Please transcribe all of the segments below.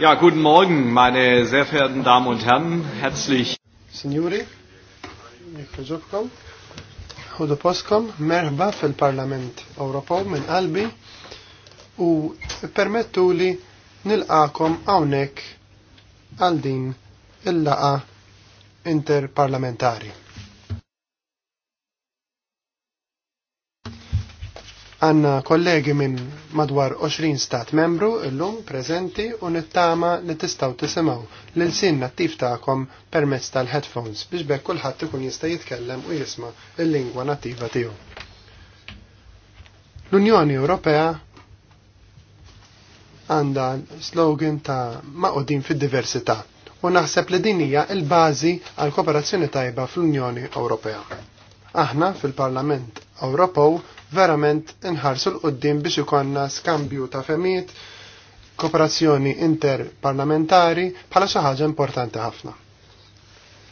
Ja, guten Morgen, meine sehr verehrten Damen und Herren. Herzlich. Signori, ich nikħuġobkom, ħudu poskom, merba fil-Parlament Ewropew min qalbi u permettu li nilqakom hawnhekk għal din il-laqa interparlamentari. Għanna kollegi minn madwar 20 stat membru illum prezenti u nittama li tistaw tisimaw l-sin nattiv ta'kom permezz tal-headphones biex bekk kulħadd ikun jista' jitkellem u jisma' il-lingwa nattiva tiegħu. L-Unjoni Ewropea għandha slogan ta' maqudin fid-diversità u naħseb li din hija l-bażi għal kooperazzjoni tajba fl-Unjoni Ewropea. Aħna fil-Parlament Ewropew verament nħarsu l-qoddim biex ikonna skambju ta' femijiet, kooperazzjoni interparlamentari bħala xi ħaġa importanti ħafna.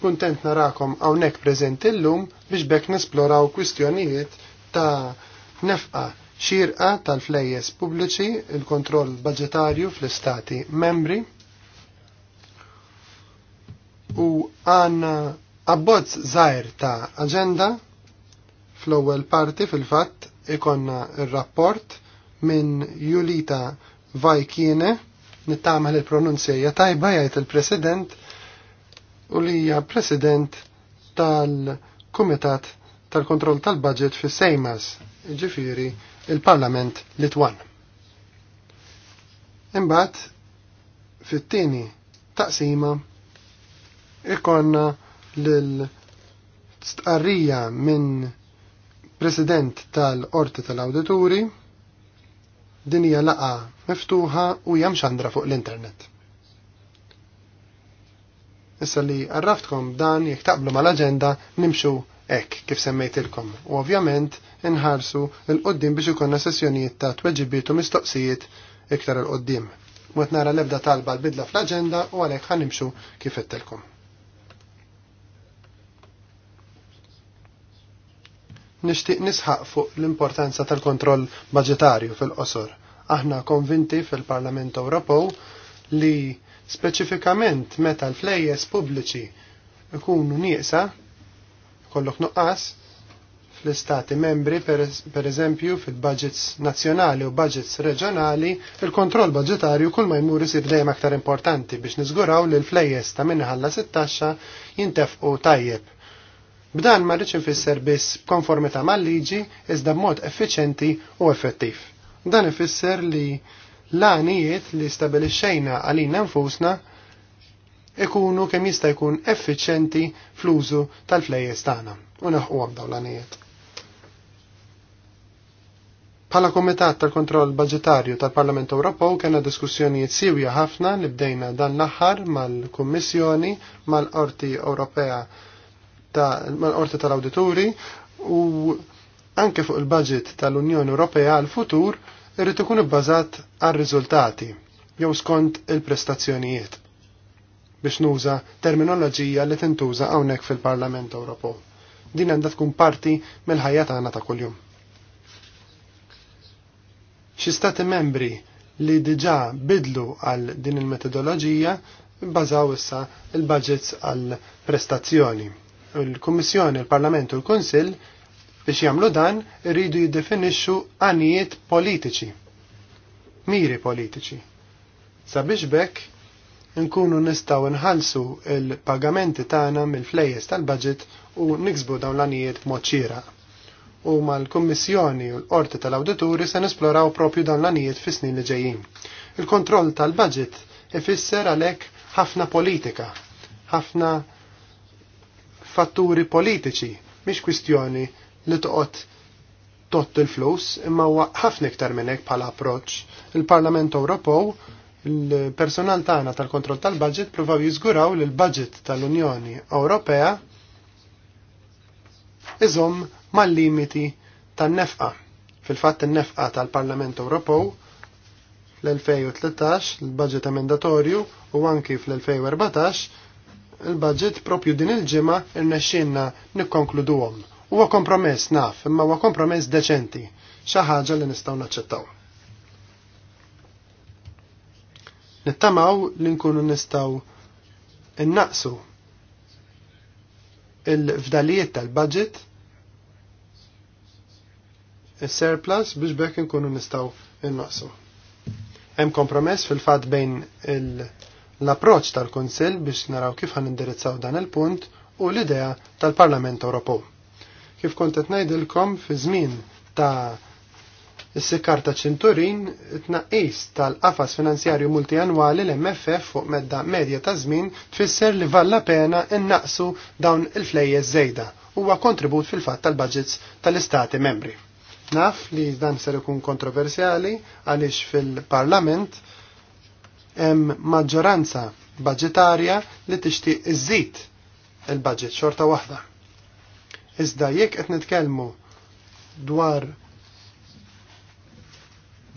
Kuntent narakom hawnhekk preżenti llum biex bekk nesploraw kwistjonijiet ta' nefqa xirqa tal-flejjes pubbliċi, il-kontroll budgetarju fl-istati membri u għanna abbozz zaħir ta' agenda fl-ewwel parti fil-fatt ikonna il-rapport minn Julita Vajkine nittamel il-pronunzija tajba jgħid il-President u li hija President tal-Kumitat tal-Kontroll tal-Budget fi Sejmas, ġifiri il-Parlament Litwan. Imbagħad fit-tieni taqsima ikonna lil stqarrija minn President tal-Orti tal-Awdituri, din hija laqa miftuħa u jamxandra fuq l-internet. Issa li għarraftkom dan jekk taqblu mal-aġenda nimxu hekk kif semmejtilkom u ovvjament inħarsu l-qoddim biex ikonna sessjonijiet ta' tweġibiet u mistoqsijiet iktar l-qoddim. Mwet nara l-ebda talba l-bidla fl-aġenda u għalhekk ħanimxu kif ettilkom. nixtieq nisħaq fuq l-importanza tal-kontroll budgetarju fil-qosor. Aħna konvinti fil-Parlament Ewropew li speċifikament meta l-flejjes pubbliċi ikunu nieqsa, kollok nuqqas, fl-istati membri, per eżempju, fil-budgets nazjonali u budgets reġjonali, il-kontroll budgetarju kull ma jmur isir dejjem aktar importanti biex niżguraw li l-flejjes ta' minħalla 16 jintefqu tajjeb B'dan ma rridx infisser biss b'konformità mal-liġi iżda b'mod effiċenti u effettiv. Dan ifisser li l-għanijiet li stabilixxejna għalina nfusna ikunu kemm jista' jkun effiċenti fl-użu tal-flejjes tagħna u naħqu dawn l-għanijiet. Bħala Komitat tal-Kontroll Budgetarju tal-Parlament Ewropew kena diskussjonijiet siwja ħafna li bdejna dan l-aħħar mal-Kummissjoni, mal-Qorti Ewropea mal-qorti tal-awdituri u anke fuq il-budget tal-Unjoni Ewropea għal futur irrid ikun ibbażat għal riżultati jew skont il-prestazzjonijiet biex nuża terminoloġija li tintuża hawnhekk fil-Parlament Ewropew. Din għandha tkun parti mill-ħajja tagħna ta' kuljum. Xi stati membri li diġà bidlu għal din il-metodoloġija bbażaw issa il-budgets għal prestazzjoni il-Kummissjoni, il-Parlament u l-Kunsill biex jagħmlu dan irridu jiddefinixxu għanijiet politiċi, miri politiċi. Sabiex bekk nkunu nistgħu nħallsu l pagamenti tagħna mill-flejjes tal-budget u niksbu dawn l-għanijiet b'mod xieraq u mal l-Kummissjoni u l-Qorti tal-Awdituri se nisploraw propju dawn l għanijiet fi snin li ġejjin. Il-kontroll tal-budget ifisser għalhekk ħafna politika, ħafna fatturi politiċi, mhix kwistjoni li toqgħod tot il-flus, imma huwa ħafna iktar minn hekk bħala approċċ. Il-Parlament Ewropew il-personal tagħna tal-kontroll tal-budget provaw jiżguraw li l-budget tal-Unjoni Ewropea iżom mal-limiti tan-nefqa. Fil-fatt in-nefqa tal-Parlament Ewropew l-2013 il budget emendatorju u anki fl-2014 il-budget propju din il-ġimgħa irnexxielna nikkonkluduhom. Huwa kompromess naf, imma huwa kompromess deċenti, xi ħaġa li nistgħu naċċettaw. Nittamaw li nkunu nistgħu innaqsu il-fdalijiet tal-budget il-surplus biex bekk nkunu nistaw innaqsu. Hemm kompromess fil-fatt bejn il- l-approċ tal-Kunsill biex naraw kif għan indirizzaw dan il-punt u l-idea tal-Parlament Ewropew. Kif kont qed ngħidilkom fi żmien ta' is-sikkar ta' ċinturin, tnaqqis tal-qafas finanzjarju multianwali l-MFF fuq medda medja ta' żmien tfisser li valla pena innaqsu dawn il-flejjeż żejda huwa kontribut fil-fatt tal-budgets tal-istati membri. Naf li dan ser ikun kontroversjali għaliex fil-Parlament hemm maġġoranza budgetarja li tixtieq iżid il-budget xorta waħda. Iżda jekk qed nitkellmu dwar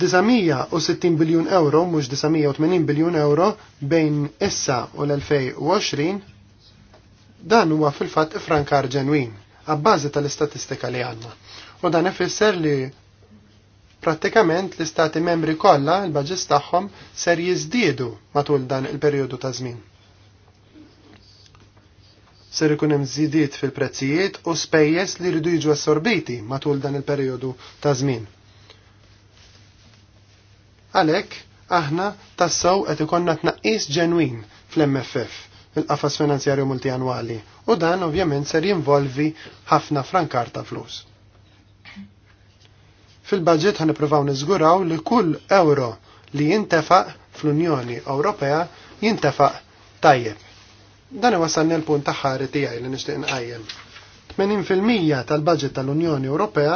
960 biljun euro, mhux 980 biljun euro bejn issa u l-2020, dan huwa fil-fatt ifrankar ġenwin, għabbażi tal-istatistika li għandna. U dan ifisser li Prattikament l-istati membri kollha l-baġis tagħhom ser jiżdiedu matul dan il-perjodu ta' żmien. Ser ikun hemm żidiet fil-prezzijiet u spejjeż li jridu jiġu assorbiti matul dan il-perjodu ta' żmien. Għalhekk aħna tassew qed ikonna tnaqqis ġenwin fl-MFF il-qafas finanzjarju multianwali u dan ovvjament ser jinvolvi ħafna frankar ta' flus. Fil-budget għan nipruvaw niżguraw li kull euro li jintefaq fl-Unjoni Ewropea jintefaq tajjeb. Dan iwasalni l-punt taħħari tiegħi li nixtieq nqajjem. 80% tal-budget tal-Unjoni Ewropea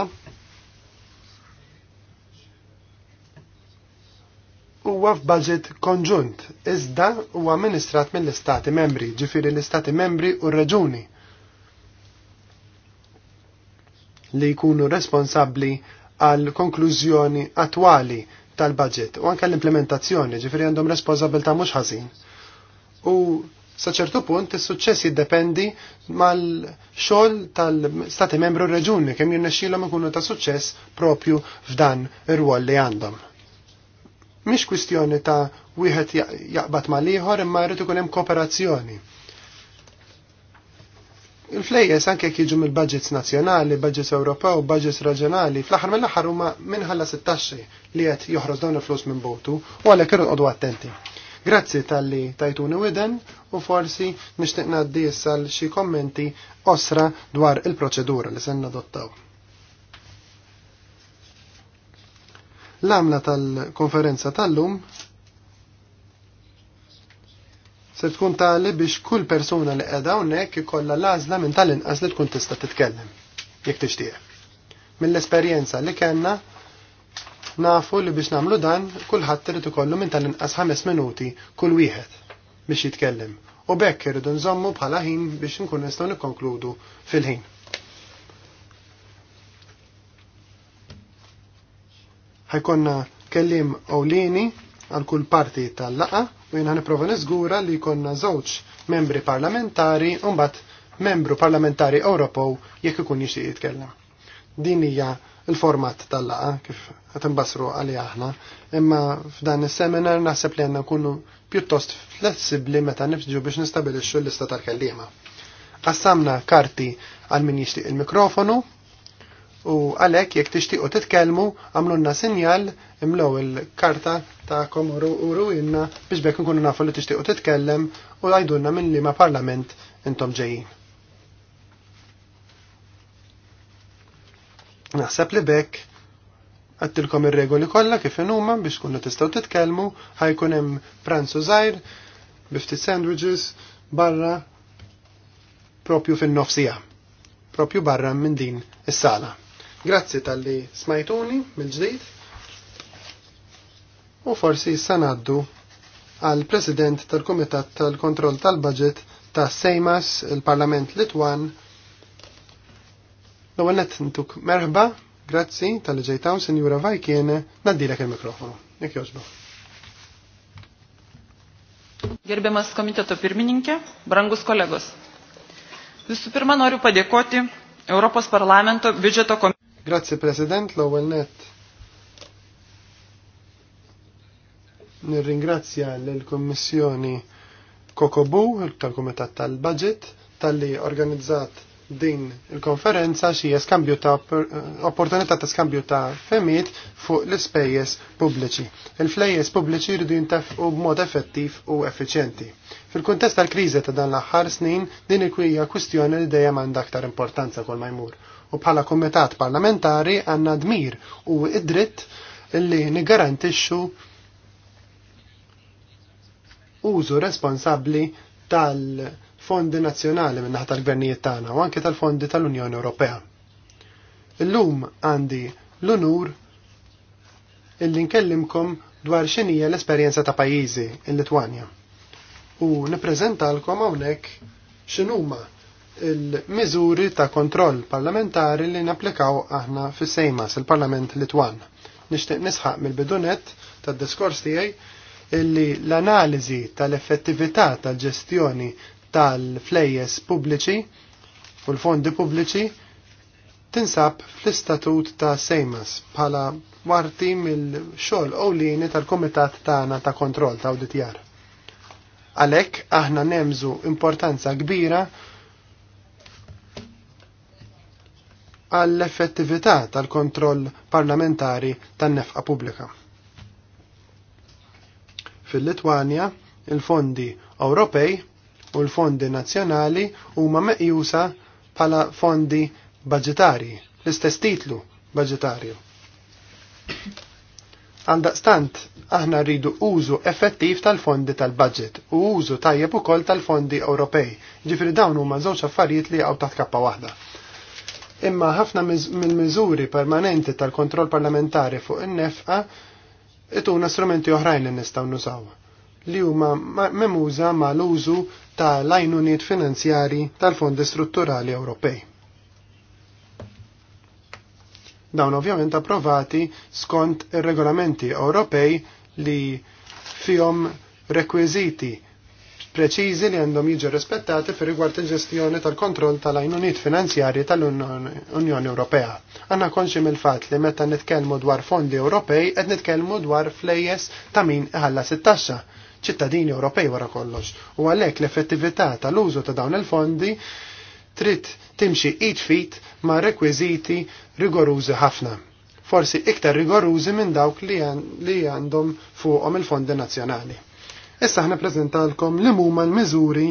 huwa f'budget konġunt, iżda huwa amministrat mill-Istati membri, ġifieri l-Istati membri u r-Reġuni li jkunu responsabbli għal konklużjoni attwali tal-budget u anke l-implementazzjoni, ġifieri għandhom responsabilta mhux ħażin. U sa ċertu punt is-suċċess jiddependi mal-xogħol tal-Stati membru reġuni kemm jirnexxielhom ikunu ta' suċċess propju f'dan ir-rwol li għandhom. Mhix kwistjoni ta' wieħed jaqbad mal-ieħor imma jrid ikun hemm kooperazzjoni Il-flejjes anke jiġu mill-budgets nazzjonali, budgets Ewropew, budgets raġjonali, fl-aħħar mill-aħħar huma minħalla sittaxxi li qed joħroġ dawn il-flus minn botu u għalhekk irqodu attenti. Grazzi tal-li tajtuni widen u forsi ngħaddi issa jissal xi kommenti osra dwar il-proċedura li se nadottaw. L-għamla tal-konferenza tal-lum se tkun tali biex kull persuna li qiegħda hawnhekk ikollha l-għażla minn tal-inqas li tkun tista' titkellem jekk tixtieq. Mill-esperjenza li kellna nafu li biex nagħmlu dan kulħadd irid ikollu minn tal-inqas ħames minuti kull wieħed biex jitkellem. U bekk irridu nżommu bħala ħin biex nkun nistgħu nikkonkludu fil-ħin. Ħajkonna kellim Owlini għal kull parti tal-laqa u jina niprofa niżgura li jkollna żewġ membri parlamentari u mbagħad membru parlamentari Ewropew jekk ikun jixtieq jitkellem. Din hija il-format tal-laqa kif qed imbassru għali aħna, imma f'dan is-seminar naħseb li għandna nkunu pjuttost flessibbli meta nifġu biex nistabilixxu l-lista tal-kelliema. Qassamna karti għal min jixtieq il-mikrofonu u għalek jek tixtiqu titkelmu għamlunna sinjal imlow il-karta komoru u ruinna biex bekk nkunu nafu li tixtiqu titkellem u għajdunna minn li ma parlament intom ġejjin. Naħseb li bekk għattilkom ir-regoli kollha kif inhuma biex tkunu tistgħu titkellmu, ħajkun hemm pranzu żgħir, bifti sandwiches barra propju fin-nofsija. Propju barra minn din is-sala. Grazzi tal-li smajtuni mill-ġdid u forsi sanaddu għal President tal-Komitat tal-Kontroll tal-Budget ta' Sejmas il-Parlament Litwan. l għonet ntuk merħba, grazzi tal-li ġejtaw, Senjura Vajkiene, naddilek il-mikrofonu. Nek joġbu. Gerbiamas komiteto pirmininkė, brangus kolegos. Visų pirma, noriu padėkoti Europos parlamento biudžeto komiteto. Grazzi President, l-ewwel net. Nirringrazzja l-Kommissjoni Kokobu tal-Kumitat tal-Budget tal-li organizzat din il-konferenza xi skambju ta' opportunità ta' skambju ta' femit fuq l-ispejjeż pubbliċi. Il-flejjeż pubbliċi jridu jintefqu b'mod effettiv u effiċjenti. Fil-kuntest tal-kriżi ta' dan l-aħħar snin din il-kwija kwistjoni li dejjem għandha aktar importanza kol ma jmur u bħala komitat parlamentari għanna dmir u id-dritt li nigarantixxu użu responsabli tal-fondi nazzjonali minn naħa tal-gvernijiet tagħna u anke tal-fondi tal-Unjoni Ewropea. Illum għandi l-unur illi nkellimkom dwar xinija l-esperjenza ta' pajjiżi il-Litwanja u nippreżentalkom hawnhekk x'inhuma il-miżuri ta' kontroll parlamentari li napplikaw aħna fis sejma il-Parlament Litwan. Nixtieq nisħaq mill-bidunet tad-diskors tiegħi illi l-analiżi tal-effettività tal-ġestjoni tal-flejjes pubbliċi u l-fondi pubbliċi tinsab fl-istatut ta' Sejmas bħala warti mill-xogħol ewlieni tal-Kumitat tagħna ta' kontroll ta' awditjar. Għalhekk aħna nemżu importanza kbira għall-effettività tal-kontroll parlamentari tan-nefqa pubblika. Fil-Litwanja, il-fondi Ewropej u l-fondi nazzjonali huma meqjusa bħala fondi budgetari, l-istess titlu budgetarju. Għaldaqstant, aħna rridu użu effettiv tal-fondi tal-budget u użu tajjeb ukoll tal-fondi Ewropej, ġifri dawn huma żewġ affarijiet li għaw taħt kappa waħda imma ħafna mill-miżuri permanenti tal-kontroll parlamentari fuq in-nefqa ituna strumenti oħrajn li nistgħu nużaw li huma memuża mal-użu ta' lajnuniet finanzjari tal-Fondi Strutturali Ewropej. Dawn ovvjament approvati skont ir-regolamenti Ewropej li fihom rekwiżiti preċiżi li għandhom jiġu rispettati fi rigward il-ġestjoni tal-kontroll tal-għajnuniet finanzjarji tal-Unjoni Ewropea. Għanna konxim mill-fat li meta nitkellmu dwar fondi Ewropej qed nitkellmu dwar flejjes ta' min iħallas it-taxxa ċittadini Ewropej wara kollox. U għalhekk l-effettività tal-użu ta' dawn il-fondi trid timxi id fit ma' rekwiżiti rigorużi ħafna. Forsi iktar rigorużi minn dawk li għandhom fuqhom il-fondi nazzjonali. Issa ħna prezentalkom li huma l-miżuri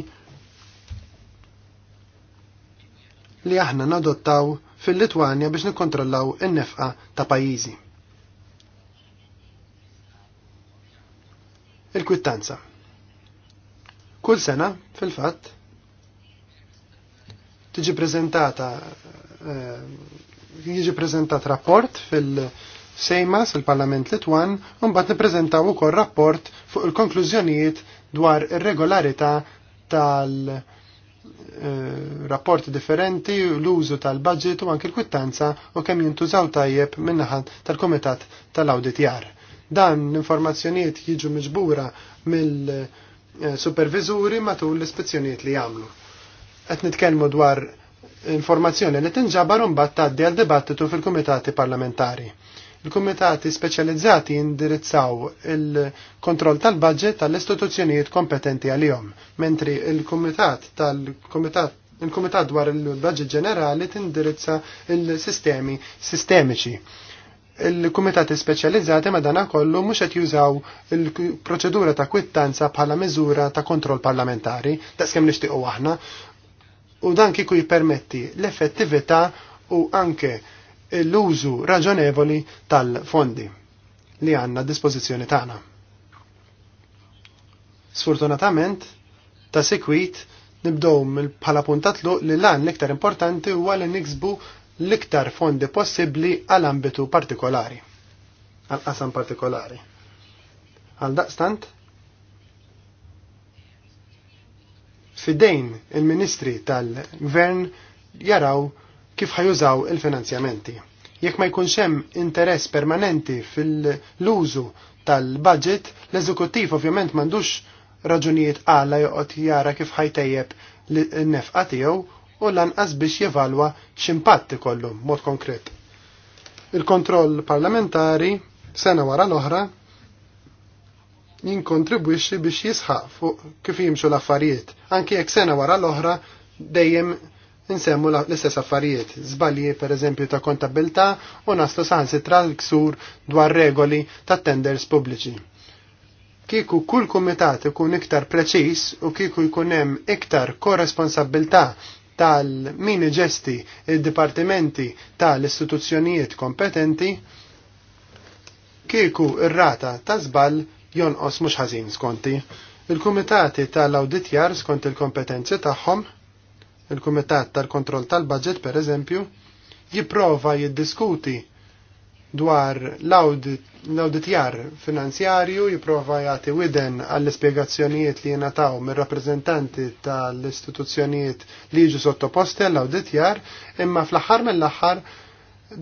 li aħna nadottaw fil-Litwanja biex nikkontrollaw in-nefqa ta' pajjiżi. Il-kwittanza. Kull sena, fil-fatt, tiġi prezentata eh, jiġi prezentat rapport fil- sejmas il-Parlament Litwan u mbagħad nippreżentaw ukoll rapport fuq il-konklużjonijiet dwar ir-regolarità tal- eh, rapporti differenti, l-użu tal-budget u anke l-kwittanza u kemm jintużaw tajjeb minnaħat tal-Komitat tal-Auditjar. Dan l-informazzjonijiet jiġu miġbura mill-supervizuri matul l-ispezzjonijiet li jagħmlu. Qed nitkellmu dwar informazzjoni li tinġabar mbagħad tgħaddi għal dibattitu fil-kumitati parlamentari. Il-kumitati speċjalizzati indirizzaw il-kontroll tal-budget tal-istituzzjonijiet kompetenti għalihom, mentri il-kumitat tal-kumitat il-Kumitat dwar il-Budget Ġenerali tindirizza il-sistemi sistemiċi. Il-Kumitati Speċjalizzati madana kollu mhux qed jużaw il-proċedura ta' kwittanza bħala miżura ta' kontroll parlamentari, daqskemm nixtiequ aħna, u dan kieku jippermetti l-effettività u anke l-użu raġonevoli tal-fondi li għanna dispożizzjoni tagħna. Sfortunatament, ta' sekwit nibdow bħala puntatlu li l-għan l-iktar importanti huwa li niksbu l-iktar fondi possibbli għal-ambitu partikolari, għal-qasam partikolari. Għal-daqstant, fidejn il-ministri tal-gvern jaraw kif ħajużaw il-finanzjamenti. Jekk ma jkunx hemm interess permanenti fil-użu tal-budget, l-eżekuttiv ovvjament m'għandux raġunijiet għala joqgħod jara kif ħajtejjeb n-nefqa tiegħu u lanqas biex jevalwa x'impatt ikollu mod konkret. Il-kontroll parlamentari sena wara l-oħra jinkontribwixxi biex jisħaq fuq kif jimxu l-affarijiet, anki jekk sena wara l-oħra dejjem nsemmu l-istess affarijiet, zbalji per eżempju ta' kontabilta u naslu sansi tra l-ksur dwar regoli ta' tenders pubbliċi. Kiku kull kumitat ikun iktar preċis u kiku jkun hemm iktar korresponsabilta tal-min ġesti il-dipartimenti tal-istituzzjonijiet kompetenti, kieku ir-rata ta' żball jonqos mhux ħażin skonti. Il-kumitati tal-awditjar skont il-kompetenzi tagħhom il-Kumitat tal-Kontroll tal-Budget per eżempju, jipprova jiddiskuti dwar l-auditjar finanzjarju, jipprova jagħti widen għall-ispjegazzjonijiet li jenataw mir-rappreżentanti tal-istituzzjonijiet li jiġu sottoposti għall-auditjar, imma fl-aħħar mill-aħħar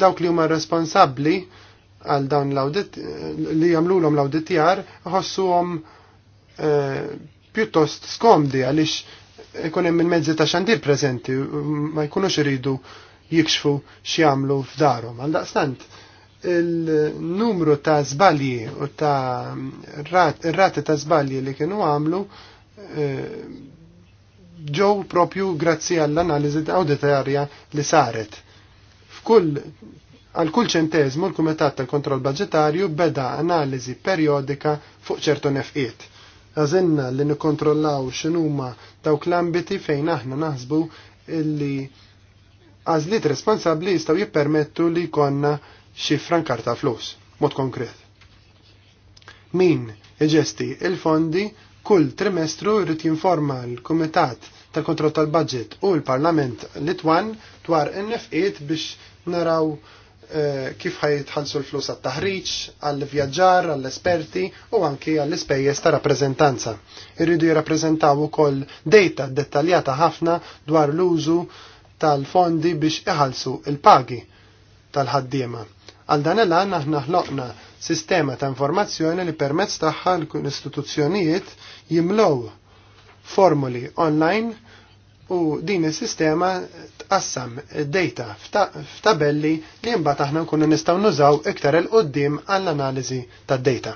dawk li huma responsabbli għal dawn l-audit li jagħmluhom l-auditjar ħossuhom eh, pjuttost skomdi għaliex ikun hemm il-mezzi ta' xandir preżenti ma jkunux iridu jikxfu x'jagħmlu f'darhom. Għal daqstant il-numru ta' żbalji u ta' rati ta' żbalji li kienu għamlu eh, ġew propju grazzi għall-analiżi awditarja li saret. F'kull għal kull ċentezmu l-Kumitat tal-Kontroll Budgetarju beda analiżi periodika fuq ċertu nefqiet Għazinna li nikkontrollaw x'inhuma dawk l-ambiti fejn aħna naħsbu illi għazlit responsabbli jistgħu jippermettu li jkollna xi frankar ta' flus, mod konkret. Min iġesti il-fondi kull trimestru jrid jinforma l-Kumitat tal-Kontroll tal-Budget u l-Parlament Litwan dwar NFE biex naraw Eh, kif ħajtħallsu l-flus għat-taħriġ, għall-vjaġġar, għall-esperti u anki għall-ispejjeż ta' rappreżentanza. Irridu jirrappreżentaw ukoll data dettaljata ħafna dwar l-użu tal-fondi biex iħallsu il-pagi tal-ħaddiema. Għal dan il aħna ħloqna sistema ta' informazzjoni li permezz tagħha l-istituzzjonijiet jimlow formuli online u din is-sistema tqassam data f'tabelli li mbagħad aħna nkunu nistgħu nużaw iktar il qoddim għall-analiżi tad-data.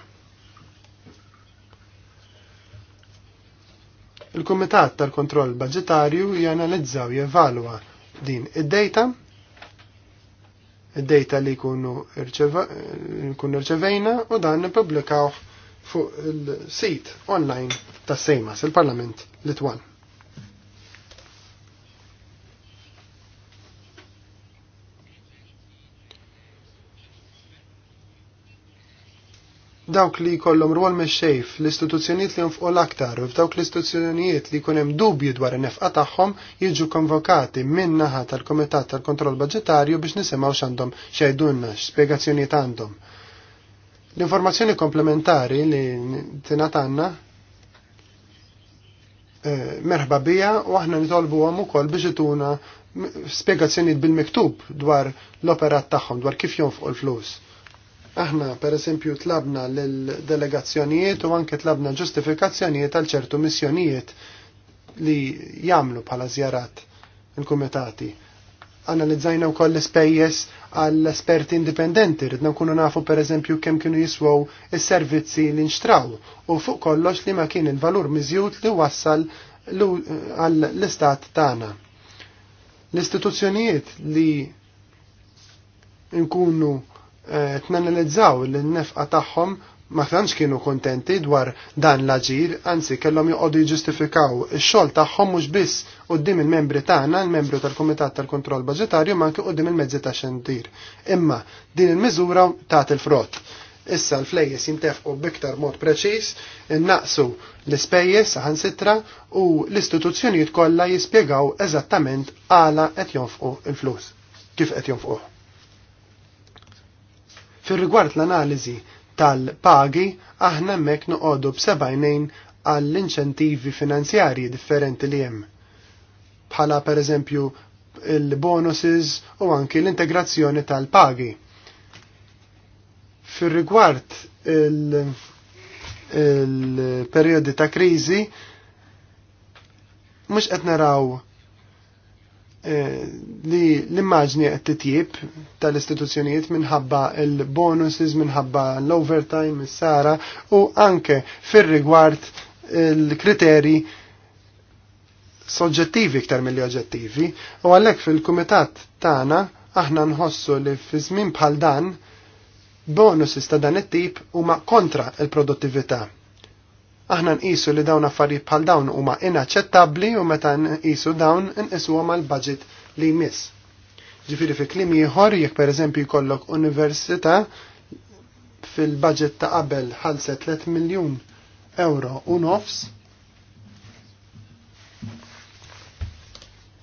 Il-Kumitat tal-Kontroll Budgetarju janalizzaw jevalwa din id-data id-data li jkunu rċevejna u dan nipublikaw fuq il-sit online tas sejmas il-Parlament Litwan. dawk li jkollhom rwol xejf l-istituzzjonijiet li jonfqol l-aktar u f'dawk l-istituzzjonijiet li jkun hemm dubju dwar in-nefqa tagħhom jiġu konvokati minn naħa tal-Kumitat tal-Kontroll Budġetarju biex nisimgħu x'għandhom xejdunna x'spjegazzjonijiet għandhom. L-informazzjoni komplementari li għandna eh, merħba bija u aħna nitolbu ukoll biex ituna spjegazzjonijiet bil-miktub dwar l-operat tagħhom dwar kif jonfqu flus Aħna per esempio tlabna l-delegazzjonijiet u anke tlabna ġustifikazzjonijiet għal ċertu missjonijiet li jamlu bħala zjarat il-kumitati. Analizzajna u koll l-spejjes għall-esperti indipendenti, ridna nkunu nafu per eżempju kem kienu jiswow il-servizzi li nxtraw u fuq kollox li ma kien il-valur miżjut li wassal għall-istat tagħna. L-istituzzjonijiet li nkunu Eh, tnanalizzaw n nefqa tagħhom ma kienu kontenti dwar dan l-aġir, anzi kellhom joqogħdu xol ix-xogħol tagħhom mhux biss dim il-membri tagħna, il-membru tal-Kumitat tal-Kontroll Baġitarju, ma anke dim il-mezzi ta' xandir. Imma din il-miżura tagħti il-frott. Issa l-flejjes jintefqu biktar mod preċiż, innaqsu l-ispejjeż saħansitra u l-istituzzjonijiet kollha jispjegaw eżattament għala qed jonfqu il-flus, kif qed jonfqu. Fir-rigward l-analiżi tal-pagi, aħna hemmhekk noqogħdu b'sebajnejn għall-inċentivi finanzjarji differenti li hemm. Bħala pereżempju il-bonuses u anki l-integrazzjoni tal-pagi. Fir-rigward il-periodi il ta' kriżi, mhux qed naraw Eh, li l-immaġni qed titjib tal-istituzzjonijiet minħabba il-bonuses, minħabba l-overtime, is-sara u anke fir-rigward il-kriteri soġġettivi iktar mill oġġettivi u għalhekk fil-kumitat tagħna aħna nħossu li fi żmien bħal dan bonuses ta' dan it-tip huma kontra l-produttività aħna nqisu li dawn affarijiet bħal dawn huma inaċċettabbli u meta nqisu dawn inqisuha mal budget li jmiss. Ġifieri fi kliem ieħor jekk pereżempju jkollok università fil-budget ta' qabel ħalset 3 miljun euro u nofs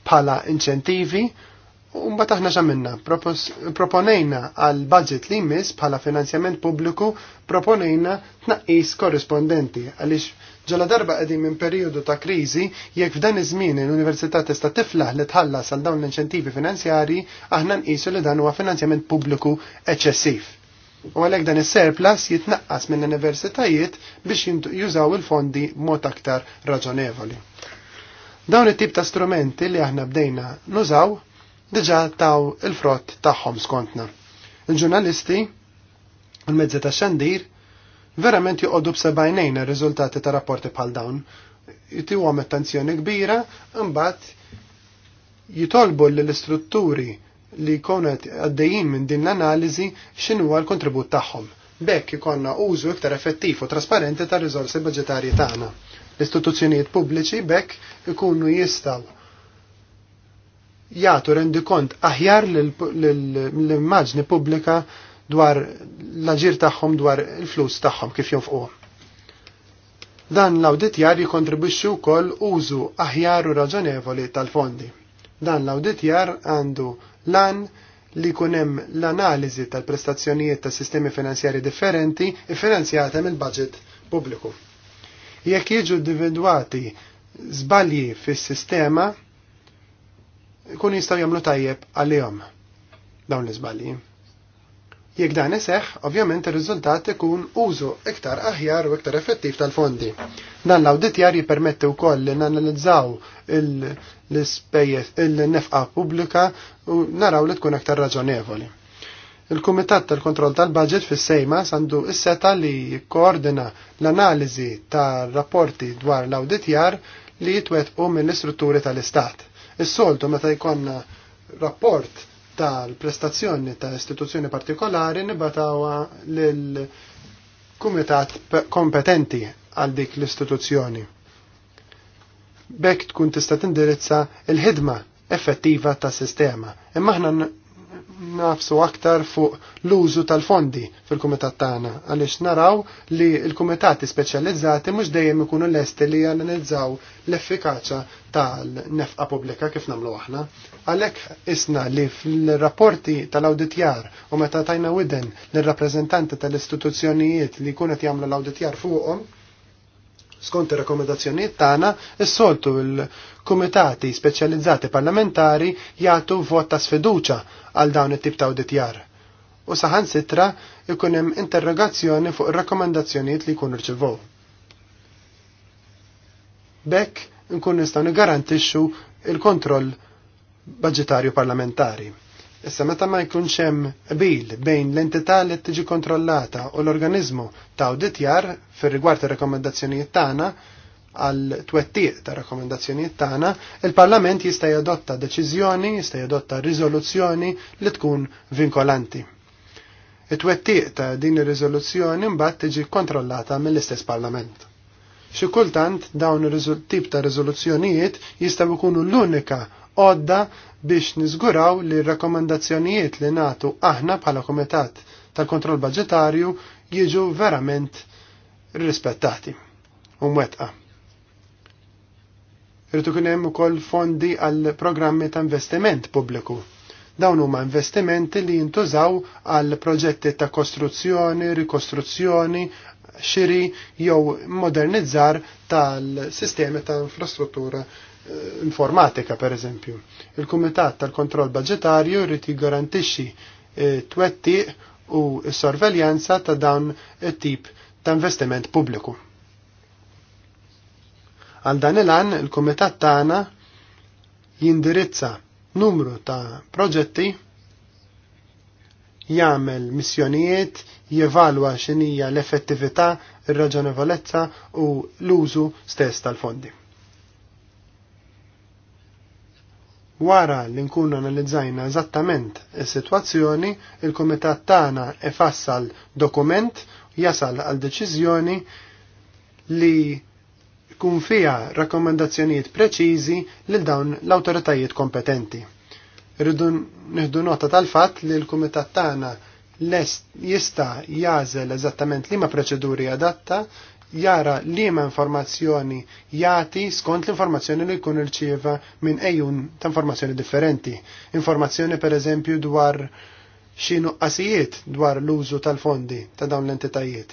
pala inċentivi bat aħna xamminna, proponejna għal budget li jmiss bħala finanzjament pubbliku, proponejna tnaqqis korrispondenti, għalix ġala darba qegħdin minn periodu ta' kriżi jekk f'dan iż-żmien l-università tista' tiflaħ li tħallas għal dawn l-inċentivi finanzjarji, aħna nqisu li dan huwa finanzjament pubbliku eċċessiv. U għalhekk dan is-surplus jitnaqqas minn universitajiet biex jużaw il-fondi mod aktar raġonevoli. Dawn it-tip ta' strumenti li aħna bdejna nużaw diġa taw il-frott tagħhom skontna. Il-ġurnalisti, il-mezzi ta' xandir, verament joqogħdu b'sebajnejn r riżultati ta' rapporti bħal dawn. Jitihom attenzjoni kbira, imbagħad jitolbu l-istrutturi li jkunet għaddejjin minn din l-analiżi x'inhuwa l-kontribut tagħhom. Bekk ikonna użu iktar effettiv u trasparenti tar rizorsi budġetarji tagħna. L-istituzzjonijiet pubbliċi bekk ikunu jistgħu rendi rendikont aħjar l-immaġni pubblika dwar l-aġir tagħhom dwar il-flus tagħhom kif jonfqu. Dan l-awditjar jikontribwixxu wkoll użu aħjar u raġonevoli tal-fondi. Dan l-awditjar għandu lan li kunem l-analizi tal-prestazzjonijiet ta' sistemi finanzjari differenti finanzjata mill budget pubbliku. Jekk jiġu individwati zbalji fis-sistema, kun jistaw jamlu tajjeb għal-jom dawn l-izbalji. Jek dan iseħ, ovvjament ir rizultat ikun użu iktar aħjar u iktar effettiv tal-fondi. Dan l-awditjar u wkoll li nanalizzaw il-nefqa pubblika u naraw li tkun aktar raġonevoli. Il-Kumitat tal-Kontroll tal-Budget fis-Sejma sandu is-seta li koordina l-analiżi tar-rapporti dwar l-awditjar li jitwetqu mill-istrutturi tal-Istat Is-soltu meta jkollna rapport tal-prestazzjoni ta' istituzzjoni partikolari nibatawa lil kumitat kompetenti għal dik l-istituzzjoni. Bekk tkun tista' tindirizza l-ħidma effettiva ta' sistema. Imma aħna nafsu aktar fuq l-użu tal-fondi fil-kumitat tagħna għaliex naraw li l-kumitati speċjalizzati mhux dejjem ikunu lesti li janalizzaw l-effikaċja tal-nefqa pubblika kif nagħmlu aħna. Għalhekk isna li fil-rapporti tal-awditjar u meta tajna widen lir rappreżentanti tal-istituzzjonijiet li jkunu qed jagħmlu l-awditjar fuqhom, skont ir-rakkomandazzjonijiet tagħna, is-soltu l-kumitati speċjalizzati parlamentari jagħtu vot ta' sfiduċa għal dawn it-tip ta' awditjar. U saħan sitra ikun hemm interrogazzjoni fuq ir-rakkomandazzjonijiet li jkunu rċevow. Bekk nkun nistgħu nigarantixxu il-kontroll budgetarju parlamentari. Issa meta ma jkunx hemm bil bejn l-entità li tiġi kontrollata u l-organizmu ta' auditjar fir-rigward ir-rekomendazzjonijiet tagħna għal twettiq ta' rekomendazzjonijiet tagħna, il-Parlament jista' jadotta deċiżjoni, jista' jadotta riżoluzzjoni li tkun vinkolanti. It-twettiq ta' din ir-riżoluzzjoni mbagħad tiġi kontrollata mill-istess Parlament. Xi kultant dawn ir-tip ta' riżoluzzjonijiet jistgħu jkunu l-unika odda biex niżguraw li r-rakkomandazzjonijiet li natu aħna bħala Komitat tal-Kontroll budgetarju jiġu verament rispettati u mwetqa. Irritu kunem hemm ukoll fondi għal programmi ta' investiment pubbliku. Dawn huma investimenti li jintużaw għal proġetti ta' kostruzzjoni, rikostruzzjoni, xiri jew modernizzar tal-sistemi ta' infrastruttura Eh, informatika per eżempju. Il-Kumitat tal-Kontroll Budgetarju jrid jiggarantixxi eh, twettiq u s-sorveljanza ta' dawn it-tip ta' investiment pubbliku. Għal dan il-għan il-Kumitat tagħna jindirizza numru ta' proġetti jagħmel missjonijiet, jevalwa x'inhija l-effettività, ir-raġonevolezza u l-użu stess tal-fondi. Wara li nkunu analizzajna eżattament is-sitwazzjoni, il-Kumitat tagħna ifassal dokument jasal għal deċiżjoni li kun fija rakkomandazzjonijiet preċiżi lil dawn l-awtoritajiet kompetenti. Rridu nieħdu nota tal-fatt li l-Kumitat tagħna lest jista' jażel eżattament liema proċeduri adatta jara li ma informazzjoni jati skont l-informazzjoni li jkun irċieva minn ejjun ta' informazzjoni differenti. Informazzjoni per eżempju dwar xinu qasijiet dwar l-użu tal-fondi ta' dawn l-entitajiet.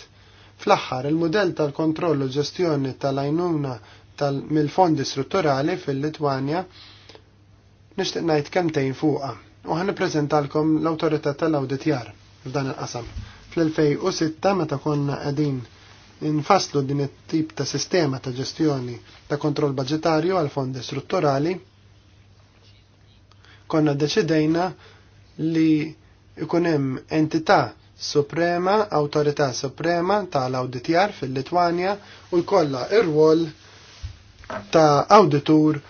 Fl-aħħar, il-modell tal-kontrollu ġestjoni tal-ajnuna tal-mill-fondi strutturali fil-Litwanja nishtiq ngħid kemtejn fuqha u ħan nippreżentalkom l autorita tal-awditjar f'dan il-qasam. Fl-2006 meta konna qegħdin infaslu din it-tip ta' sistema ta' ġestjoni ta' kontroll budgetarju għal fondi strutturali, konna deċidejna li ikunem entità suprema, autorità suprema tal-auditjar fil-Litwanja u jkollha ir-rwol ta' auditur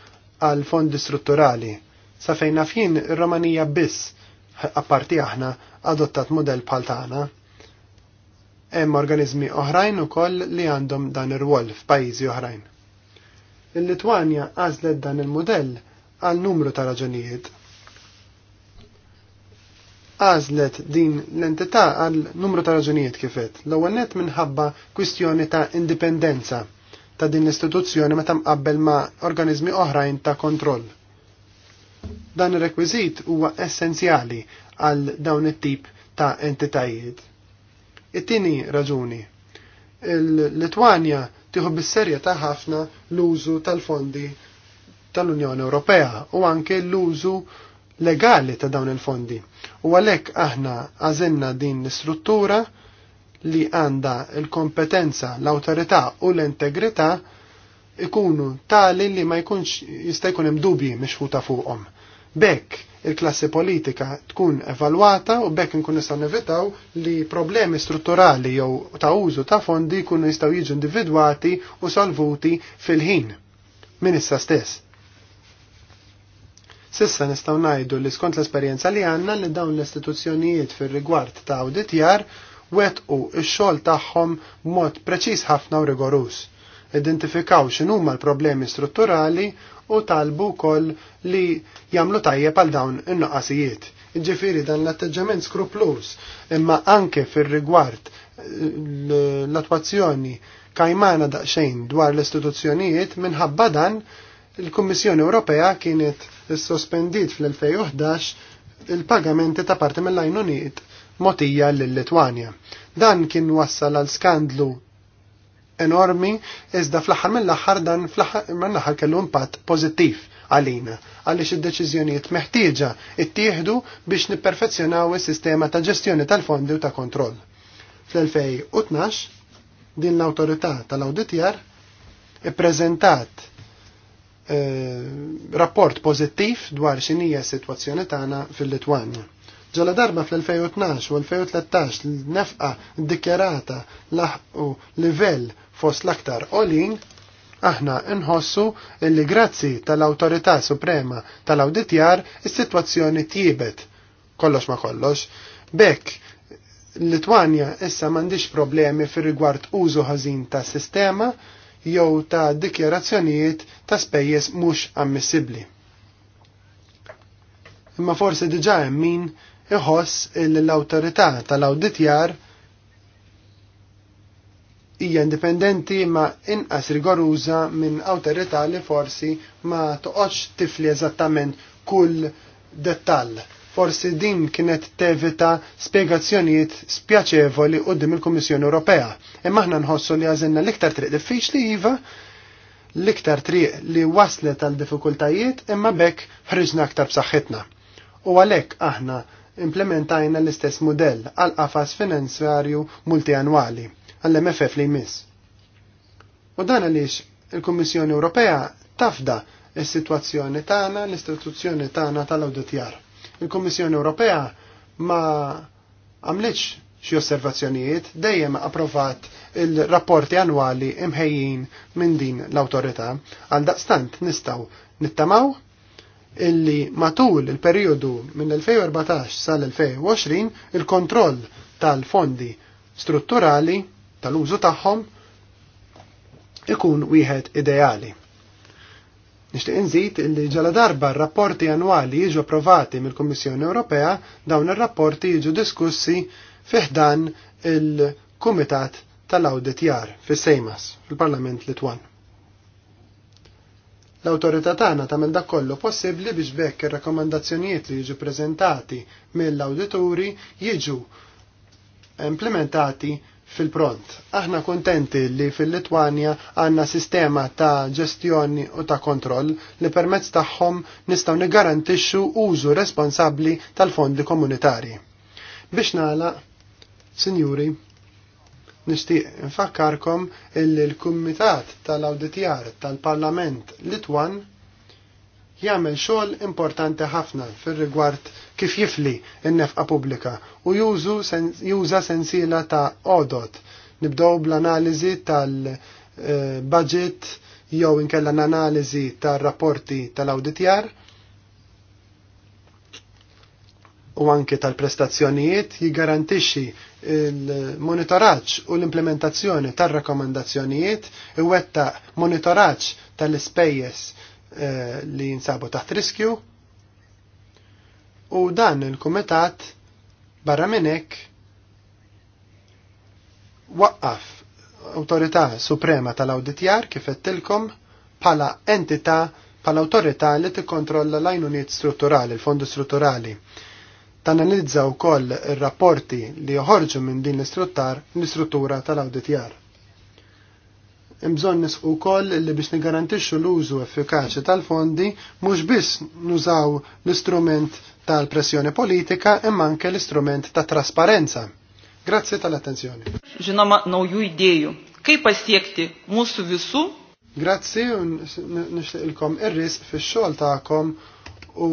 għal fondi strutturali. Sa fejna fjien ir-Romanija biss apparti aħna adottat model bħal tagħna Hemm organizmi oħrajn ukoll li għandhom dan ir-rwol f'pajjiżi oħrajn. Il-Litwanja għażlet dan il-mudell għal numru ta' raġunijiet. Għażlet din l-entità għal numru ta' raġunijiet kifet. L-ewwel nett minħabba kwistjoni ta' indipendenza ta' din l-istituzzjoni meta mqabbel ma' organizmi oħrajn ta' kontroll. Dan ir-rekwiżit huwa essenzjali għal dawn it-tip ta' entitajiet It-tieni raġuni. Il-Litwanja tieħu bis-serjetà ħafna l-użu tal-fondi tal-Unjoni Ewropea u anke l-użu legali ta' dawn il-fondi. U għalhekk aħna għażilna din l-istruttura li għanda il-kompetenza, l-autorità u l-integrità ikunu tali li ma jkunx jista' jkun hemm dubji mixħuta fuqhom. Bekk il-klassi politika tkun evalwata u bekk nkun nistgħu nevitaw li problemi strutturali jew ta' użu ta' fondi jkunu jistgħu jiġu individwati u solvuti fil-ħin Min issa stess. Sissa nistgħu ngħidu li skont l-esperjenza li għandna li dawn l-istituzzjonijiet fir-rigward ta' awditjar wetqu x-xogħol tagħhom mod preċiż ħafna u rigorus identifikaw x'inhuma l-problemi strutturali u talbu kol li jamlu tajjeb għal dawn in-noqqasijiet. Ġifiri dan l-atteġġament skruplus, imma anke fir-rigward l-attuazzjoni kajmana daqxejn dwar l-istituzzjonijiet minħabba dan il-Kummissjoni Ewropea kienet sospendit fl-2011 il-pagamenti ta' parti mill lajnuniet motija l litwania Dan kien wassal għal skandlu enormi, iżda fl-aħħar mill-aħħar dan mill axar kellu impatt pożittiv għalina għaliex id-deċiżjonijiet meħtieġa ittieħdu biex nipperfezzjonaw is-sistema ta' ġestjoni tal-fondi u ta' kontroll. Fl-2012 din l-awtorità tal-awditjar ippreżentat eh, rapport pożittiv dwar xinija s-sitwazzjoni tagħna fil-Litwanja Ġala darba fl-2012 u 2013 l-nefqa dikjarata laħqu livell fost l-aktar olin, aħna nħossu li grazzi tal-Autorità Suprema tal-Awditjar is-sitwazzjoni tjibet kollox ma kollox. Bekk, Litwanja issa m'għandix problemi fir rigward użu ħażin ta' sistema jew ta' dikjarazzjonijiet ta' spejjeż mhux ammissibbli. Imma forsi diġà hemm min iħoss il l-autorità tal-awditjar hija indipendenti ma inqas rigoruża minn awtorità li forsi ma toqgħodx tifli eżattament kull dettall. Forsi din kienet tevita spjegazzjonijiet spjaċevoli qudiem il-Kummissjoni Ewropea. Imma aħna nħossu li għażilna l-iktar triq diffiċli iva, l-iktar triq li waslet għal diffikultajiet imma bekk ħriġna aktar b'saħħitna. U għalhekk aħna implementajna l-istess modell għal qafas finanzjarju multianwali għall-MFF li jmiss. U dan għaliex il-Kummissjoni Ewropea tafda is-sitwazzjoni tagħna, l-istituzzjoni tagħna tal-awditjar. Il-Kummissjoni Ewropea ma għamlitx xi osservazzjonijiet dejjem approvat il-rapporti annwali imħejjin minn din l-awtorità għal daqstant nistgħu nittamaw illi matul il-periodu minn 2014 sal-2020 il-kontroll tal-fondi strutturali tal-użu tagħhom ikun wieħed ideali. Nixtieq inżid illi ġala darba r-rapporti annwali jiġu approvati mill-Kummissjoni Ewropea dawn ir-rapporti jiġu diskussi fiħdan il-Kumitat tal-Auditjar fis-Sejmas fil-Parlament Litwan. L-autorità tagħna tagħmel dak kollu possibbli biex bekk ir-rakkomandazzjonijiet li jiġu preżentati mill-awdituri jiġu implementati fil-pront. Aħna kontenti li fil-Litwanja għanna sistema ta' ġestjoni u ta' kontroll li permezz tagħhom nistgħu nigarantixxu użu responsabbli tal-fondi komunitarji. Biex nagħlaq, Sinjuri, Nixtieq infakkarkom illi l-Kumitat tal-Awditjar tal-Parlament Litwan jagħmel xogħol importanti ħafna fir-rigward kif jifli n-nefqa pubblika u juża sensiela ta' odot. Nibdew bl-analiżi tal-budget eh, jew inkella l-analiżi tar-rapporti tal-awditjar u anke tal-prestazzjonijiet jiggarantixxi il-monitoraġġ u l-implementazzjoni tar-rakkomandazzjonijiet iwetta monitoraġġ tal-ispejjeż eh, li jinsabu taħt riskju u dan il-kumitat barra minnek waqqaf autorità suprema tal-auditjar kif tilkom pala entità pala autorità li tikkontrolla l-għajnuniet strutturali, l-fondi strutturali tanalizza wkoll ir-rapporti li joħorġu minn din l-istruttura l tal-awditjar. Imżonnis nisqu koll li biex nigarantixxu l-użu effikaċi tal-fondi mhux biss nużaw l-istrument tal-pressjoni politika imma anke l-istrument ta' trasparenza. Grazzi tal-attenzjoni. Žinoma, naujų idėjų. Kaip pasiekti mūsų visu. Grazzi, nishtiqilkom ir fi fix-xogħol tagħkom u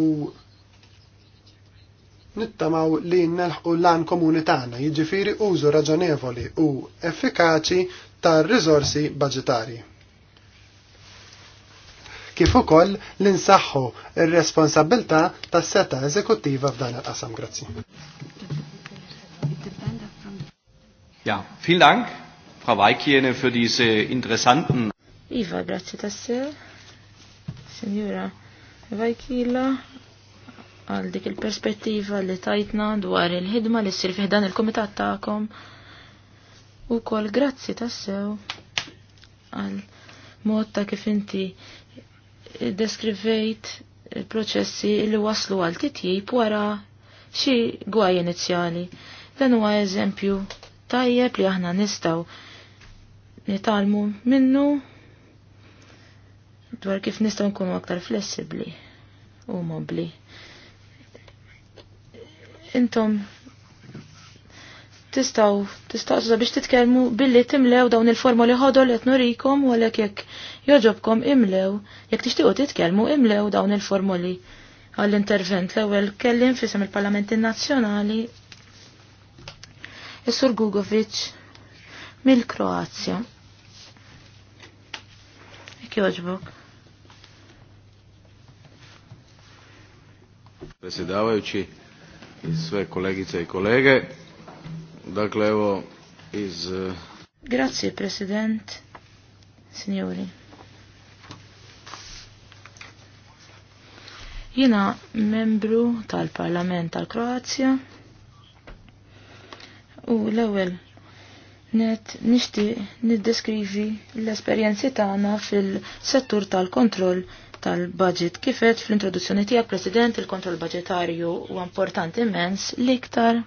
nittamaw li nelħu lan komuni tagħna, jiġifieri użu raġonevoli u effikaċi tar rizorsi budgetari. Kif ukoll li nsaħħu r responsabilta tas-seta eżekuttiva f'dan il-qasam grazzi. Ja, vielen Dank, Frau Weikiene, für diese interessanten. Iva, grazie tasse. Signora Weikila, għal dik il-perspettiva li tajtna dwar il-ħidma li ssir fiħdan il-komitat ta'kom. U kol grazzi tassew għal mod ta' kif inti deskrivejt il-proċessi li waslu għal titjib wara xi gwaj inizjali. Dan huwa eżempju tajjeb li aħna nistaw nitalmu minnu dwar kif nistaw nkunu aktar flessibli u mobli intom tistaw, tistaw biex titkelmu billi timlew dawn il-formoli ħodol qed nurikom u għalhekk jekk joġobkom imlew, jekk tixtiequ titkellmu imlew dawn il li għall-intervent l-ewwel kellim fisem il-Parlamenti Nazzjonali is-Sur Gugovic mill-Kroazja. Jekk joġbok. Presidawajċi, i sve kolegice i kolege. Dakle, evo iz... Eh, Grazie, President, signori. Jina membru tal-Parlament tal-Kroazja u l-ewel net nishti niddeskrivi l-esperienzi tagħna fil-settur tal-kontroll tal-budget. Kifet fl-introduzzjoni tiegħek President il-kontroll budgetarju u importanti immens liktar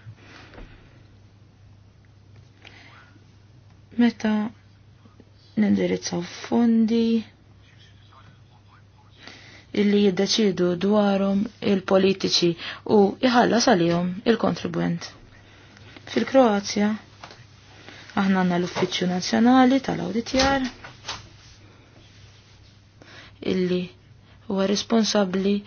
meta nindirizzaw fondi illi jiddeċidu dwarhom il-politiċi u iħallas għalihom il-kontribwent. Fil-Kroazja, aħna għandna l-Uffiċċju Nazzjonali tal-Awditjar illi huwa responsabbli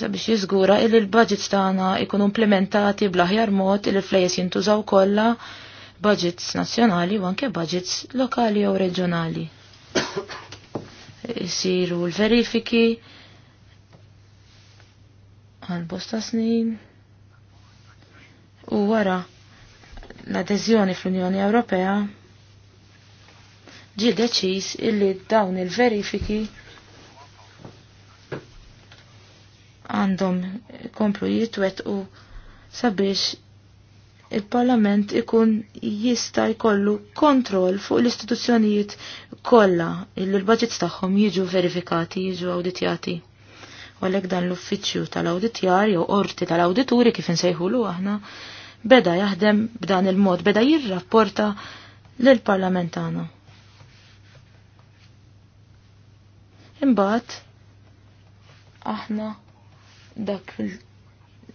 sabiex jiżgura il l-budgets tagħna jkunu implementati bl-aħjar mod il flejjes jintużaw kollha budgets nazzjonali u anke budgets lokali jew reġjonali. Isiru l-verifiki għal bosta snin u wara l-adeżjoni fl-Unjoni Ewropea ġi deċiż illi dawn il-verifiki għandhom komplu u sabiex il-Parlament ikun jista' jkollu kontroll fuq l-istituzzjonijiet kollha illi l-budgets tagħhom jiġu verifikati, jiġu awditjati. U għalhekk dan l-uffiċċju tal auditjar jew orti tal-awdituri kif insejħulu aħna beda jaħdem b'dan il-mod, beda jirrapporta lill parlament tagħna. Imbagħad aħna dak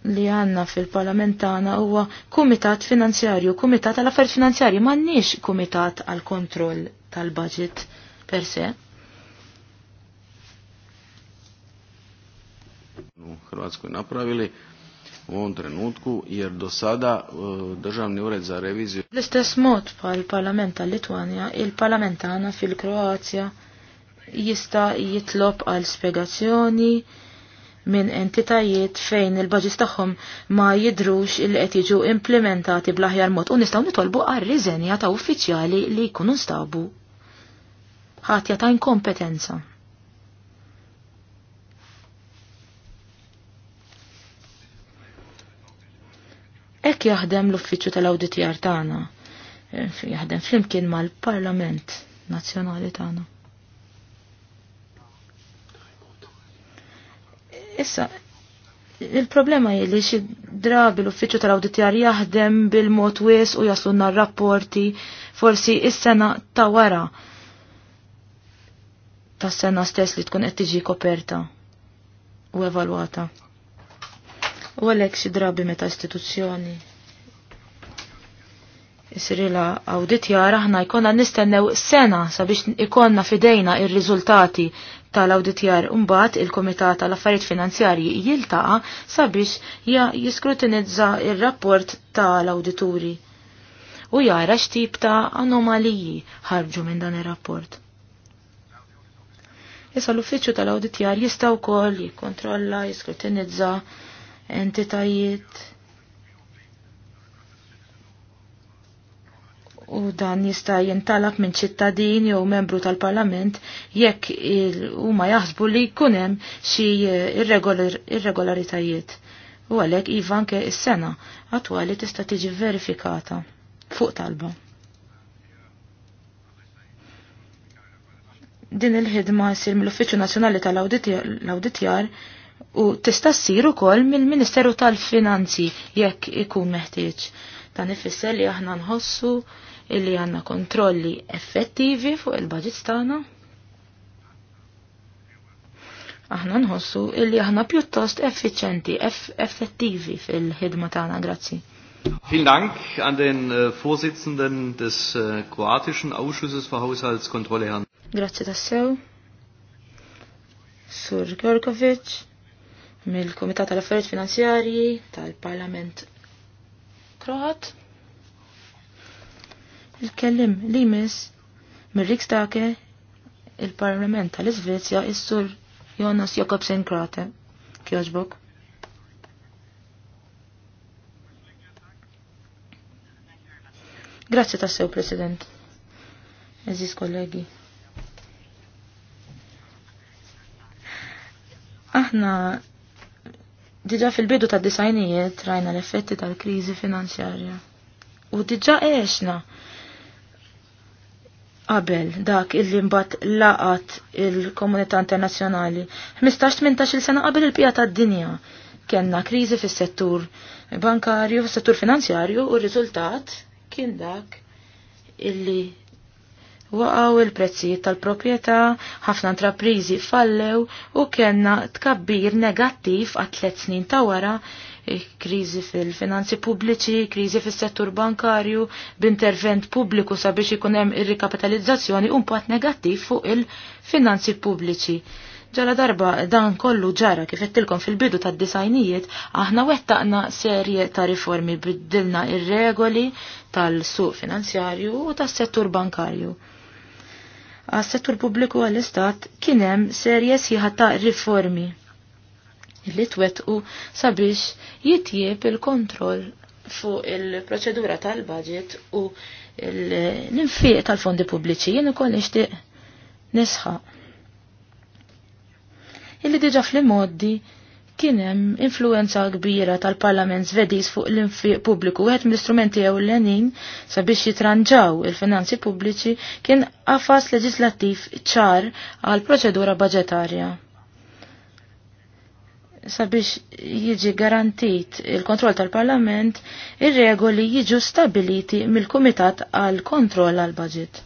li għanna fil-parlament tagħna huwa kumitat finanzjarju, kumitat għal affarijiet finanzjarji, m'għandniex kumitat għal kontroll tal-budget per se. Hrvatsku je napravili u ovom trenutku jer do sada e, Državni ured za reviziju L-istess mod pal parlament tal-Litwanja, il-parlament tagħna fil-Kroazja jista' jitlob għal spjegazzjoni minn entitajiet fejn il-baġis tagħhom ma jidrux il qed jiġu implementati bl-aħjar mod u nistgħu nitolbu għar-riżenja ta' uffiċjali li jkunu nstabu ħatja ta' inkompetenza. Ek jaħdem l-uffiċċju tal-awditjar tagħna. Eh, jaħdem flimkien mal-Parlament Nazzjonali tagħna. Issa, il-problema hi li xi drabi l-uffiċċju tal-awditjar jaħdem bil-mod wis u jaslu n rapporti forsi is-sena ta' wara ta' sena stess li tkun qed tiġi koperta u evalwata. U għalhekk xi drabi meta istituzzjoni Sirila awditjar aħna jkonna nistennew sena sabiex ikonna fidejna il riżultati tal-awditjar umbat il-Komitat tal-Affarijiet Finanzjarji jiltaqa sabiex jiskrutinizza ir-rapport tal-awdituri u jara x'tip ta' anomaliji ħarġu minn dan ir-rapport. Issa l-uffiċċju tal jar jista' wkoll jikkontrolla, jiskrutinizza entitajiet u dan jista' jintalab minn ċittadin jew membru tal-Parlament jekk huma jaħsbu li jkun hemm xi eh, irregolaritajiet. U għalhekk iva anke is-sena attwali tista' tiġi verifikata fuq talba. Din il-ħidma ssir mill-Uffiċċju Nazzjonali tal-Awditjar u tista' ssir ukoll mill-Ministeru tal-Finanzi jekk ikun meħtieġ. Dan ifisser li aħna nħossu illi għanna kontrolli effettivi fuq il-budget tagħna. Aħna nħossu illi aħna pjuttost effiċenti, effettivi fil-ħidma tagħna, grazzi. Vielen Dank an den äh, Vorsitzenden des äh, kroatischen Ausschusses für Haushaltskontrolle, Herrn. Grazie tassew. Sur Gorkovic, mill-Komitat tal-Affarijiet Finanzjarji tal-Parlament Kroat. Il-kellim li mis mir-Rikstake il-Parlament tal-Iżvezja is-Sur Jonas Jakobsen Krate. Kjoġbok. Grazzi sew President. Eżis kollegi. Aħna diġa fil-bidu ta' disajnijiet rajna l-effetti tal-krizi finanzjarja. U diġa eħxna qabel dak il-li mbagħad laqat il-komunità internazzjonali. 15-18 sena qabel il-pija tad-dinja kellna kriżi fis-settur bankarju, fis-settur finanzjarju u r-riżultat kien dak illi waqgħu il-prezzijiet tal-proprjetà, ħafna intraprizi fallew u kellna tkabbir negattiv għat tliet snin ta' wara kriżi fil-finanzi pubbliċi, kriżi fis-settur bankarju, b'intervent pubbliku sabiex ikun hemm ir-rikapitalizzazzjoni u impatt negattiv fuq il-finanzi pubbliċi. Ġara darba dan kollu ġara kif qedtilkom fil-bidu tad-disajnijiet, aħna wettaqna serje ta' riformi biddilna ir-regoli tal-suq finanzjarju u tas-settur bankarju. Għas-settur pubbliku għall-istat kien hemm serje sħiħa ta' riformi li twettqu sabiex jitjieb il-kontroll fuq il-proċedura tal-budget u l-infiq tal-fondi pubbliċi jien ukoll nixtieq nisħaq. Illi diġa fl-immoddi kien hemm influenza kbira tal-Parlament Svediż fuq l-infiq pubbliku wieħed mill-istrumenti ewlenin sabiex jitranġaw il-finanzi pubbliċi kien qafas leġislattiv ċar għal proċedura budġetarja sabiex jiġi garantit il-kontroll tal-Parlament, ir-regoli jiġu stabiliti mill-Kumitat għal kontroll għal budget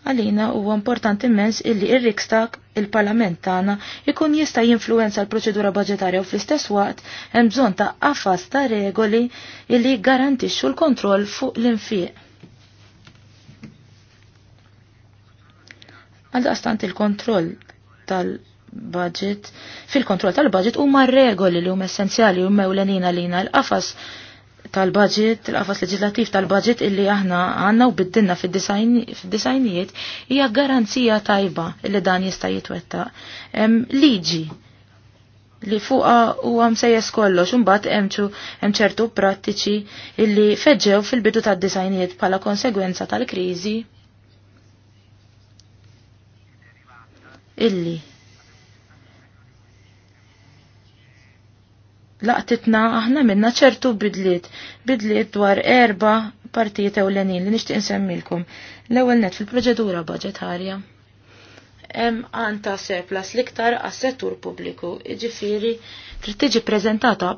Għalina huwa importanti mens illi ir-Rikstak il-Parlament tagħna ikun jista' jinfluenza l-proċedura budgetarja u fl-istess waqt hemm bżonn ta' qafas ta' regoli illi jgarantixxu l-kontroll fuq l-infieq. Għal il-kontroll tal budget fil-kontroll tal-budget huma regoli li huma essenzjali u mewlenina lina l-qafas tal-budget, l-qafas leġislattiv tal-budget illi aħna għanna u biddinna fid-disajnijiet hija garanzija tajba li dan jista' jitwetta. Liġi li fuqa u għam sejjes kollox, unbat emċu emċertu prattiċi illi feġġew fil-bidu tad disajnijiet pala konsegwenza tal-krizi illi laqtitna aħna minna ċertu bidliet, bidliet dwar erba partijiet ewlenin li nixtieq nsemmilkom. L-ewwel net fil-proċedura budgetarja. Hemm għanta surplus l-iktar għas-settur pubbliku, jiġifieri trid tiġi preżentata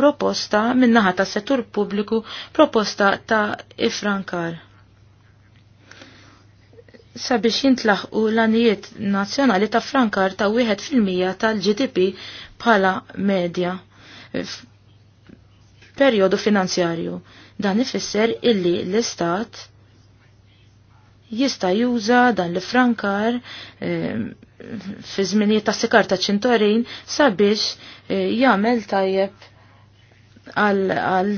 proposta min-naħa tas-settur pubbliku, proposta ta' ifrankar sabiex jintlaħqu l-anijiet nazzjonali ta' frankar ta' 1% tal-GDP bħala medja periodu finanzjarju. Dan ifisser illi l-istat jista' juża dan l-frankar eh, fi żminijiet ta' sikar ta' ċintorin sabiex eh, jagħmel tajjeb għal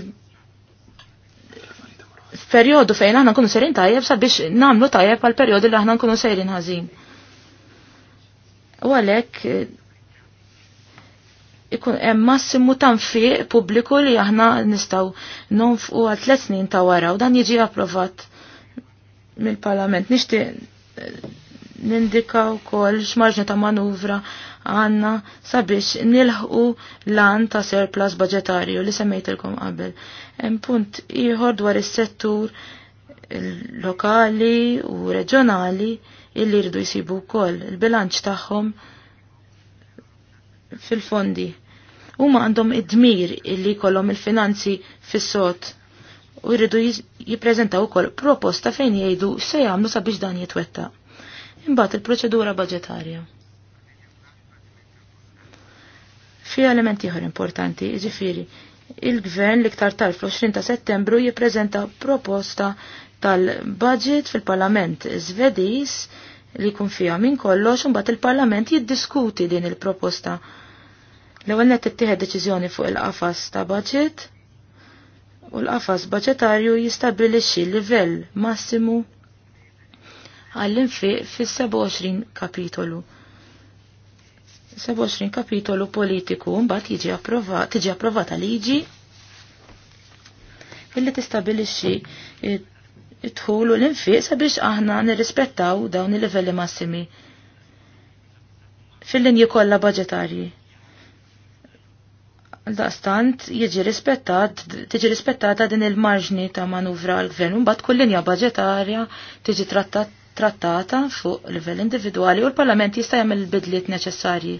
periodu fejn aħna nkunu serin tajjeb sabiex nagħmlu tajjeb għal periodu li aħna nkunu serin ħażin. U għalhekk eh, ikun hemm massimu tanfiq pubbliku li aħna nistgħu nonfqu għal tliet snin ta' wara u dan jiġi approvat mill-Parlament. Nixtieq eh, nindika wkoll x'marġna ta' manuvra għanna sabiex nilħu lan ta' surplus budgetarju li semmejtilkom qabel. Hemm punt ieħor dwar is-settur lokali u reġjonali illi jridu jsibu wkoll il-bilanċ tagħhom fil-fondi. Huma għandhom id-dmir illi kollhom il-finanzi fis-sot u jridu jippreżentaw ukoll proposta fejn jgħidu se jagħmlu sabiex dan jitwettaq. Imbagħad il-proċedura budgetarja. Fi element ieħor importanti, jiġifieri, il-gvern liktar tal fl-20 ta' settembru jippreżenta proposta tal-budget fil-Parlament Svediż li jkun fiha minn kollox u mbagħad il-Parlament jiddiskuti din il-proposta. L-ewwel qed tittieħed deċiżjoni fuq il-qafas ta' budget u l-qafas budgetarju jistabbilixxi livell massimu għall-infiq fis-27 kapitolu. 27 kapitolu politiku mbagħad jiġi approvat tiġi approvata liġi illi tistabilixxi id l infisa sabiex aħna nirrispettaw dawn il-livelli massimi fil-linji kollha budgetarji. Daqstant jiġi rispettat, tiġi rispettata din il-marġni ta' manuvra għal-gvern, mbagħad kull linja budgetarja tiġi trattata fuq livell individwali u l-Parlament jista' jagħmel il-bidliet neċessarji.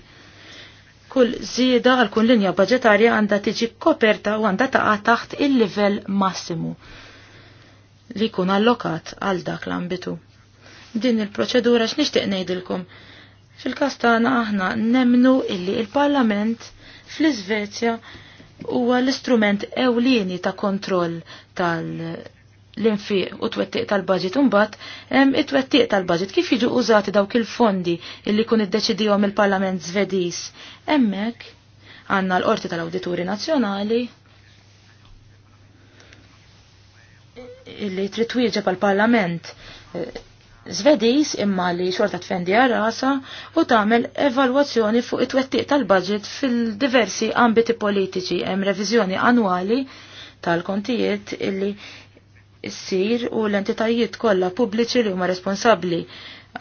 Kull żieda għal kull linja budgetarja għandha tiġi koperta u għandha taqa' taħt il-livell massimu li jkun allokat għal dak l-ambitu. Din il-proċedura x'nixtieq ngħidilkom. Fil-każ tagħna aħna nemnu illi il-Parlament fl-Iżvezja huwa l-istrument ewlieni ta' kontroll tal- l-infiq u t-wettiq tal-budget unbat hemm it wettiq tal-budget kif jiġu użati dawk il-fondi illi kun iddeċidihom il-Parlament Zvediż. Hemmhekk għandna l-Qorti tal-Awdituri Nazzjonali li trid pal parlament Zvediż eh, imma li xorta tfendi għarasa u tagħmel evalwazzjoni fuq it-twettiq tal-budget fil-diversi ambiti politiċi hemm reviżjoni annwali tal-kontijiet illi s-sir u l-entitajiet kollha pubbliċi li huma responsabbli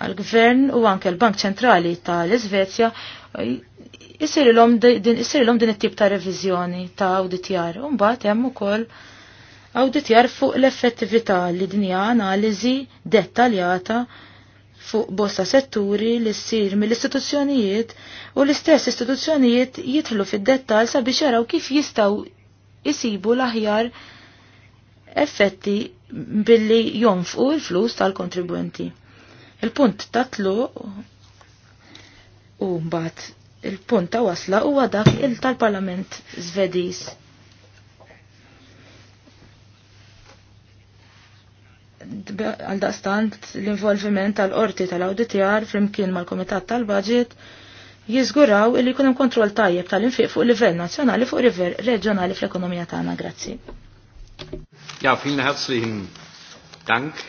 għal-gvern u anke l-Bank Ċentrali tal-Iżvezja eh, l-om din it-tip ta' reviżjoni ta' awditjar. Imbagħad hemm ukoll Awdit jarfu l-effettività li dinja analiżi dettaljata fuq bosta setturi li ssir mill-istituzzjonijiet u l-istess istituzzjonijiet jitlu fid-dettal sabiex jaraw kif jistaw jisibu l-aħjar effetti billi jonfqu il-flus tal kontribuenti Il-punt tatlu u mbagħad il-punt ta' wasla huwa dak il tal-Parlament Svediż. għal daqstant l-involviment tal-qorti tal-auditjar flimkien mal-komitat tal-budget jizguraw li jkun hemm kontroll tajjeb tal-infiq fuq livell nazzjonali fuq livell reġjonali fl-ekonomija tagħna. Grazzi. Ja, vielen herzlichen Dank,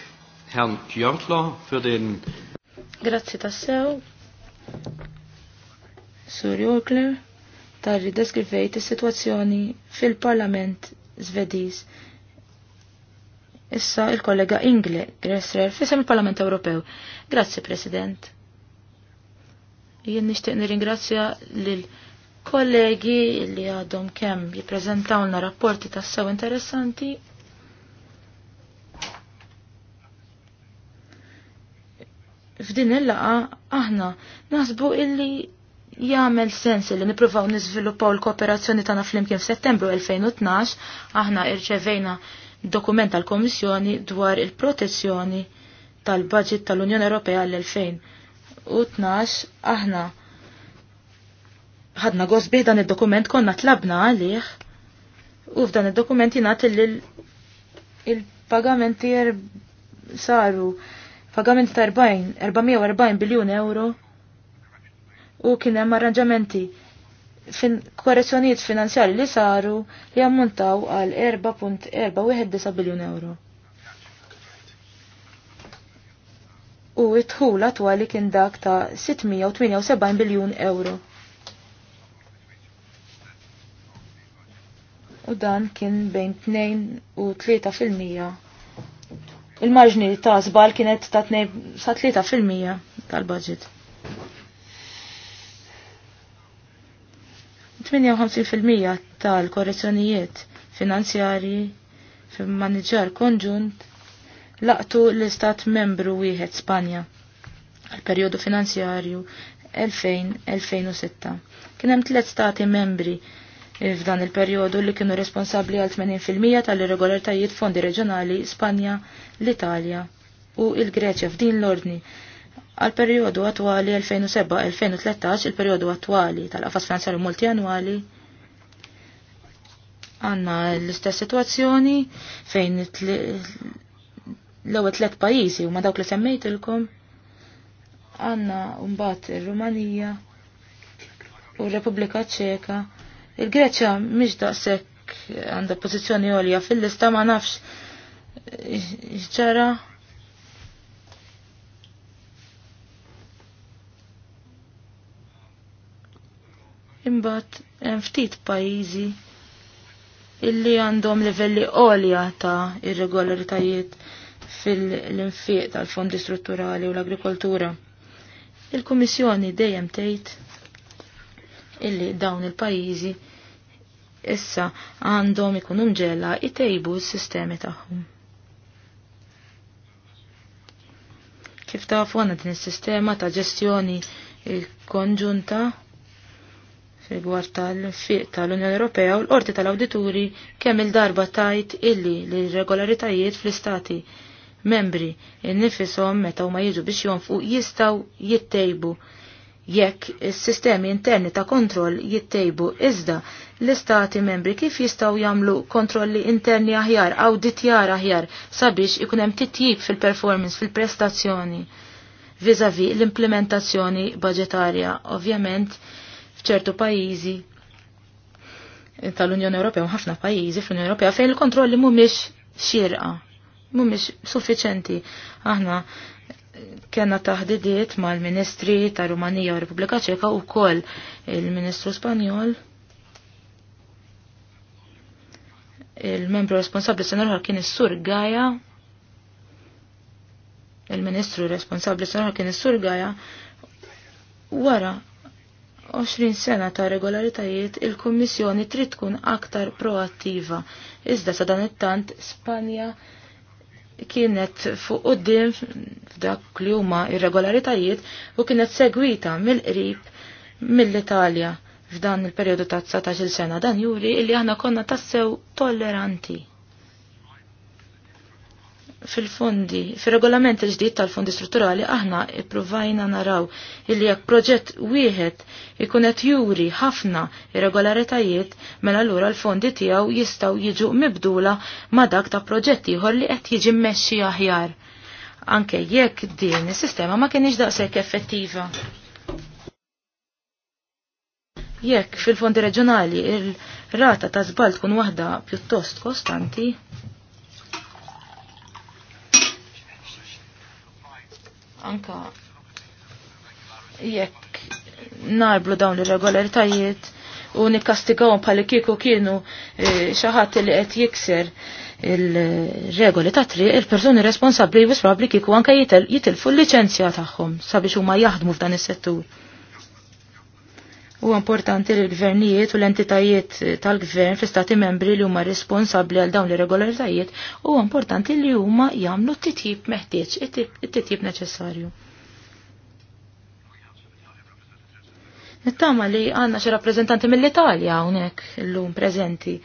Herrn Jörgler, für den... Grazzi tassew, Sur Jörgler, tarri deskrivejt is-sitwazzjoni fil-Parlament Zvediż Issa il-kollega Ingle Gressler fissem il-Parlament Ewropew. Grazzi, President. Jien nixtieq nirringrazzja l kollegi li għadhom kemm jippreżentawlna rapporti tassew interessanti f'din il-laqa aħna naħsbu illi jagħmel sens li nippruvaw niżviluppaw l kooperazzjoni tagħna flimkien f'Settembru 2012 aħna irċevejna dokument tal-Komissjoni dwar il-protezzjoni tal-budget tal-Unjoni Ewropea l-2012 aħna ħadna bih dan il-dokument konna tlabna għalih u f'dan il-dokument jingħat il-pagamenti er- saru pagamenti ta' 40, 440 biljun euro u kien hemm arranġamenti fin korrezzjonijiet finanzjali li saru li ammontaw għal 4.41 biljun euro. U it-tħul attwali kien dak ta' 678 biljun euro. u dan kien bejn 2 u 3 fil-mija. Il-marġni ta' zbal kienet ta' 2 sa' 3 fil-mija tal-budget. 58% tal-korrezzjonijiet finanzjarji fil-manager konġunt laqtu l-istat membru wieħed Spanja għal periodu finanzjarju 2000-2006. Kien hemm tliet stati membri f'dan il-perjodu li kienu responsabbli għal 80% tal-irregolartajiet fondi reġjonali Spanja, l-Italja u il-Greċja f'din l-ordni għal periodu attwali 2007-2013, il-periodu attwali tal-qafas finanzjarju multianwali, għanna l-istess situazzjoni fejn l-ewwel tliet pajjiżi huma dawk li semmejtilkom għanna mbagħad ir-Rumanija u r-Repubblika Ċeka. Il-Greċja mhix daqshekk għandha pożizzjoni għolja fil-lista ma nafx ċara. Imbat, hemm ftit pajjiżi illi għandhom livelli għolja ta' irregolaritajiet fil-infiq tal-fondi strutturali u l-agrikoltura. Il-Kummissjoni dejjem tgħid illi dawn il-pajjiżi issa għandhom ikunu mġella itejbu s-sistemi tagħhom. Kif tafu għandna din is-sistema ta' ġestjoni konġunta Rigward tal-fiq tal-Unjoni Ewropea u l-Qorti tal-Awdituri kemm il-darba tajt illi l-irregolaritajiet fl-istati membri innifisom meta huma jiġu biex jonfqu jistgħu jittejbu jekk is-sistemi interni ta' kontroll jittejbu iżda l-istati membri kif jistgħu jagħmlu kontrolli interni aħjar awditjar aħjar sabiex ikun hemm titjib fil-performance fil-prestazzjoni vis-a-vis l-implementazzjoni budgetarja. Ovvjament, ċertu pajjiżi tal-Unjoni Ewropea u ħafna pajjiżi fl-Unjoni Ewropea fejn il-kontrolli mhumiex xirqa, mhumiex suffiċenti. Aħna kena taħdidiet mal-Ministri ta' Rumanija u Repubblika Ċeka u il-Ministru Spanjol il-membru responsabli senarħar kien is-sur Gaja il-ministru responsabli senarħar kien is-sur Gaja wara 20 sena ta' regolaritajiet il-Kummissjoni trid tkun aktar proattiva. Iżda sa dan it-tant Spanja kienet fuq qudiem f'dak li huma irregolaritajiet u kienet segwita mill-qrib mill-Italja f'dan il-perjodu ta' 19 sena dan juri li aħna konna tassew tolleranti fil-fondi, fil-regolament il ġdijt tal-fondi strutturali, aħna ippruvajna naraw illi jekk proġett wieħed ikun qed juri ħafna irregolaritajiet, mela allura l-fondi tiegħu jistgħu jiġu mibdula ma' dak ta' proġett ieħor li qed jiġi mmexxi aħjar. Anke jekk din is-sistema ma kienx daqshekk effettiva. Jekk fil-fondi reġjonali il-rata ta' żball tkun waħda pjuttost kostanti, anka jekk narblu dawn l regolaritajiet u nikkastigawhom pali kieku kienu eh, xi ħadd li qed jikser il-regoli ta' triq il-persuni responsabbli jwis probabbli kieku anke jitilfu l-liċenzja tagħhom sabiex huma jaħdmu f'dan is-settur. U importanti li l-gvernijiet u l-entitajiet tal-gvern fl-istati membri li huma responsabli għal dawn l-irregolaritajiet u importanti li huma jagħmlu t-titjib meħtieġ, it-titjib neċessarju. Nittama li għanna xi rappreżentanti mill-Italja hawnhekk illum preżenti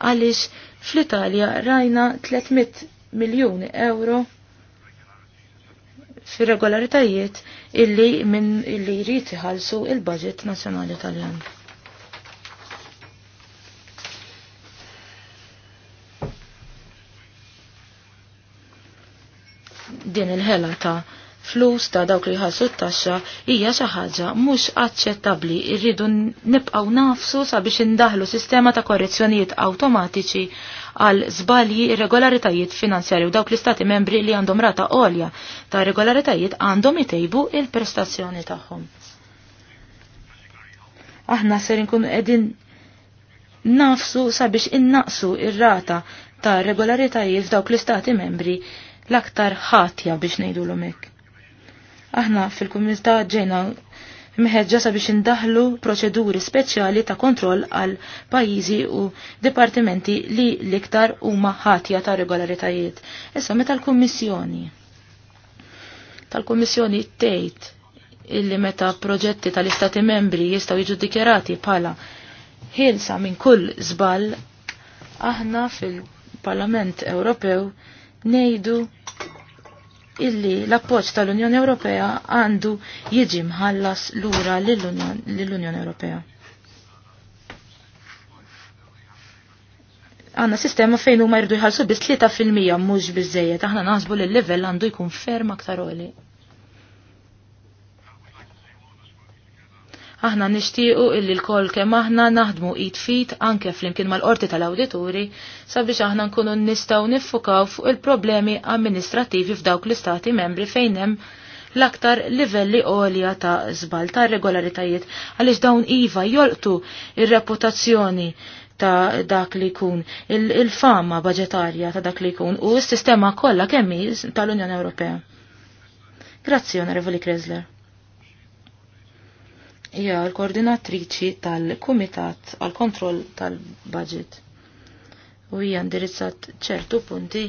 għaliex fl-Italja rajna 300 miljoni euro fir-regolaritajiet illi minn illi jrid iħallsu il-budget nazzjonali tal-land. Din il-ħela ta' flus ta' dawk li jħassu t-taxxa hija xi ħaġa mhux aċċettabbli rridu nibqgħu nafsu sabiex indaħlu sistema ta' korrezzjonijiet awtomatiċi għal żbalji irregolaritajiet finanzjarji u dawk l-istati membri li għandhom rata għolja ta' regolaritajiet għandhom jtejbu il-prestazzjoni tagħhom. Aħna ser nkunu qegħdin nafsu sabiex innaqsu ir-rata ta' regolaritajiet f'dawk l-istati membri l-aktar ħatja biex nejdu l-umek. Aħna fil komunità ġejna meħeġġa sabiex indaħlu proċeduri speċjali ta' kontroll għal pajjiżi u dipartimenti li l-iktar huma ħatja ta' regolaritajiet. Issa meta l-Kummissjoni tal-Kummissjoni tgħid illi meta proġetti tal-Istati membri jistgħu jiġu dikjerati bħala ħilsa minn kull żball aħna fil-Parlament Ewropew ngħidu illi l-appoġġ tal-Unjoni Ewropea għandu jiġi mħallas lura lill-Unjoni Ewropea. Għanna sistema fejn huma jirdu jħallsu bis 3% mhux biżejjed aħna naħsbu li l-livell għandu jkun ferm aktar oli. Aħna nixtiequ illi l-kol kemm aħna naħdmu id fit anke flimkien mal-qorti tal-awdituri sabiex aħna nkunu nistgħu niffukaw fuq il-problemi amministrativi f'dawk l-istati membri fejn hemm l-aktar livelli għolja ta' żball ta' regolaritajiet għaliex dawn iva jolqtu il reputazzjoni ta' dak li jkun, il-fama budgetarja ta' dak li jkun u s-sistema kollha kemm tal-Unjoni Ewropea. Grazzi, Onorevoli Kresler hija l-koordinatriċi tal-Kumitat għal kontroll tal-Budget. U hija ndirizzat ċertu punti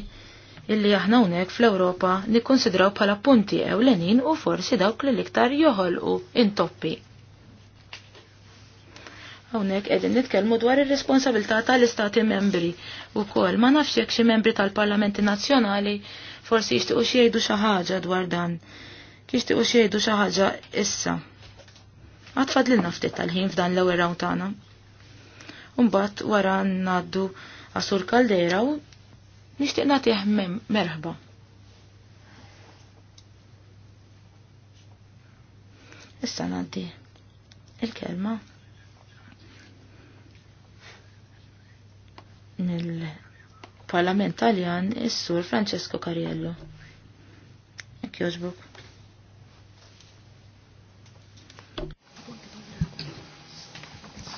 illi aħna hawnhekk fl-Ewropa nikkonsidraw bħala punti ewlenin u forsi dawk li l-iktar joħolqu intoppi. Hawnhekk qegħdin nitkellmu dwar ir-responsabilità tal-Istati membri wkoll ma nafx jekk xi membri tal-Parlamenti Nazzjonali forsi jixtiequ xi jgħidu xi ħaġa dwar dan. Jixtiequ xi jgħidu xi ħaġa issa. Għatfad l ftit tal-ħin f'dan l ewel rawn tagħna. Umbat wara ngħaddu għasur kaldera u nixtieq natiħ merħba. Issa ngħaddi il-kelma mill-Parlament Taljan is-Sur Francesco Cariello. Ekk joġbok.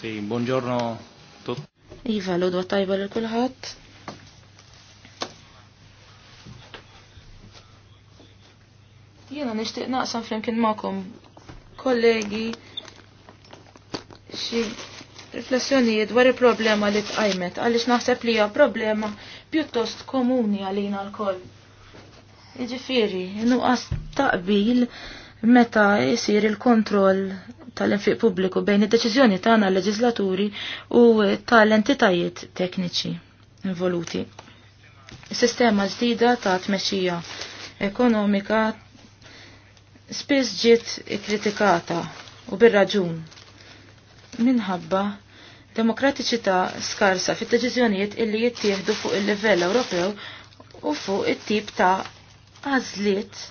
Sì, buongiorno tutti. Iva, l tajba l-kulħat. Jena nishtiq naqsam flimkien ma'kom kollegi xi riflessjonijiet dwar il-problema li tqajmet għaliex naħseb li hija problema pjuttost komuni għalina l-koll. Jiġifieri, nuqas taqbil meta jsir il-kontroll tal enfiq pubbliku bejn id-deċiżjoni tagħna l-leġislaturi u eh, tal-entitajiet tekniċi involuti. Sistema ġdida ta' tmexxija ekonomika spiss ġiet kritikata u bir-raġun minħabba demokratiċità skarsa fit-deċiżjonijiet illi jittieħdu fuq il-livell Ewropew u fuq it-tip ta' għażliet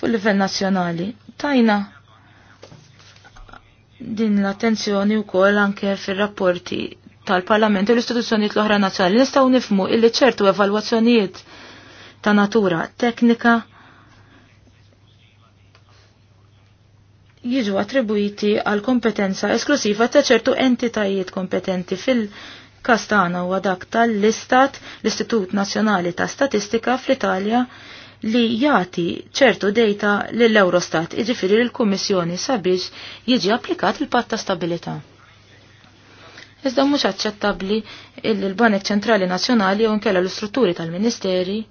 fuq livell nazzjonali tajna din l-attenzjoni u kol anke fil-rapporti tal-Parlament u l-istituzzjonijiet l-oħra nazjonali nistgħu nifmu illi ċertu evalwazzjonijiet ta' natura teknika jiġu attribuiti għal kompetenza esklusiva ta' ċertu entitajiet kompetenti fil-kastana u dak tal-Istat, l-Istitut Nazzjonali ta' Statistika fl-Italja, li jati ċertu data l-Eurostat, iġifiri l-Kommissjoni sabiex jiġi applikat il-patta stabilita. Iżda mhux aċċettabbli illi l-Banek Ċentrali Nazzjonali jew nkella l-istrutturi tal-Ministeri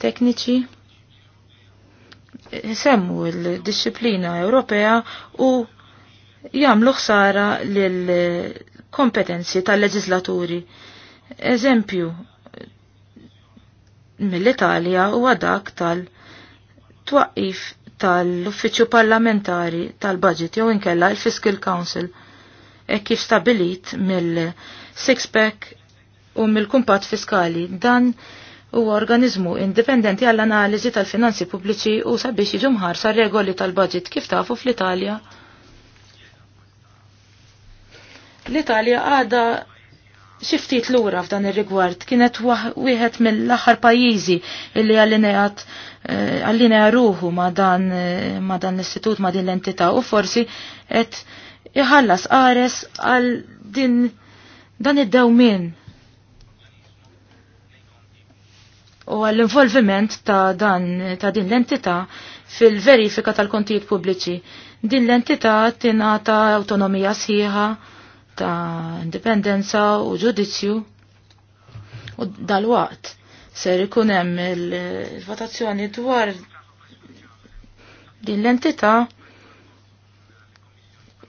tekniċi semmu l-disciplina Ewropea u jagħmlu ħsara lill kompetenzi tal-leġislaturi. Eżempju, mill-Italja huwa dak tal-twaqif tal-Uffiċċju Parlamentari tal-Budget jew inkella l-Fiscal Council e kif stabilit mill-Sixpack u mill-Kumpat Fiskali dan huwa organizmu indipendenti għall analiżi tal-finanzi pubbliċi u sabiex jiġu mħarsa regoli tal-budget kif tafu fl-Italja. L-Italja għada xiftit lura f'dan ir-rigward kienet wieħed mill-aħħar pajjiżi illi għallinejat għallinea eh, ruħu ma dan eh, ma dan l-istitut ma din l-entità u forsi qed iħallas għares għal din dan id-dewmien u għall-involviment ta' dan ta' din l-entità fil-verifika tal-kontijiet pubbliċi. Din l-entità tingħata awtonomija sħiħa ta' indipendenza u ġudizzju u dal-waqt ser ikun hemm il-votazzjoni dwar din l-entità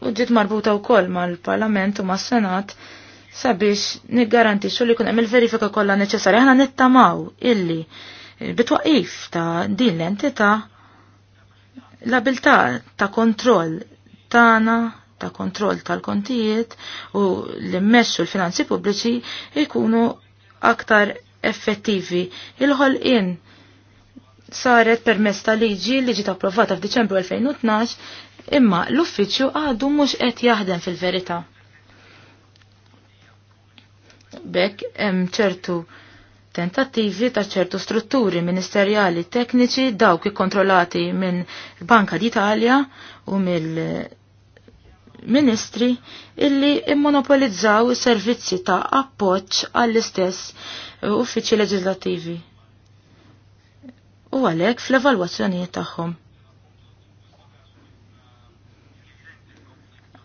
u ġiet marbuta wkoll mal-Parlament u mas-Senat sabiex niggarantixxu li jkun hemm il-verifika kollha neċessarja aħna nittamaw illi bitwaqif ta' din l-entità l-abilità ta' kontroll tagħna ta' kontroll tal-kontijiet u l-immessu l-finanzi pubbliċi ikunu aktar effettivi. il in saret permess ta' liġi li ġiet approvata f'Diċembru 2012 imma l-uffiċċju għadu mhux qed jaħdem fil-verità. Bekk hemm ċertu tentattivi ta' ċertu strutturi ministerjali tekniċi dawk ikkontrollati minn Banka d'Italja u mill ministri illi immonopolizzaw servizzi ta' appoċ għall-istess eh, uffiċi leġislativi. U għalek fl-evalwazzjoni tagħhom.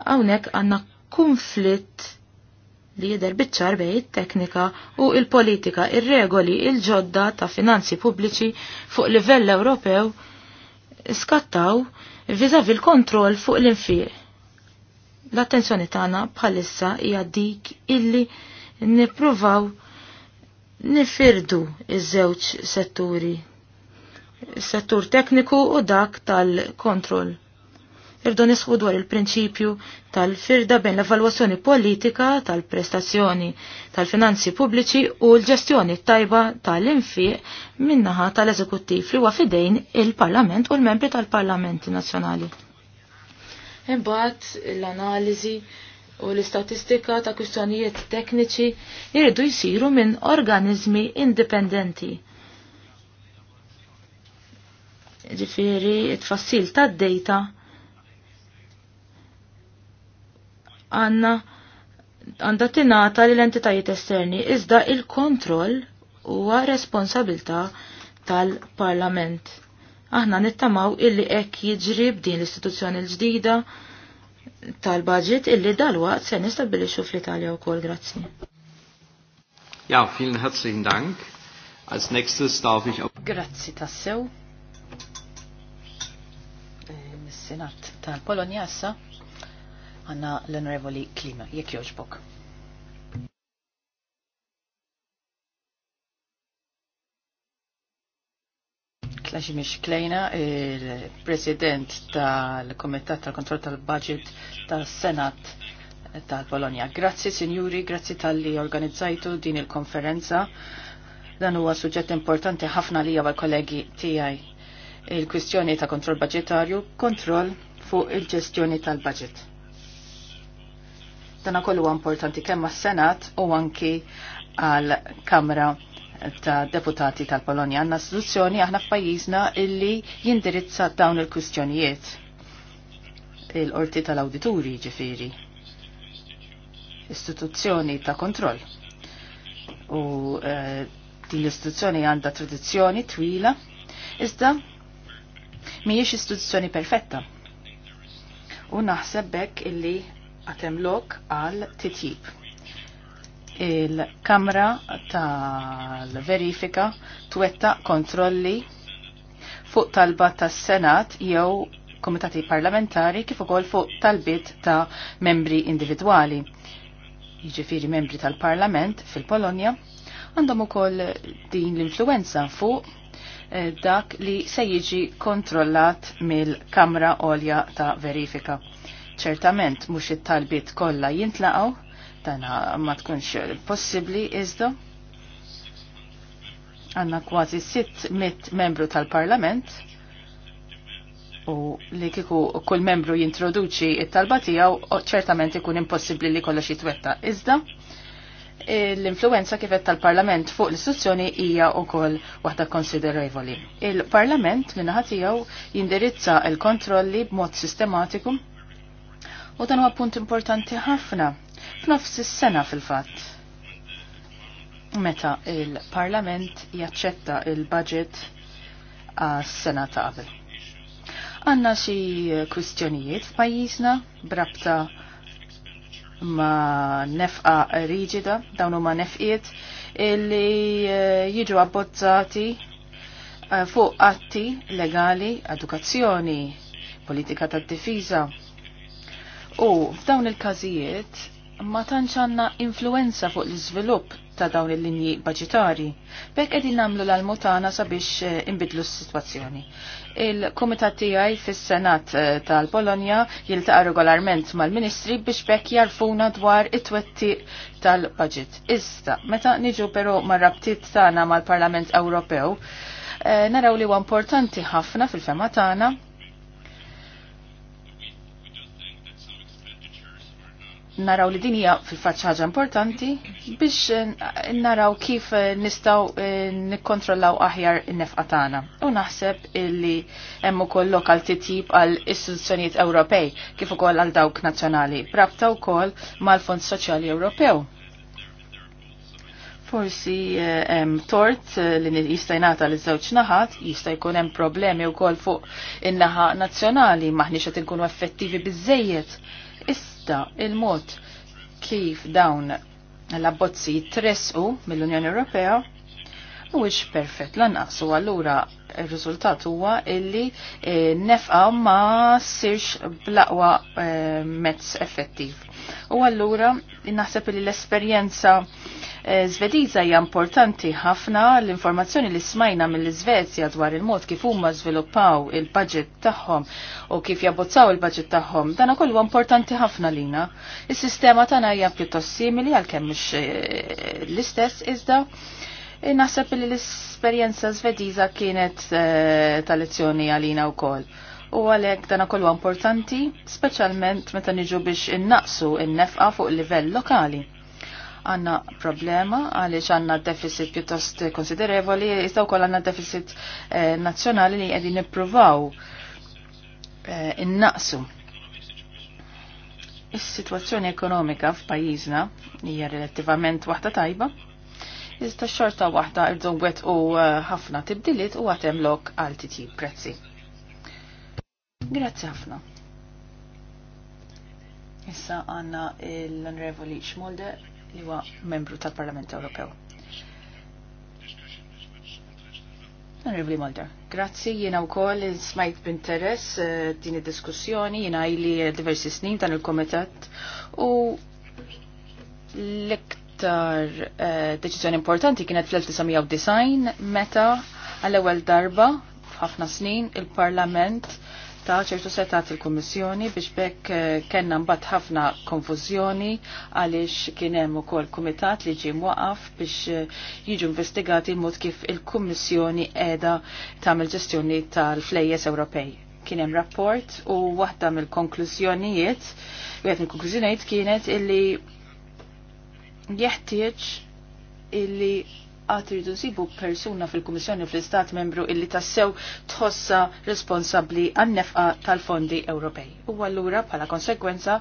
Hawnhekk għandna konflitt li jidher biċ-ċar bej it-teknika u il-politika, ir-regoli, il politika ir regoli il ġodda ta' finanzi pubbliċi fuq livell Ewropew skattaw vizavi l-kontroll fuq l-infiq L-attenzjoni tagħna bħalissa hija dik illi nippruvaw nifirdu iż-żewġ setturi. Settur tekniku u dak tal-kontroll. Irdu nisħu dwar il-prinċipju tal-firda bejn l-evalwazzjoni politika tal-prestazzjoni tal-finanzi pubbliċi u l-ġestjoni tajba tal-infiq minnaħa tal-eżekuttiv li huwa fidejn il-Parlament u l-membri tal-Parlamenti Nazzjonali. Imbagħad l-analiżi u l-istatistika ta' kwistjonijiet tekniċi jiridu jsiru minn organizmi indipendenti. Ġifieri t fassil tad data għandna għandha tingħata l entitajiet esterni, iżda il-kontroll huwa responsabilta tal-parlament. Aħna nittamaw illi hekk jiġri b'din l-istituzzjoni l-ġdida tal-budget illi dalwaqt se nistabilixxu fl-Italja wkoll grazzi. Ja, vielen herzlichen Dank. Als nächstes darf ich auf... Grazzi tassew. Eh, Mis-Senat tal-Polonja issa għanna l-Onorevoli Klima, jekk joġbok. Klaximix Klejna, il-President tal-Komitat tal-Kontroll tal-Budget tal-Senat tal-Polonia. Grazzi, Signuri, grazzi tal-li organizzajtu din il-konferenza. Dan huwa suġġett importanti ħafna li għal kollegi tiegħi il-kwistjoni ta' kontroll budgetarju, kontroll fuq il-ġestjoni tal-budget. Dana kollu importanti kemm għas-Senat u anki għal-Kamra ta' deputati tal-Polonja għanna istituzzjoni aħna f'pajjiżna illi jindirizza dawn il-kwistjonijiet. Il-qorti tal-awdituri ġifiri. Istituzzjoni ta' kontroll. U eh, din l-istituzzjoni għandha tradizzjoni twila, iżda mhijiex istituzzjoni perfetta. U naħseb illi għatem lok għal titjib il-Kamra tal-Verifika twetta kontrolli fuq talba tas-Senat jew komitati parlamentari kif ukoll fuq talbit ta' membri individwali. Jiġifieri membri tal-Parlament fil-Polonja għandhom ukoll din l-influenza fuq eh, dak li se jiġi kontrollat mill-Kamra Olja ta' Verifika. Ċertament mhux it talbit kollha jintlaqgħu, dan ma tkunx possibbli iżda għanna kważi 600 membru tal-parlament u li kiku kull membru jintroduċi it-talba tiegħu ċertament ikun impossibbli li kollox jitwetta. Iżda e, l-influenza kifet tal-Parlament fuq l-istituzzjoni hija wkoll waħda konsiderevoli. Il-Parlament li naħa tiegħu jindirizza l-kontrolli b'mod sistematiku u dan huwa punt importanti ħafna f'nofs is-sena fil-fatt. Meta il-Parlament jaċċetta il-budget għas-sena ta' qabel. Għanna xi kwistjonijiet f'pajjiżna brabta ma' nefqa riġida, dawn huma nefqiet illi eh, jiġu abbozzati eh, fuq atti legali, edukazzjoni, politika tad-difiża, U f'dawn il-każijiet ma tantx għandna influenza fuq l-iżvilupp ta' dawn il-linji budgetari. Bekk edin nagħmlu l-almutana sabiex eh, inbidlu s-sitwazzjoni. Il-Kumitat tiegħi fis-Senat eh, tal-Polonja jiltaqa' regolarment mal-Ministri biex bekk jarfuna dwar it-twetti tal-budget. Issa, meta niġu però mar-rabtiet tagħna mal-Parlament Ewropew, eh, naraw li huwa importanti ħafna fil-fema tagħna naraw li dinija fil-fatt ħaġa importanti biex eh, naraw kif eh, nistaw eh, nikkontrollaw aħjar in-nefqa tagħna. U naħseb illi hemm ukoll lokal titjib għal istituzzjonijiet Ewropej kif ukoll għal dawk nazzjonali, brabta wkoll mal-Fond Soċjali Ewropew. Forsi hemm tort li jista' jingħata li żewġ naħat, jista' jkun hemm problemi wkoll fuq in-naħa nazzjonali maħniex qed inkunu effettivi biżejjed Iżda il-mod kif dawn l-abbozzi jitresqu mill-Unjoni Ewropea mhuwiex perfett lanqas u allura ir-riżultat huwa illi eh, nefqa ma sirx blaqwa eh, mezz effettiv. U allura naħseb li l-esperjenza eh, Zvediza hija importanti ħafna l-informazzjoni li smajna mill-Iżvezja dwar il-mod kif huma żviluppaw il-budget tagħhom u kif jabbozzaw il-budget tagħhom. Dan ukoll huwa importanti ħafna lina. Is-sistema tagħna hija pjuttost simili għalkemm mhix eh, l-istess iżda eh, naħseb li l-esperjenza Zvediża kienet tal lezzjoni għalina wkoll. U għalhekk dan kollu importanti, speċjalment meta niġu biex innaqsu in-nefqa fuq livell lokali. Għanna problema għaliex għanna deficit pjuttost konsiderevoli, iżda wkoll għanna deficit eh, nazzjonali li qegħdin nippruvaw eh, innaqsu. Is-sitwazzjoni ekonomika f'pajjiżna hija relattivament waħda tajba, iżda xorta waħda irdu wet u eh, ħafna tibdiliet u għatem lok għal titjib prezzi. Grazzi ħafna. Issa għanna l-Onorevoli Schmolder li huwa membru tal-Parlament Ewropew. Onorevoli Mulder, grazzi jiena wkoll smajt b'interess eh, din id-diskussjoni jiena ili diversi snin dan il-komitat u l-iktar eh, deċiżjoni importanti kienet fl-1990 meta għall-ewwel darba f'ħafna snin il-Parlament ta' ċertu setta il-Kommissjoni biex bekk eh, kena mbagħad ħafna konfużjoni għaliex kien hemm ukoll kumitat li ġie mwaqaf biex eh, jiġu investigati mod kif il-Kummissjoni tam il ġestjoni tal-flejjes Ewropej. Kien hemm rapport u waħda mill-konklużjonijiet, wieħed għetni konklużjonijiet kienet illi jeħtieġ illi għat rridu persuna fil-Kummissjoni fl-Istat membru illi tassew tħossa responsabli għannefqa tal-fondi Ewropej. U għallura bħala konsekwenza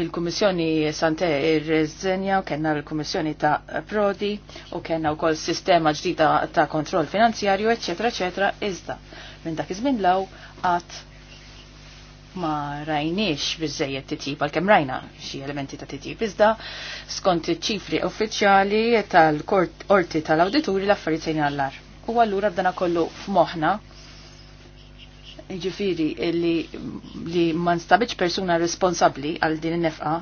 il-Kummissjoni Sante Rezzenja u kena il kummissjoni ta' Prodi u kena u kol sistema ġdida ta' kontroll finanzjarju, eccetera, eccetera, iżda. Minn dak iż law għat ma rajniex bizzejiet titjib għal-kem rajna xie elementi ta' titjib. Iżda skont ċifri uffiċjali tal-orti tal-awdituri l-affarijiet sejn għallar. U għallura b'dana kollu f'moħna ġifiri li, li ma nstabiċ persuna responsabli għal din nefqa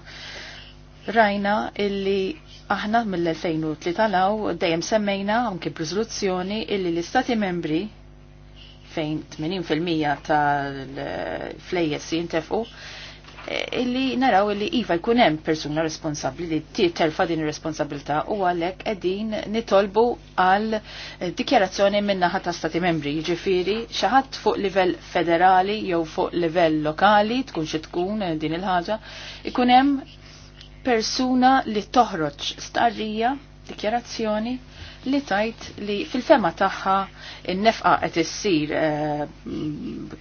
rajna illi aħna mill-2003 law dejjem semmejna anke b'riżoluzzjoni illi l-istati membri fejn 80% tal-flejjes jintefqu e, illi naraw illi iva jkun hemm persuna responsabbli li terfa din ir-responsabilità u għalhekk qegħdin nitolbu għal e, dikjarazzjoni min-naħa ta' stati membri, jiġifieri xi ħadd fuq livell federali jew fuq livell lokali tkun xi tkun e, din il-ħaġa, ikun hemm persuna li toħroġ starrija dikjarazzjoni li tajt li fil-fema tagħha in-nefqa qed issir e,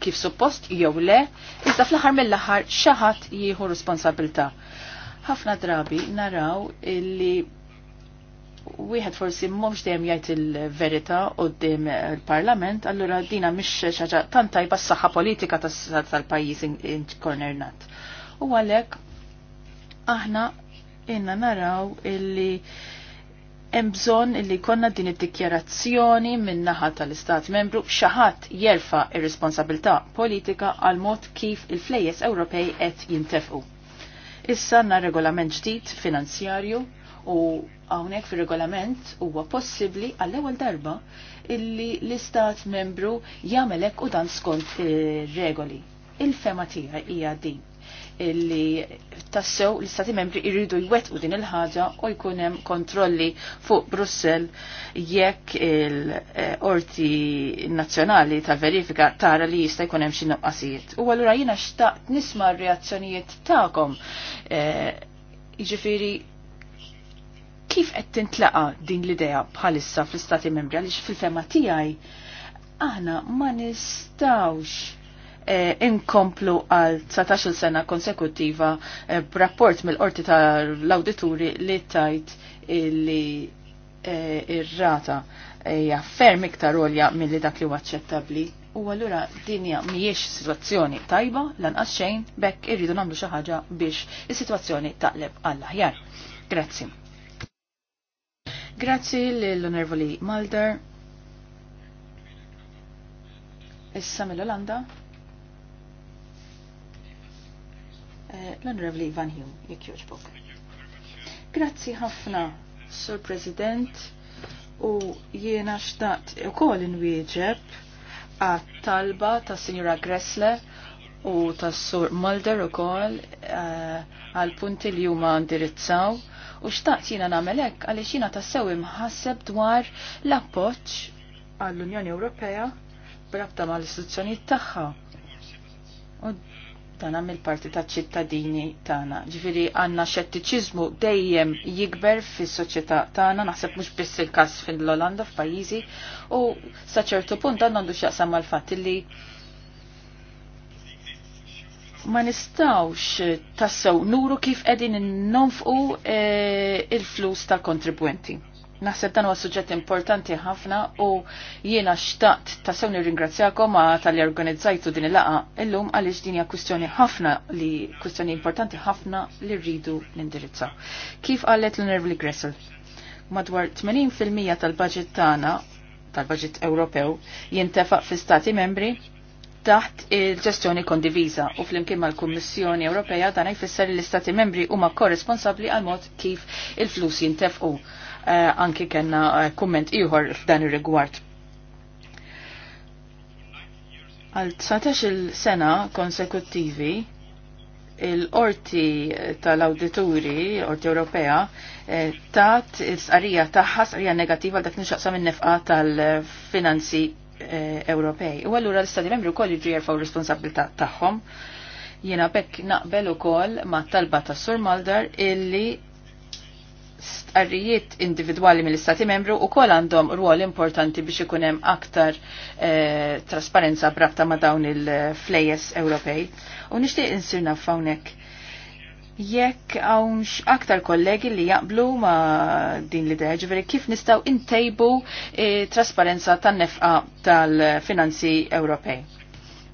kif suppost jew le, iżda fl-aħħar mill-aħħar xi ħadd jieħu responsabilità. Ħafna drabi naraw li wieħed forsi mhux dejjem jgħid il-verità qudiem il-Parlament, allura dina mhix xaġa tant tajba s-saħħa politika tal-pajjiż inkornernat. U għalhekk aħna inna naraw illi hemm bżonn li jkollna din id-dikjarazzjoni min-naħa tal-Istat Membru xi ħadd jerfa' ir-responsabilità politika għal mod kif il-flejjes Ewropej qed jintefqu. Issa na regolament ġdid finanzjarju u hawnhekk fir-regolament huwa possibbli għall-ewwel darba illi l-Istat Membru jagħmel hekk u dan skont ir-regoli. Il Il-fema tiegħi hija din li tassew l-istati membri irridu jwettqu din il-ħaġa u jkun hemm kontrolli fuq Brussel jekk il-Orti Nazzjonali ta' Verifika tara li jista' jkun hemm xi noqqasijiet. U allura jiena xtaqt nisma' r-reazzjonijiet tagħkom. Eh, jiġifieri kif qed tintlaqa din l-idea bħalissa fl-istati membri għaliex fil-fema tiegħi aħna ma nistawx eh, inkomplu għal 19 sena konsekutiva eh, b'rapport mill-qorti tal-awdituri li tajt li eh, irrata rata hija eh, ferm iktar olja milli dak li huwa aċċettabbli. U allura dinja mhijiex sitwazzjoni tajba lanqas xejn bekk irridu nagħmlu xi ħaġa biex is-sitwazzjoni taqleb għall-aħjar. Grazzi. Grazzi l onervoli Malder. Issa mill-Olanda. Eh, l onorevli Van Hume, jek joġbok. Grazzi ħafna, Sur President, u jiena xtaqt u kol inwieġeb għat-talba ta' Signora Gressle u ta' Sur Mulder u kol eh, għal-punti li huma ndirizzaw u xtaqt jiena namelek xina jina tassew imħasseb dwar l-appoċ għall-Unjoni Ewropea brabta mal istituzzjoni tagħha. U tana mill parti ta' ċittadini tagħna. Ġifieri għandna xettiċiżmu dejjem jikber fis-soċjetà tagħna, naħseb mhux biss il-każ fil LOLanda f'pajjiżi, u sa'ċertu punt dan għandu x'jaqsam mal fat li ma nistawx tassew nuru kif qegħdin n-nomfqu eh, il-flus tal-kontribwenti Naħseb dan huwa suġġett importanti ħafna u jiena xtaqt ta' ringrazzjakom ma tal-li organizzajtu din il-laqa illum għaliex din hija kwistjoni ħafna li kwistjoni importanti ħafna li rridu nindirizzaw. Kif qalet l-Nervli Gressel? Madwar 80% tal-budget tagħna tal-budget Ewropew jintefaq fi stati membri taħt il-ġestjoni kondiviża u flimkien mal-Kummissjoni Ewropea dan jfisser li l-Istati membri huma korresponsabbli għal mod kif il-flus jintefqu. Eh, anki kena eh, komment iħor f'dan ir-rigward. Għal 19 il-sena konsekuttivi il-orti tal-awdituri, orti Ewropea, eh, tat il-sqarija taħħa sqarija negativa dak nixaqsa minn nefqa tal-finanzi Ewropej. U għallura l istadi membri u kolli jġri jirfaw responsabilta taħħom. Jena bekk naqbel u koll ma talba ta' Sur Maldar illi stqarrijiet individwali mill-Istati membru u kol għandhom ruol importanti biex ikunem aktar eh, trasparenza brabta ma dawn il-flejes Ewropej. U nishtiq insirna fawnek jekk għawn aktar kollegi li jaqblu ma din l-idea ġveri kif nistaw intejbu eh, trasparenza tan-nefqa tal-finanzi Ewropej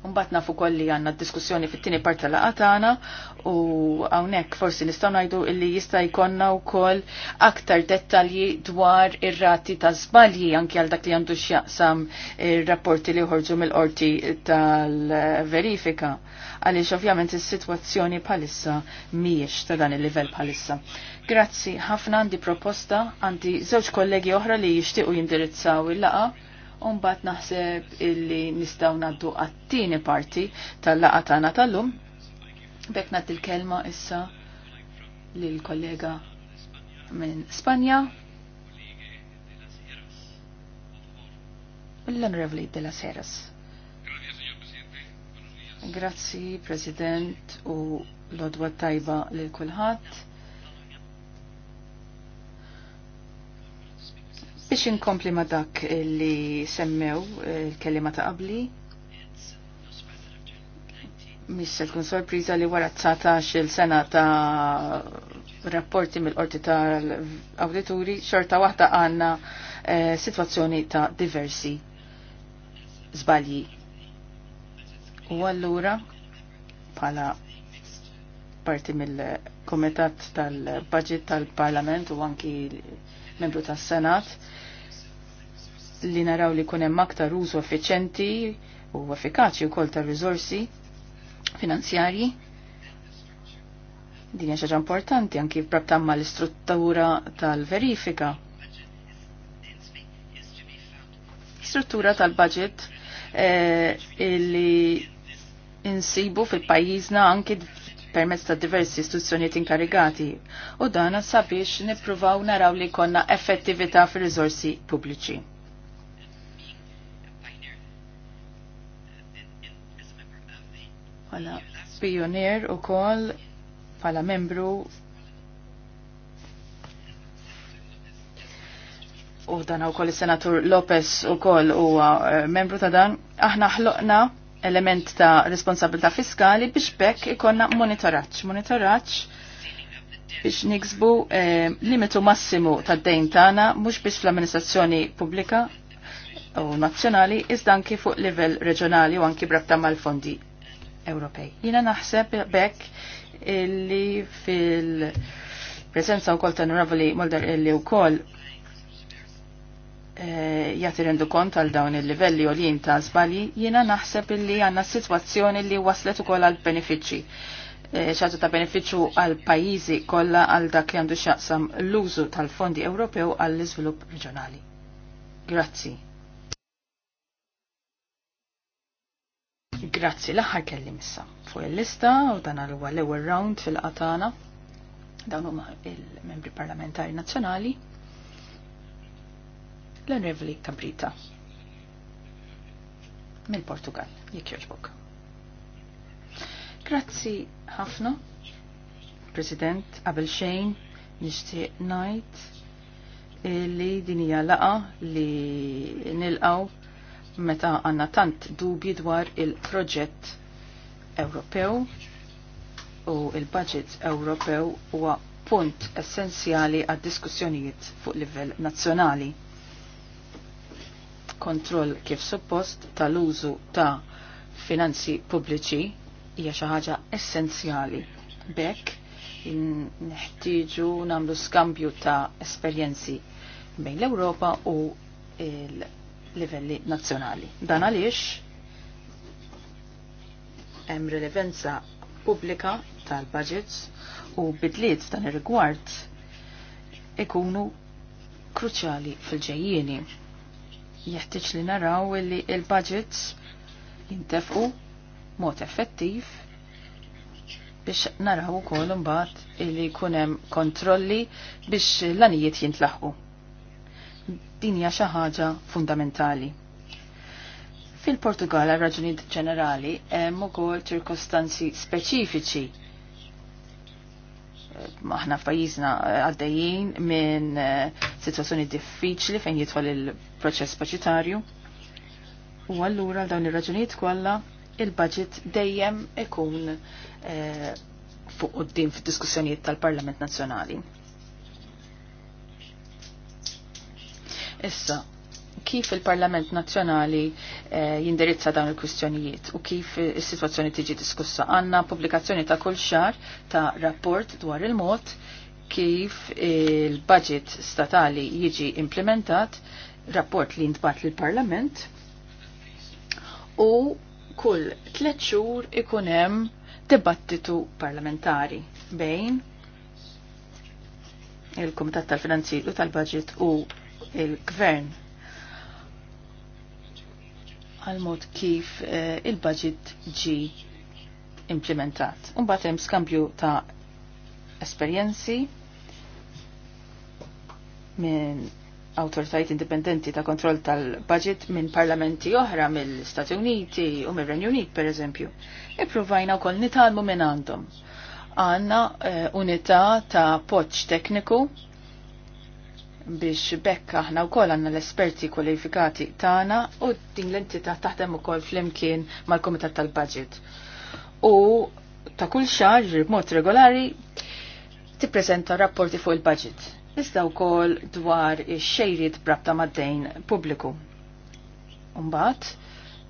Mbagħad nafu kolli għandna diskussjoni fit-tieni parti tal għatana tagħna u hawnhekk forsi nistgħu ngħidu illi jista' jkollna wkoll aktar dettalji dwar ir-rati ta' żbalji anke għal dak li għandu x'jaqsam il rapporti li uħorġu mill-qorti tal-verifika għaliex ovvjament is-sitwazzjoni bħalissa mhijiex ta' dan il-livell bħalissa. Grazzi, ħafna għandi proposta, għandi żewġ kollegi oħra li jixtiequ jindirizzaw il-laqa Umbat naħseb illi nistaw naddu għattini parti tal-laqa tal-lum. Bek nagħti kelma issa lil kollega minn Spanja. l honorable de las Heras. Grazzi, President, u l-odwa tajba lil kulħadd Biex inkompli ma dak li semmew il-kelima ta' qabli, mis se tkun sorpriża li wara 19 sena ta' rapporti mill-qorti tal-awdituri xorta wahda għanna eh, situazzjoni ta' diversi zbalji. U allura pala parti mill-komitat tal-budget tal-parlament u anki membru tas-Senat li naraw li kunem aktar użu effiċenti u effikaċi wkoll tar rizorsi finanzjarji din hija ħaġa importanti anki f'rabta ma l-istruttura tal-verifika. Struttura tal-budget eh, illi insibu fil-pajjiżna anki permezz ta' diversi istituzzjonijiet inkarigati u dan sabiex nippruvaw naraw li konna effettività fir riżorsi pubbliċi. Pala pionier u kol pala membru u dan u kol senatur Lopez u kol u eh, membru ta' dan aħna ħloqna element ta' responsabilità fiskali biex bekk ikonna monitoraċ. Monitoraċ biex niksbu eh, limitu massimu ta' dejn tagħna mhux biex fl-amministrazzjoni pubblika u nazzjonali iżda anki fuq livell reġjonali u anki brabta mal-fondi Ewropej. Jiena naħseb bekk illi fil-preżenza wkoll ta' Onorevoli illi u wkoll Eh, Jati rendu kont għal dawn il-livelli u lin ta' żbalji, jiena naħseb li għandna sitwazzjoni li waslet ukoll għal benefiċċji. ċaġa eh, ta' benefiċċju għal pajjiżi kollha għal dak li għandu x'jaqsam l-użu tal-fondi Ewropew għall iżvilupp reġjonali. Grazzi. Grazzi, l-aħħar kelli issa fuq il-lista u dan huwa l-ewwel round fil-qatana dawn huma il-membri parlamentari nazzjonali l-Enrevli Cabrita. Minn Portugal, jek joġbok. Grazzi ħafna, President, qabel xejn, nixtieq ngħid li din hija laqa li nilqgħu meta għandna tant dubji dwar il-proġett Ewropew u il-budget Ewropew huwa punt essenzjali għad diskussjonijiet fuq livell nazzjonali kontroll kif suppost tal-użu ta' finanzi pubbliċi hija xi ħaġa essenzjali. Bekk neħtieġu nagħmlu skambju ta' esperjenzi bejn l-Ewropa u l-livelli nazzjonali. Dan għaliex hemm rilevenza pubblika tal-budgets u bidliet f'dan ir-rigward ikunu kruċjali fil-ġejjieni jeħtieġ li naraw li il-budgets jintefqu mod effettiv biex naraw ukoll imbagħad li jkun hemm kontrolli biex l-anijiet jintlaħqu. Din hija xi ħaġa fundamentali. Fil-Portugal għal raġunijiet ġenerali hemm ukoll ċirkostanzi speċifiċi maħna f'pajjiżna eh, għaddejjin minn eh, sitwazzjoni diffiċli fejn jidħol il-proċess paċitarju. U allura dawn ir-raġunijiet kollha il-budget dejjem ikun eh, fuq din fid-diskussjonijiet tal-Parlament Nazzjonali. Issa, kif il-Parlament Nazzjonali eh, jindirizza dawn il-kwistjonijiet u kif is-sitwazzjoni tiġi diskussa. Għandna pubblikazzjoni ta' kull xar ta' rapport dwar il-mod kif il-budget statali jiġi implementat, rapport li jintbat lill-Parlament u kull tlet xhur ikun hemm dibattitu parlamentari bejn il-Kumitat tal-Finanzi u tal-Budget u il-Gvern għal mod kif eh, il-budget ġi implementat. Unbat hemm skambju ta' esperjenzi minn autoritajiet indipendenti ta' kontroll tal-budget minn parlamenti oħra mill-Stati Uniti u mill renju Unit per eżempju. Ippruvajna wkoll nitalmu minn għandhom. Għanna uh, eh, unità ta' poċ tekniku biex bekk aħna wkoll għandna l-esperti kwalifikati tagħna u din l-entità taħdem ukoll flimkien mal-Kumitat tal-Budget. U ta' kull xar b'mod regolari tippreżenta rapporti fuq il-budget. Iżda wkoll dwar ix brabta mad-dejn pubbliku.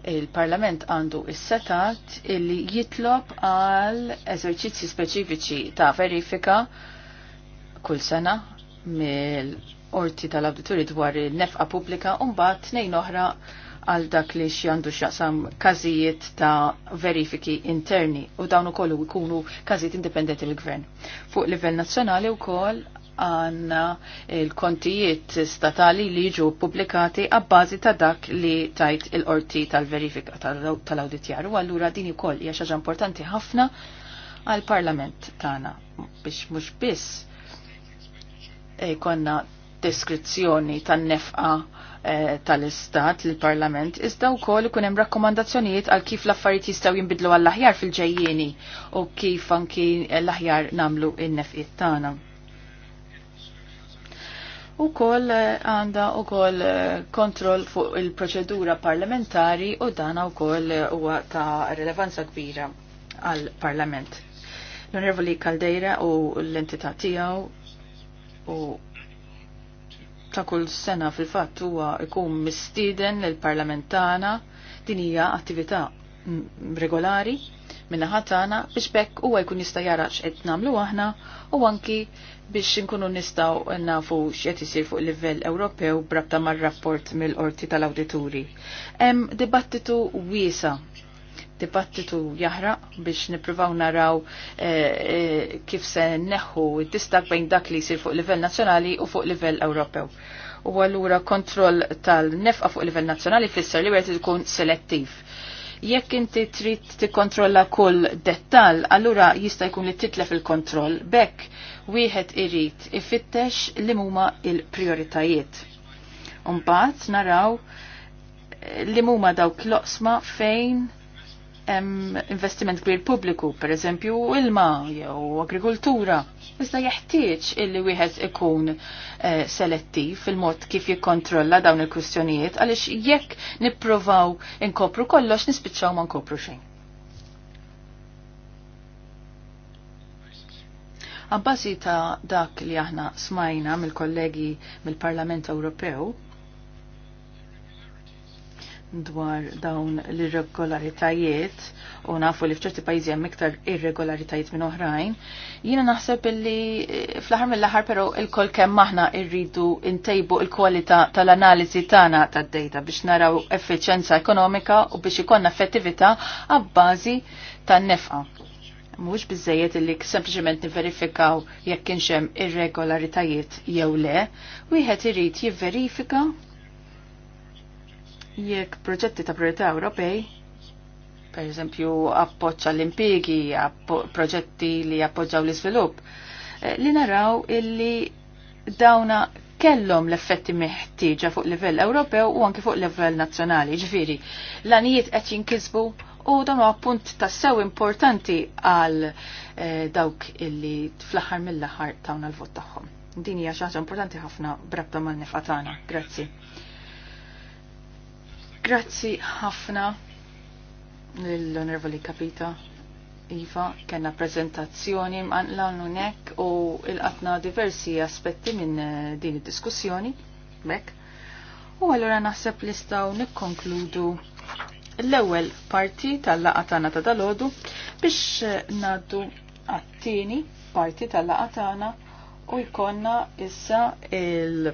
il-Parlament għandu is-setat il illi jitlob għal eżerċizzi speċifiċi ta' verifika kull sena mill orti tal-awdituri dwar il-nefqa pubblika u mbagħad tnejn oħra għal dak li x'jandu x'jaqsam każijiet ta' verifiki interni u dawn ukoll ikunu każijiet indipendenti l-gvern. Fuq livell nazzjonali wkoll għanna il-kontijiet statali li ġu publikati għabbazi ta' dak li tajt il-orti tal-verifika tal-auditjar. U għallura din ukoll hija xaġa importanti ħafna għal-parlament tagħna biex mhux biss eh, konna deskrizzjoni tan-nefqa eh, tal-Istat, l-Parlament, iżda wkoll ikun hemm rakkomandazzjonijiet għal kif l-affarijiet jistgħu jinbidlu għall-aħjar fil-ġejjieni u kif anki l-aħjar namlu in-nefqiet tagħna. U koll eh, għanda u koll eh, kontroll fuq il-proċedura parlamentari u dana u koll huwa ta' rilevanza kbira għal parlament. L-Onorevoli Caldeira u l-entità tiegħu u ta' kull sena fil-fatt huwa jkun mistieden lil parlamentana din hija attività regolari minna ħatana biex bekk huwa jkun jista' jara x'qed nagħmlu aħna u anki biex nkunu nistgħu nafu x'qed isir fuq livell Ewropew brabta mar-rapport mill-qorti tal-awdituri. Hemm dibattitu wiesa' dibattitu jaħraq biex nipruvaw naraw eh, eh, kif se neħu distak bejn dak li jisir fuq livell nazzjonali u fuq livell Ewropew. U għallura kontroll tal-nefqa fuq livell nazzjonali fisser li għet tkun selettiv jekk inti trid tikkontrolla kull dettal, allura jista' jkun li titlef il-kontroll bekk wieħed irid ifittex li huma il-prioritajiet. Mbagħad naraw eh, li huma dawk l-oqsma fejn hemm investiment kbir pubbliku, per eżempju ilma jew agrikultura. Iżda jeħtieġ illi wieħed ikun uh, selettiv fil-mod kif jikkontrolla dawn il-kwistjonijiet għaliex jekk nippruvaw inkopru kollox nispiċċaw ma nkopru xejn. Abbażi ta' dak li aħna smajna mill-kollegi mill-Parlament Ewropew, dwar dawn l-irregolaritajiet u nafu li fċerti pajjiżi hemm iktar irregolaritajiet minn oħrajn, jiena naħseb li eh, fl-aħħar mill-aħħar però il-kol kemm aħna rridu ntejbu l-kwalità tal-analiżi tagħna tad data biex naraw effiċjenza ekonomika u biex ikollna effettività ab'bażi tan-nefqa. Mhux biżejjed li sempliċement niverifikaw jekk kienx hemm irregolaritajiet jew le, wieħed irid jivverifika Jekk proġetti ta' priorità Ewropej, per eżempju appoċċa l-impigi, proġetti li appoġġaw l-iżvilupp, eh, li naraw illi dawna kellhom l-effetti meħtieġa fuq livell Ewropew u anke fuq livell nazzjonali. Ġifieri, l-anijiet qed jinkisbu u dan huwa punt tassew importanti għal eh, dawk illi fl-aħħar mill-aħħar tawna l-vot tagħhom. Din hija xi ħaġa importanti ħafna brabta mal-nefqatana. Grazzi. Grazzi ħafna l onervoli Kapita. Iva, kena prezentazzjoni mqanqla unek u il-qatna diversi aspetti minn eh, din id-diskussjoni. Bek. U għallura naħseb li staw nikkonkludu l-ewwel parti tal laqatana tagħna ta' dalodu biex eh, naddu għat-tieni parti tal laqatana u jkollna issa il-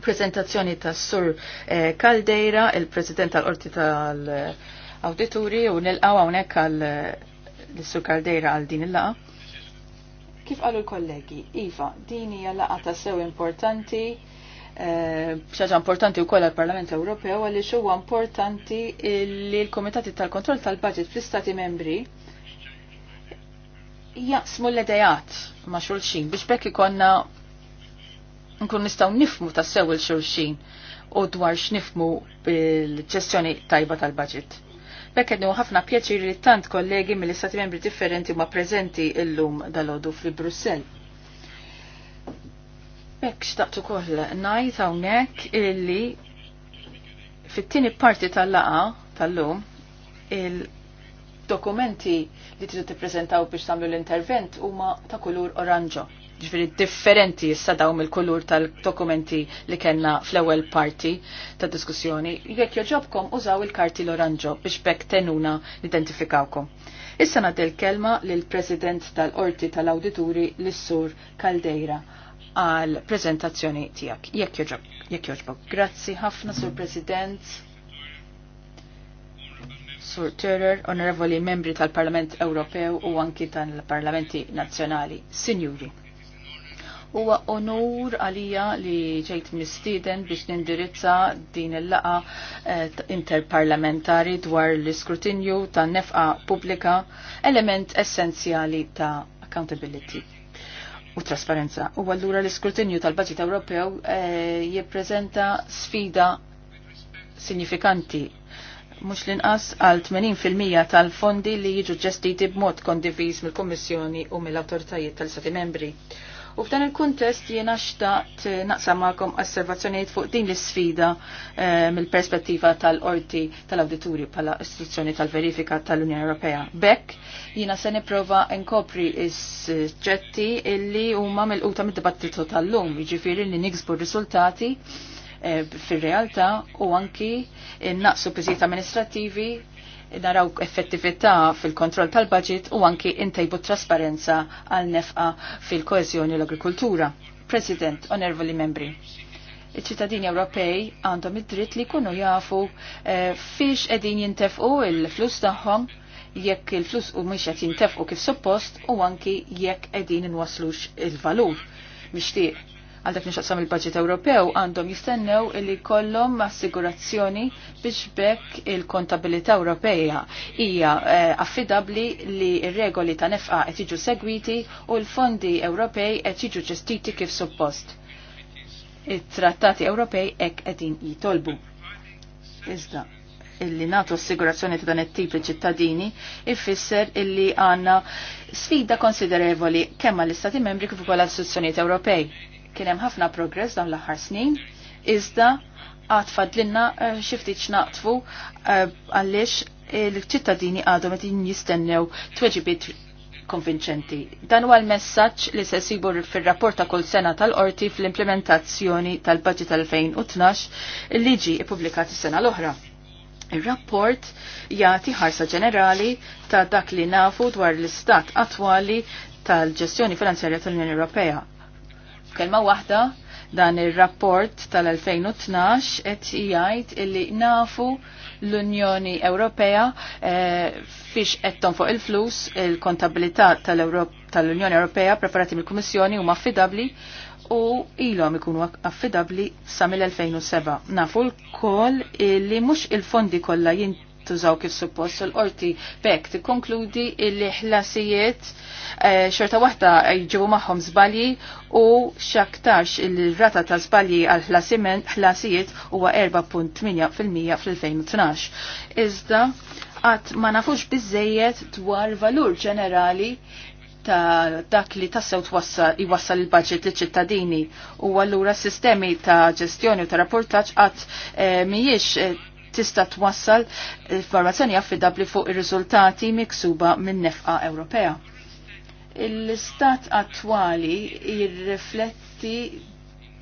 Prezentazzjoni ta' Sur eh, Caldeira, il-President tal-Orti tal-Awdituri, u nilqaw hawnhekk għal eh, sur Caldeira għal din il-laqa. Kif qalu l-kollegi, Iva, din hija laqa ta' sew importanti, eh, xaġa importanti u koll għal-Parlament Ewropew għalli xuwa importanti li l-Komitati tal-Kontroll tal-Budget fl-Istati membri jaqsmu l-edajat ma' xulxin biex bekk ikonna nkun nistgħu nifmu sew il-xulxin u dwar x'nifmu bil ċessjoni tajba tal-budget. Bekk qed ħafna pjaċir li tant kollegi mill-istati membri differenti huma preżenti llum dalodu fi Brussell. Bekk x'taqtu koll ngħid hawnhekk illi fit-tieni parti tal-laqa tal-lum il-dokumenti li tridu tippreżentaw biex tagħmlu l-intervent huma ta' kulur oranġo ġifiri differenti issa dawn il-kulur tal-dokumenti li kena fl-ewel parti ta' diskussjoni, jekk joġobkom użaw il-karti l-oranġo biex bekk tenuna identifikawkom. Issa nad il-kelma l-President tal-Orti tal-Awdituri l-Sur Caldeira għal prezentazzjoni tijak. Jekk joġob, jekk joġbok. Grazzi ħafna, Sur President. Sur Turer, onorevoli membri tal-Parlament Ewropew u anki tal-Parlamenti Nazzjonali. Signuri. Huwa onur għalija li ġejt mistieden biex nindirizza din il-laqa eh, interparlamentari dwar l-iskrutinju ta' nefqa pubblika, element essenzjali ta' accountability u trasparenza. U għallura l-iskrutinju tal-Budget Ewropew e, jippreżenta sfida sinifikanti mux inqas għal 80% tal-fondi li jiġu ġestiti b'mod kondiviż mill-Kommissjoni u mill-Awtoritajiet tal-Stati Membri. U f'dan il-kuntest jiena xtaqt eh, naqsam għakom osservazzjonijiet fuq din l-isfida eh, mill-perspettiva tal-orti tal awdituri bħala istituzzjoni tal-verifika tal-Unjoni Ewropea. Bekk jiena se nipprova nkopri s-ġetti illi huma mill-quta mid-dibattitu tal-lum, jiġifieri li niksbu r riżultati eh, fir-realtà u anki naqsu piżijiet amministrativi naraw effettività fil-kontroll tal-budget u anki intajbu trasparenza għal nefqa fil-koezjoni l-agrikultura. President, onervoli membri, iċ-ċittadini Ewropej għandhom id-dritt li jkunu jafu eh, fiex edin jintefqu il-flus tagħhom jekk il-flus u miex qed jintefqu kif suppost u anki jekk qegħdin inwaslux il-valur mixtieq għal dak nixaqsam il-budget Ewropew għandhom jistennew illi kollom assigurazzjoni biex bekk il-kontabilità Ewropea hija eh, affidabli li r-regoli ta' nefqa qed jiġu segwiti u l-fondi Ewropej qed jiġu ġestiti kif suppost. It-trattati Ewropej hekk qegħdin jitolbu. Iżda, illi natu assigurazzjoni ta' dan it-tip ċittadini ifisser illi għanna sfida konsiderevoli kemm għall istati membri kif ukoll għall istituzzjonijiet Ewropej. Kienem ħafna progress dawn l-aħħar snin, iżda għad fadlinna eh, xiftit xnaqtfu eh, għalix l-ċittadini għadhom qed jistennew tweġibiet konvinċenti. Dan huwa l-messaġġ li se sibur fir-rapport ta' kull sena tal-qorti fl-implementazzjoni tal-budget tal-2012 li ġi ippubblikat is-sena l-oħra. Ir-rapport jagħti ħarsa ġenerali ta' dak li nafu dwar l-istat attwali tal-ġestjoni finanzjarja tal-Unjoni Ewropea kelma waħda dan ir-rapport tal-2012 qed jgħid illi nafu l-Unjoni Ewropea eh, fiex qed fuq il-flus il-kontabilità tal-Unjoni Ewropea preparati mill-Kummissjoni huma affidabbli u ilhom ikunu affidabbli sa mill-2007. Nafu l-koll li mhux il-fondi kollha tużaw kif suppost l-qorti bekk tikkonkludi illi ħlasijiet eh, xorta waħda jġibu magħhom żbalji u xaktax il-rata ta' żbalji għal ħlasijiet huwa 4.8% fil-2012. Iżda għat ma nafux bizzejiet dwar valur ġenerali ta' dak li tassew jwassal il-budget li ċittadini u għallura sistemi ta' ġestjoni u ta' rapportaċ għat eh, miex eh, tista' twassal informazzjoni affidabbli fuq ir-riżultati miksuba min-nefqa Ewropea. Il-istat attwali jirrifletti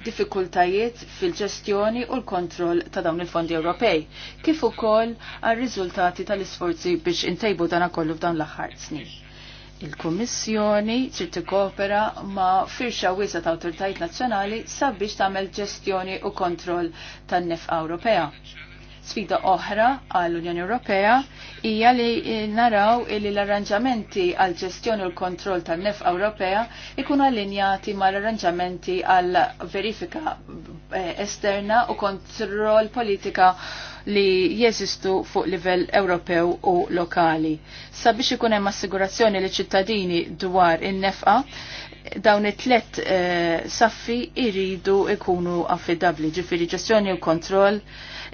diffikultajiet fil-ġestjoni u l-kontroll ta' dawn il-fondi Ewropej, kif ukoll għar-riżultati tal-isforzi biex intejbu dan kollu f'dan l-aħħar snin. Il-Kummissjoni trid tikkopera ma' firxa wiesa ta' awtoritajiet nazzjonali sabiex tagħmel ġestjoni u kontroll tan-nefqa Ewropea. Sfida oħra għall-Unjoni Ewropea hija li naraw li l-arranġamenti għal ġestjoni u l-kontroll tan-nef Ewropea ikunu allinjati mal arranġamenti għal verifika eh, esterna u kontroll politika li jeżistu fuq livell Ewropew u lokali. Sabiex ikun hemm assigurazzjoni li ċittadini dwar in-nefqa, dawn it-tlet eh, saffi iridu ikunu affidabli, ġifiri ġestjoni u kontroll,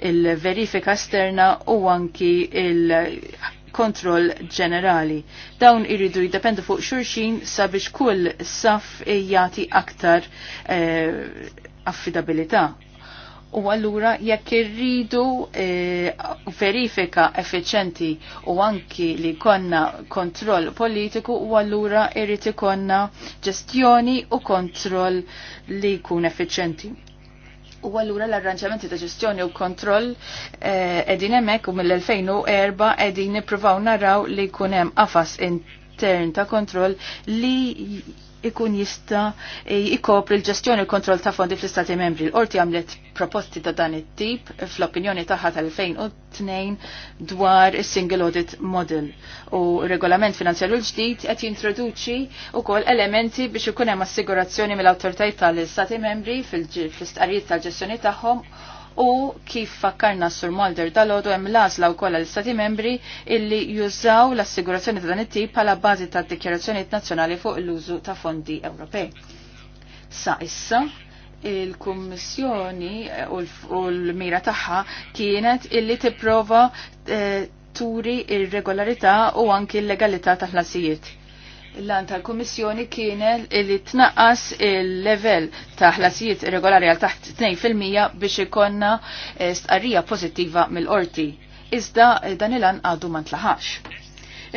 il-verifika esterna u anki il-kontroll ġenerali. Dawn iridu jiddependu fuq xurxin sabiex kull saff jati aktar affidabilita. Eh, affidabilità. U allura jekk irridu eh, verifika effiċenti u anki li konna kontroll politiku u allura irrid konna ġestjoni u kontroll li kun effiċenti. U allura l-arranġamenti ta' ġestjoni u kontroll eh, edin emek u mill-2004 edin nippruvaw naraw li jkun hemm intern ta' kontroll li ikun jista eh, ikopri l-ġestjoni u kontrol ta' fondi fl-Istati membri. L-Orti għamlet proposti ta' dan it-tip fl-opinjoni taħħa tal-2002 dwar single audit model u regolament finanzjarju l-ġdid qed jintroduċi wkoll elementi biex ikun hemm assigurazzjoni mill-awtoritajiet tal-Istati membri fil istarijiet tal-ġestjoni tagħhom u kif fakkarna Sur Mulder dal-ħodu hemm l-għażla wkoll l stati membri illi jużaw l-assigurazzjoni ta' dan it-tip bħala bażi ta' dikjarazzjonijiet nazzjonali fuq l-użu ta' fondi Ewropej. Sa issa il-Kummissjoni eh, u l-mira tagħha kienet illi tipprova eh, turi ir-regolarità u anki l-legalità ta' ħlasijiet L-an tal-Komissjoni kienet li tnaqqas il-level ta' ħlasijiet regolari għal taħt 2% biex ikonna eh, stqarrija pozittiva mill-qorti. Iżda eh, dan il-an għadu ma tlaħax.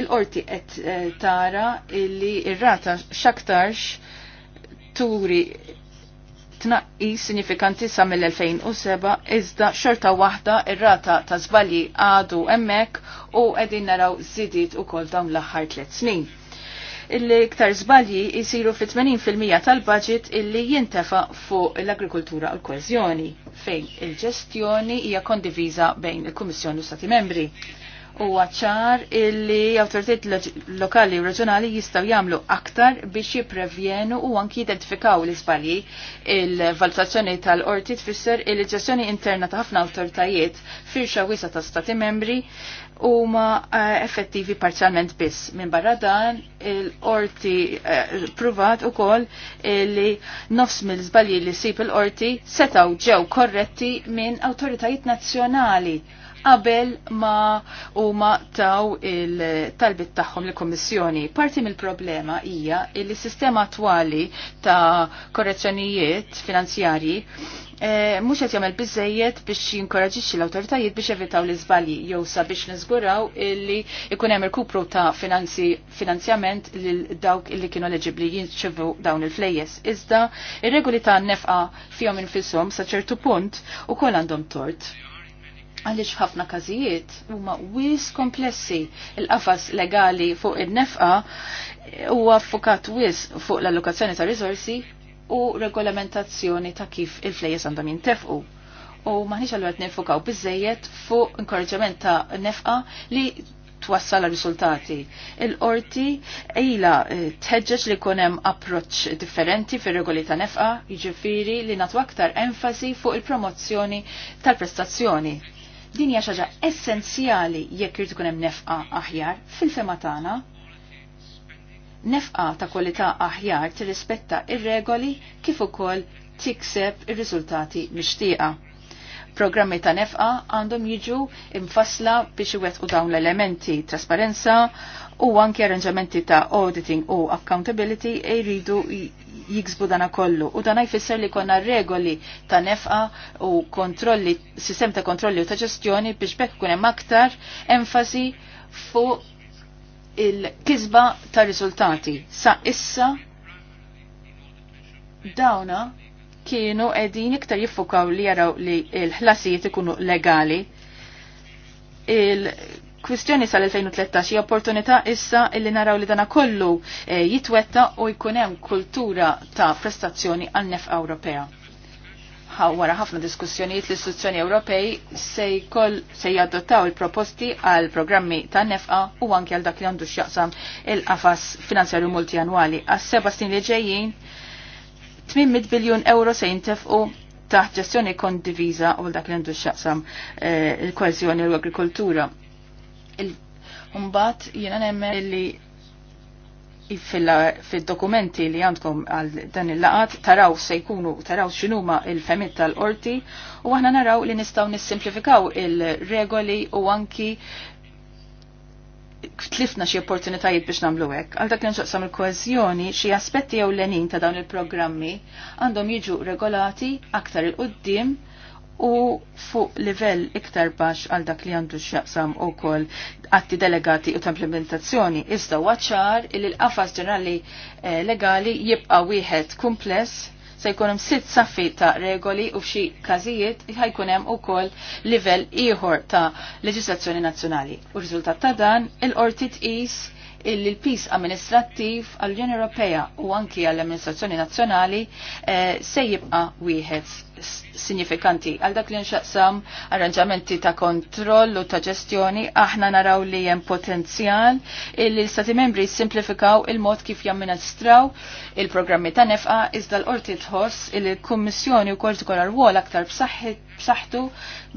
Il-qorti qed eh, tara li ir-rata xaktarx turi tnaqqi sinifikanti sa mill-2007 iżda xorta waħda ir-rata ta' żbalji għadu hemmhekk u qegħdin naraw żidiet ukoll dawn l-aħħar tliet snin illi iktar zbalji jisiru fit-80% tal-budget illi jintefa fuq l-agrikultura u l-kohezjoni fejn il-ġestjoni hija kondiviża bejn il-Kummissjoni u Stati membri u għacċar illi autoritet lokali u reġjonali jistaw jamlu aktar biex jiprevjenu u anki identifikaw l-isbalji il-valutazzjoni tal-orti tfisser il-ġestjoni interna ta' ħafna autoritajiet firxa wisa ta' stati membri huma eh, effettivi parzjalment biss. Minn barra dan il-orti uh, eh, pruvat ukoll li nofs mill-żbalji li sip il-orti setaw ġew korretti minn awtoritajiet nazzjonali qabel ma huma taw il-talbit tagħhom l-Kummissjoni. Parti mill-problema hija li s-sistema attwali ta' korrezzjonijiet finanzjarji Eh, mux għet jamel bizzejiet biex jinkoraġiċi l-autoritajiet biex evitaw l-izbalji jew sabiex nizguraw illi ikun hemm kupru ta' finanzi, finanzjament lil dawk illi kienu eleġibli jinċivu dawn il-flejjes. Iżda ir-regoli ta' nefqa fihom infisom sa' ċertu punt u kol għandhom tort għalix ħafna kazijiet huma wis komplessi il-qafas legali fuq il-nefqa huwa għaffukat wis fuq l-allokazzjoni ta' risorsi u regolamentazzjoni ta' kif il-flejjes għandhom jintefqu u maħniċ għallu għet nifukaw bizzejiet fuq inkorġament ta' nefqa li twassala risultati. Il-qorti ejla eh, tħeġġeġ li kunem approċ differenti fir regoli ta' nefqa, jġifiri li natu aktar enfasi fuq il-promozzjoni tal-prestazzjoni. Din hija xaġa essenzjali jekk irid ikun hemm nefqa aħjar fil-fema tagħna nefqa ta' kwalità aħjar tirrispetta ir-regoli kif ukoll tikseb ir-riżultati mixtieqa. Programmi ta' nefqa għandhom jiġu imfasla biex iwettqu dawn l-elementi trasparenza u anki arranġamenti ta' auditing u accountability jridu jiksbu dana kollu. U dana jfisser li konna regoli ta' nefqa u kontrolli, sistem ta' kontrolli u ta' ġestjoni biex bekk kunem aktar enfasi fuq il-kizba ta' riżultati. Sa' issa dawna kienu edin iktar jiffukaw li jaraw li l-ħlasijiet ikunu legali. Il-kwistjoni sal-2013 hija opportunità issa illi naraw li dana kollu eh, jitwetta u jkun hemm kultura ta' prestazzjoni għal nef Ewropea wara ħafna diskussjonijiet l-istituzzjoni Ewropej se jkoll se jadottaw il-proposti għal programmi ta' nefqa u anke għal dak li għandu x'jaqsam il-qafas finanzjarju multianwali. Għas seba' snin li ġejjin 800 biljun euro se jintefqu taħt ġestjoni kondiviża u dak li għandu x'jaqsam eh, il-kohezjoni u l-agrikoltura. Mbagħad jiena nemmen li fil-dokumenti li għandkom għal dan il-laqat taraw se jkunu taraw x'inhuma il-femit tal-qorti u aħna naraw li nistgħu nissimplifikaw il-regoli u anki tlifna xie opportunitajiet biex namlu hekk. Għal dak nxaqsam il-kohezjoni, xi aspetti jew lenin ta' dawn il-programmi għandhom jiġu regolati aktar il-qoddim u fuq livell iktar baxx għal dak li għandu x'jaqsam ukoll atti delegati u ta' implementazzjoni. Iżda waċċar il l-qafas ġenerali eh, legali jibqa' wieħed kumpless se jkun hemm sitt saffi ta' regoli u f'xi każijiet ħajkun hemm ukoll livell ieħor ta' leġislazzjoni nazzjonali. U riżultat ta' dan il-qorti tqis il l-pis amministrattiv għall-Unjoni Ewropea u anki għall-Amministrazzjoni Nazzjonali eh, se jibqa' wieħed sinifikanti. Għal dak li nxaqsam arranġamenti ta' kontroll u ta' ġestjoni, aħna naraw li jem potenzjal illi l-stati membri simplifikaw il-mod kif jamministraw il-programmi ta' nefqa iżda l-orti tħoss il-Kummissjoni u kol tkolar wol aktar b'saħħtu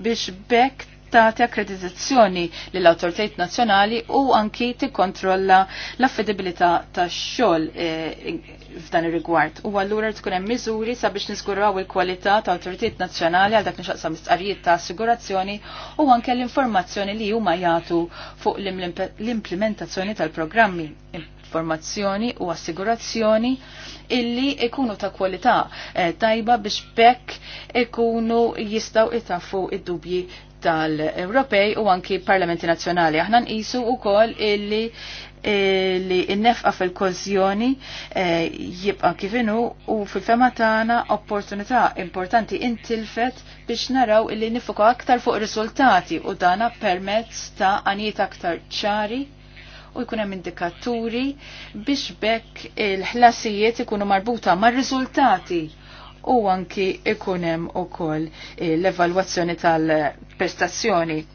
biex bekk tagħti akkreditazzjoni lill autoritajt nazzjonali u anki tikkontrolla l-affidibilità tax-xogħol eh, f'dan ir-rigward. U allura tkun hemm miżuri sabiex niżguraw il-kwalità ta' awtoritajiet nazzjonali għal dak nixaqsam mistarijiet ta' assigurazzjoni u anke l-informazzjoni li huma jagħtu fuq l-implementazzjoni tal-programmi informazzjoni u assigurazzjoni illi ikunu ta' kwalità eh, tajba biex bekk ikunu jistaw itafu id-dubji tal-Ewropej u anki parlamenti nazzjonali. Aħna nqisu wkoll illi li n-nefqa fil-kozjoni eh, jibqa kifinu u fil-fema tagħna opportunità importanti intilfet biex naraw illi nifuqa aktar fuq riżultati u dana permezz ta' għanijiet aktar ċari u jkun hemm indikaturi biex bekk il-ħlasijiet ikunu marbuta mar-riżultati u anki ikun hemm ukoll l-evalwazzjoni tal manifestazzjoni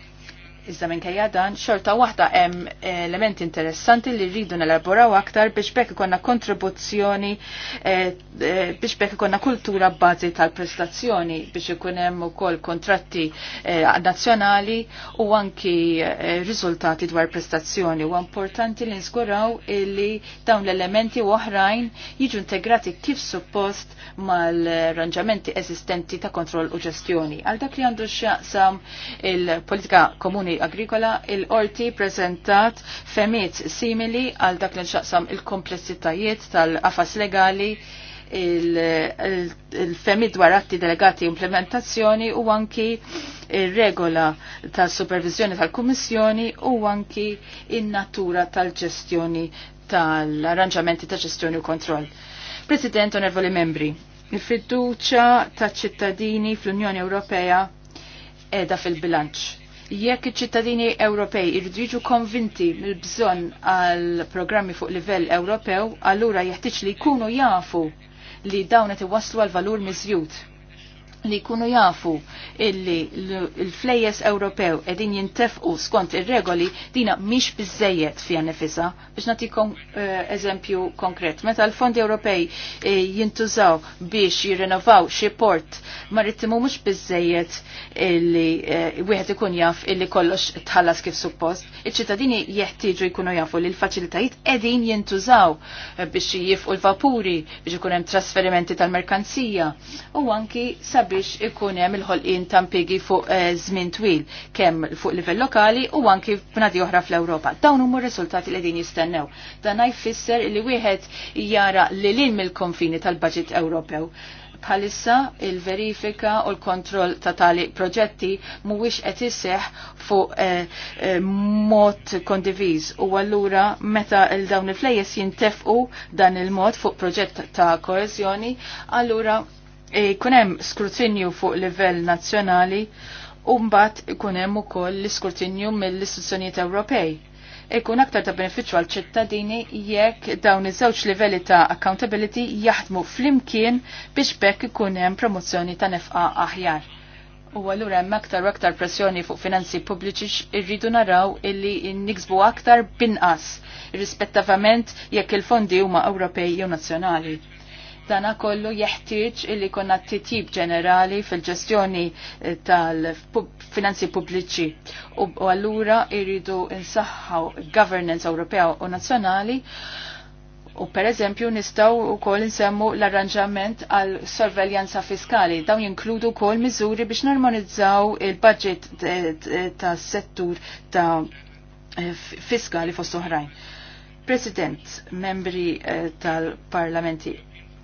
Iżda kajja dan, xorta waħda hemm eh, elementi interessanti li rridu nelaboraw aktar biex bekk ikonna kontribuzzjoni eh, eh, biex bekk ikonna kultura bbażi tal-prestazzjoni biex ikun hemm ukoll kontratti nazzjonali u anki riżultati dwar prestazzjoni. U importanti li nżguraw li dawn l-elementi oħrajn jiġu integrati kif suppost mal-ranġamenti eżistenti ta' kontroll u ġestjoni. Għal dak li għandu x'jaqsam il-politika komuni agrikola il-orti prezentat femiet simili għal dak li nxaqsam il-komplessitajiet tal-qafas legali il-femi dwar atti delegati implementazzjoni u anki il-regola tal-supervizjoni tal-Kummissjoni u anki in-natura tal-ġestjoni tal-arranġamenti ta' ġestjoni u kontroll. President onorevoli membri, il-fiduċa ta' ċittadini fl-Unjoni Ewropea edha fil-bilanċ Jekk iċ-ċittadini Ewropej irridu jiġu konvinti mill-bżonn għal programmi fuq livell Ewropew, allura jeħtieġ li jkunu jafu li dawn qed iwasslu għal valur miżjud li kunu jafu illi l-flejes Ewropew edin jintefqu skont ir-regoli dina mhix biżejjed fija nefisa biex nagħtikom eh, eżempju konkret. Meta l-fondi Ewropej eh, jintużaw biex jirrenovaw xi port marittimu mhux biżejjed illi eh, wieħed ikun jaf illi kollox tħallas kif suppost. Iċ-ċittadini jeħtieġu jkunu jafu li l-faċilitajiet qegħdin jintużaw biex jifqu l-vapuri biex ikun hemm trasferimenti tal-merkanzija u anki sab Biex ikun hemm il-ħolqien ta' fuq eh, żmien twil kemm fuq livell lokali u anki f'nadi oħra fl-Ewropa. Dawn huma r-riżultati li din jistennew. Dan jfisser li wieħed jara lil mill-konfini tal-Baġit Ewropew bħalissa il-verifika u l-kontroll ta' tali proġetti mhuwiex qed isseħ fuq eh, eh, mod kondiviż u allura meta l dawn il-flejjes jintefqu dan il-mod fuq proġett ta' koezjoni, allura ikun e, hemm skrutinju fuq livell nazzjonali u mbagħad ikun hemm ukoll l-iskrutinju mill-istituzzjonijiet Ewropej. Ikun e, aktar ta' benefiċċju għal ċittadini jekk dawn iż-żewġ livelli ta' accountability jaħdmu flimkien biex bekk ikun hemm promozzjoni ta' nefqa aħjar. U allura hemm aktar u aktar pressjoni fuq finanzi pubbliċi irridu naraw illi niksbu aktar binqas irrispettivament jekk il-fondi huma Ewropej jew nazzjonali. Dana kollu jeħtieġ illi konna titjib ġenerali fil-ġestjoni eh, tal-finanzi pubbliċi. U allura irridu nsaħħaw governance Ewropea u nazzjonali U per eżempju nistaw u kol nsemmu l-arranġament għal sorveljanza fiskali. Dawn jinkludu kol miżuri biex normalizzaw il-budget eh, eh, ta' settur ta' fiskali fost oħrajn. President, membri tal-parlamenti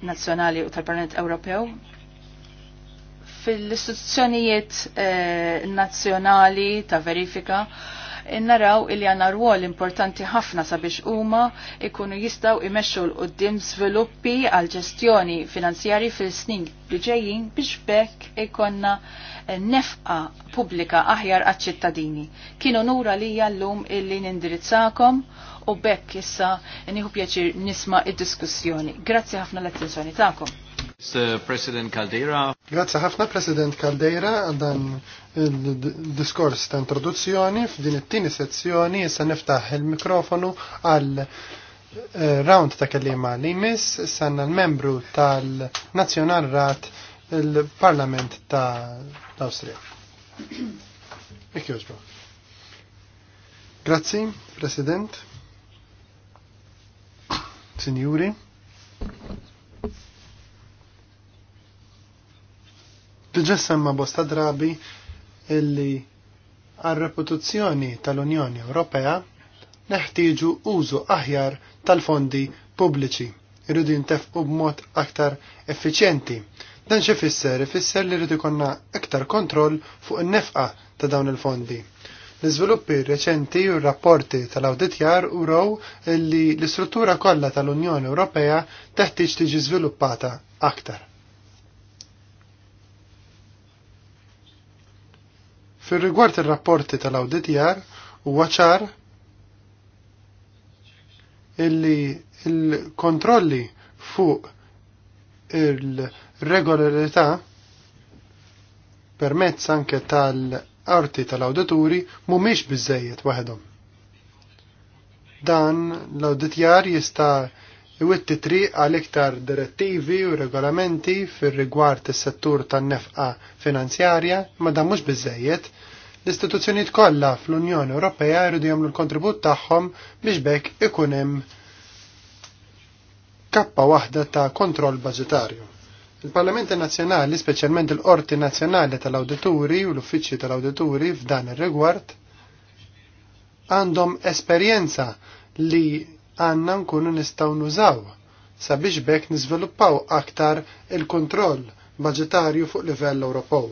Nazzjonali u tal-Parlament Ewropew fil-istituzzjonijiet eh, nazzjonali ta' verifika naraw il għanna ruol importanti ħafna sabiex huma ikunu jistaw imexxu l qoddim sviluppi għal ġestjoni finanzjari fil-snin li ġejjin biex bekk ikonna eh, nefqa pubblika aħjar għaċ-ċittadini. Kienu nura li jallum illi nindirizzakom u bekk issa nieħu pjaċir nisma' id-diskussjoni. Grazzi ħafna l-attenzjoni Mr President Caldera. Grazzi ħafna President Caldera għal dan il-diskors ta' introduzzjoni f'din it-tieni sezzjoni issa niftaħ il-mikrofonu għal eh, round ta' kellima li miss, sanna l-membru tal-Nazzjonal Rat il-Parlament ta' l-Austria. Ikjużbu. Grazzi, President. Sinjuri. Diġa semma bosta drabi illi għal reputazzjoni tal-Unjoni Ewropea neħtieġu użu aħjar tal-fondi pubbliċi. Irridu jintefqu b'mod aktar effiċjenti. Dan xi fisser ifisser li rridu konna aktar kontroll fuq in-nefqa ta' dawn il-fondi L-iżviluppi reċenti u rapporti tal-awditjar uraw li l-istruttura kollha tal-Unjoni Ewropea teħtieġ tiġi żviluppata aktar. Fir rigward ir-rapporti tal-awditjar huwa ċar illi l kontrolli fuq il-regolarità permezz anke tal- arti tal-awdituri mhumiex bizzejiet waħedhom. Dan l-awditjar jista' jwitti triq għal iktar direttivi u regolamenti fir-rigward is-settur tan-nefqa finanzjarja, ma dan mhux biżejjed, l-istituzzjonijiet kollha fl-Unjoni Ewropea jridu jagħmlu l-kontribut tagħhom biex bekk ikun hemm kappa waħda ta' kontroll budgetarju. Il-Parlamenti Nazzjonali, speċjalment il-Qorti Nazzjonali tal-Awdituri u l-Uffiċċju tal-Awdituri f'dan ir-rigward, għandhom esperjenza li għandna nkunu nistgħu nużaw sabiex bekk niżviluppaw aktar il-kontroll budgetarju fuq livell Ewropew.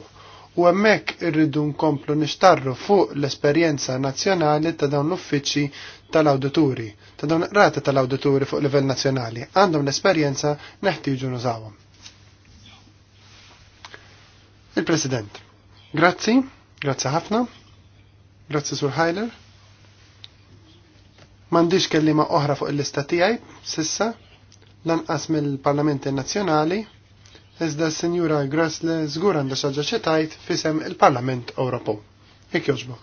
U hemmhekk irridu nkomplu nixtarru fuq l-esperjenza nazzjonali ta' dawn l-uffiċċji tal-awdituri, ta' dawn rata tal-awdituri fuq livell nazzjonali. Għandhom l-esperjenza neħtieġu nużawhom. Il-President, grazzi, grazzi ħafna, grazzi Sur Heiler. Mandiġ kellima oħra fuq il-lista tijaj, sissa, lanqas mill-Parlamenti Nazzjonali, iżda s-Senjura Grasle zgur għandha xaġa fisem il-Parlament Ewropew. Jekk joġbu.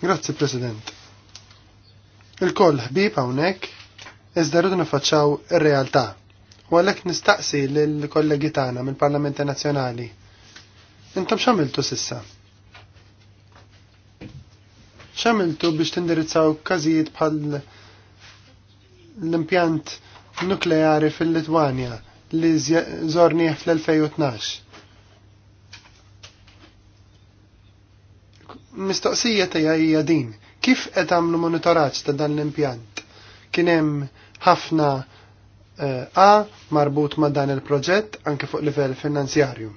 Grazzi President. Il-koll ħbib hawnhekk iżda rridu nifaċċaw ir-realtà U għalhekk nistaqsi lill-kollegi tagħna mill-Parlamenti Nazzjonali. Intom x'għamiltu sissa? X'għamiltu biex tindirizzaw każijiet bħal l-impjant nukleari fil-Litwanja li zorni fl-2012. Mistoqsija tiegħi hija din. Kif qed monitoraġġ ta' dan l-impjant? Kien hemm ħafna A marbut ma' dan il-proġett anke fuq livell finanzjarju.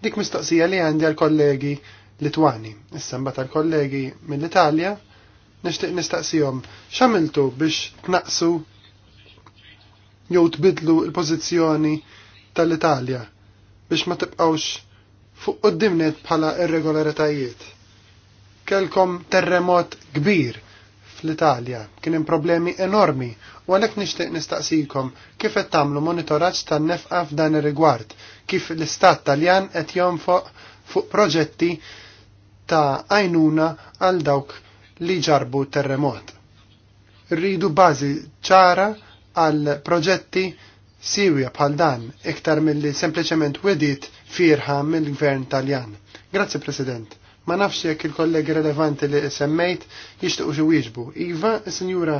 Dik mistoqsija li għandi għal-kollegi Litwani, issa mbagħad għal-kollegi mill-Italja, nixtieq nistaqsihom x'għamiltu biex tnaqsu jew tbidlu l-pożizzjoni tal-Italja biex ma tibqgħux fuq qudiemnet bħala irregolaritajiet. Kelkom terremot kbir fl-Italja kien hemm problemi enormi u għalhekk nixtieq nistaqsikom kif qed tagħmlu monitoraġġ tan-nefqa f'dan ir-rigward, kif l-Istat Taljan qed jonfoq fuq proġetti ta' għajnuna għal dawk li ġarbu terremot. Rridu bażi ċara għal proġetti siwja bħal dan iktar milli sempliċement wedit firħa mill-gvern Taljan. Grazzi President. Ma nafx jekk il-kollegi relevanti li semmejt jishtuqu xi wieġbu. Iva, sinjura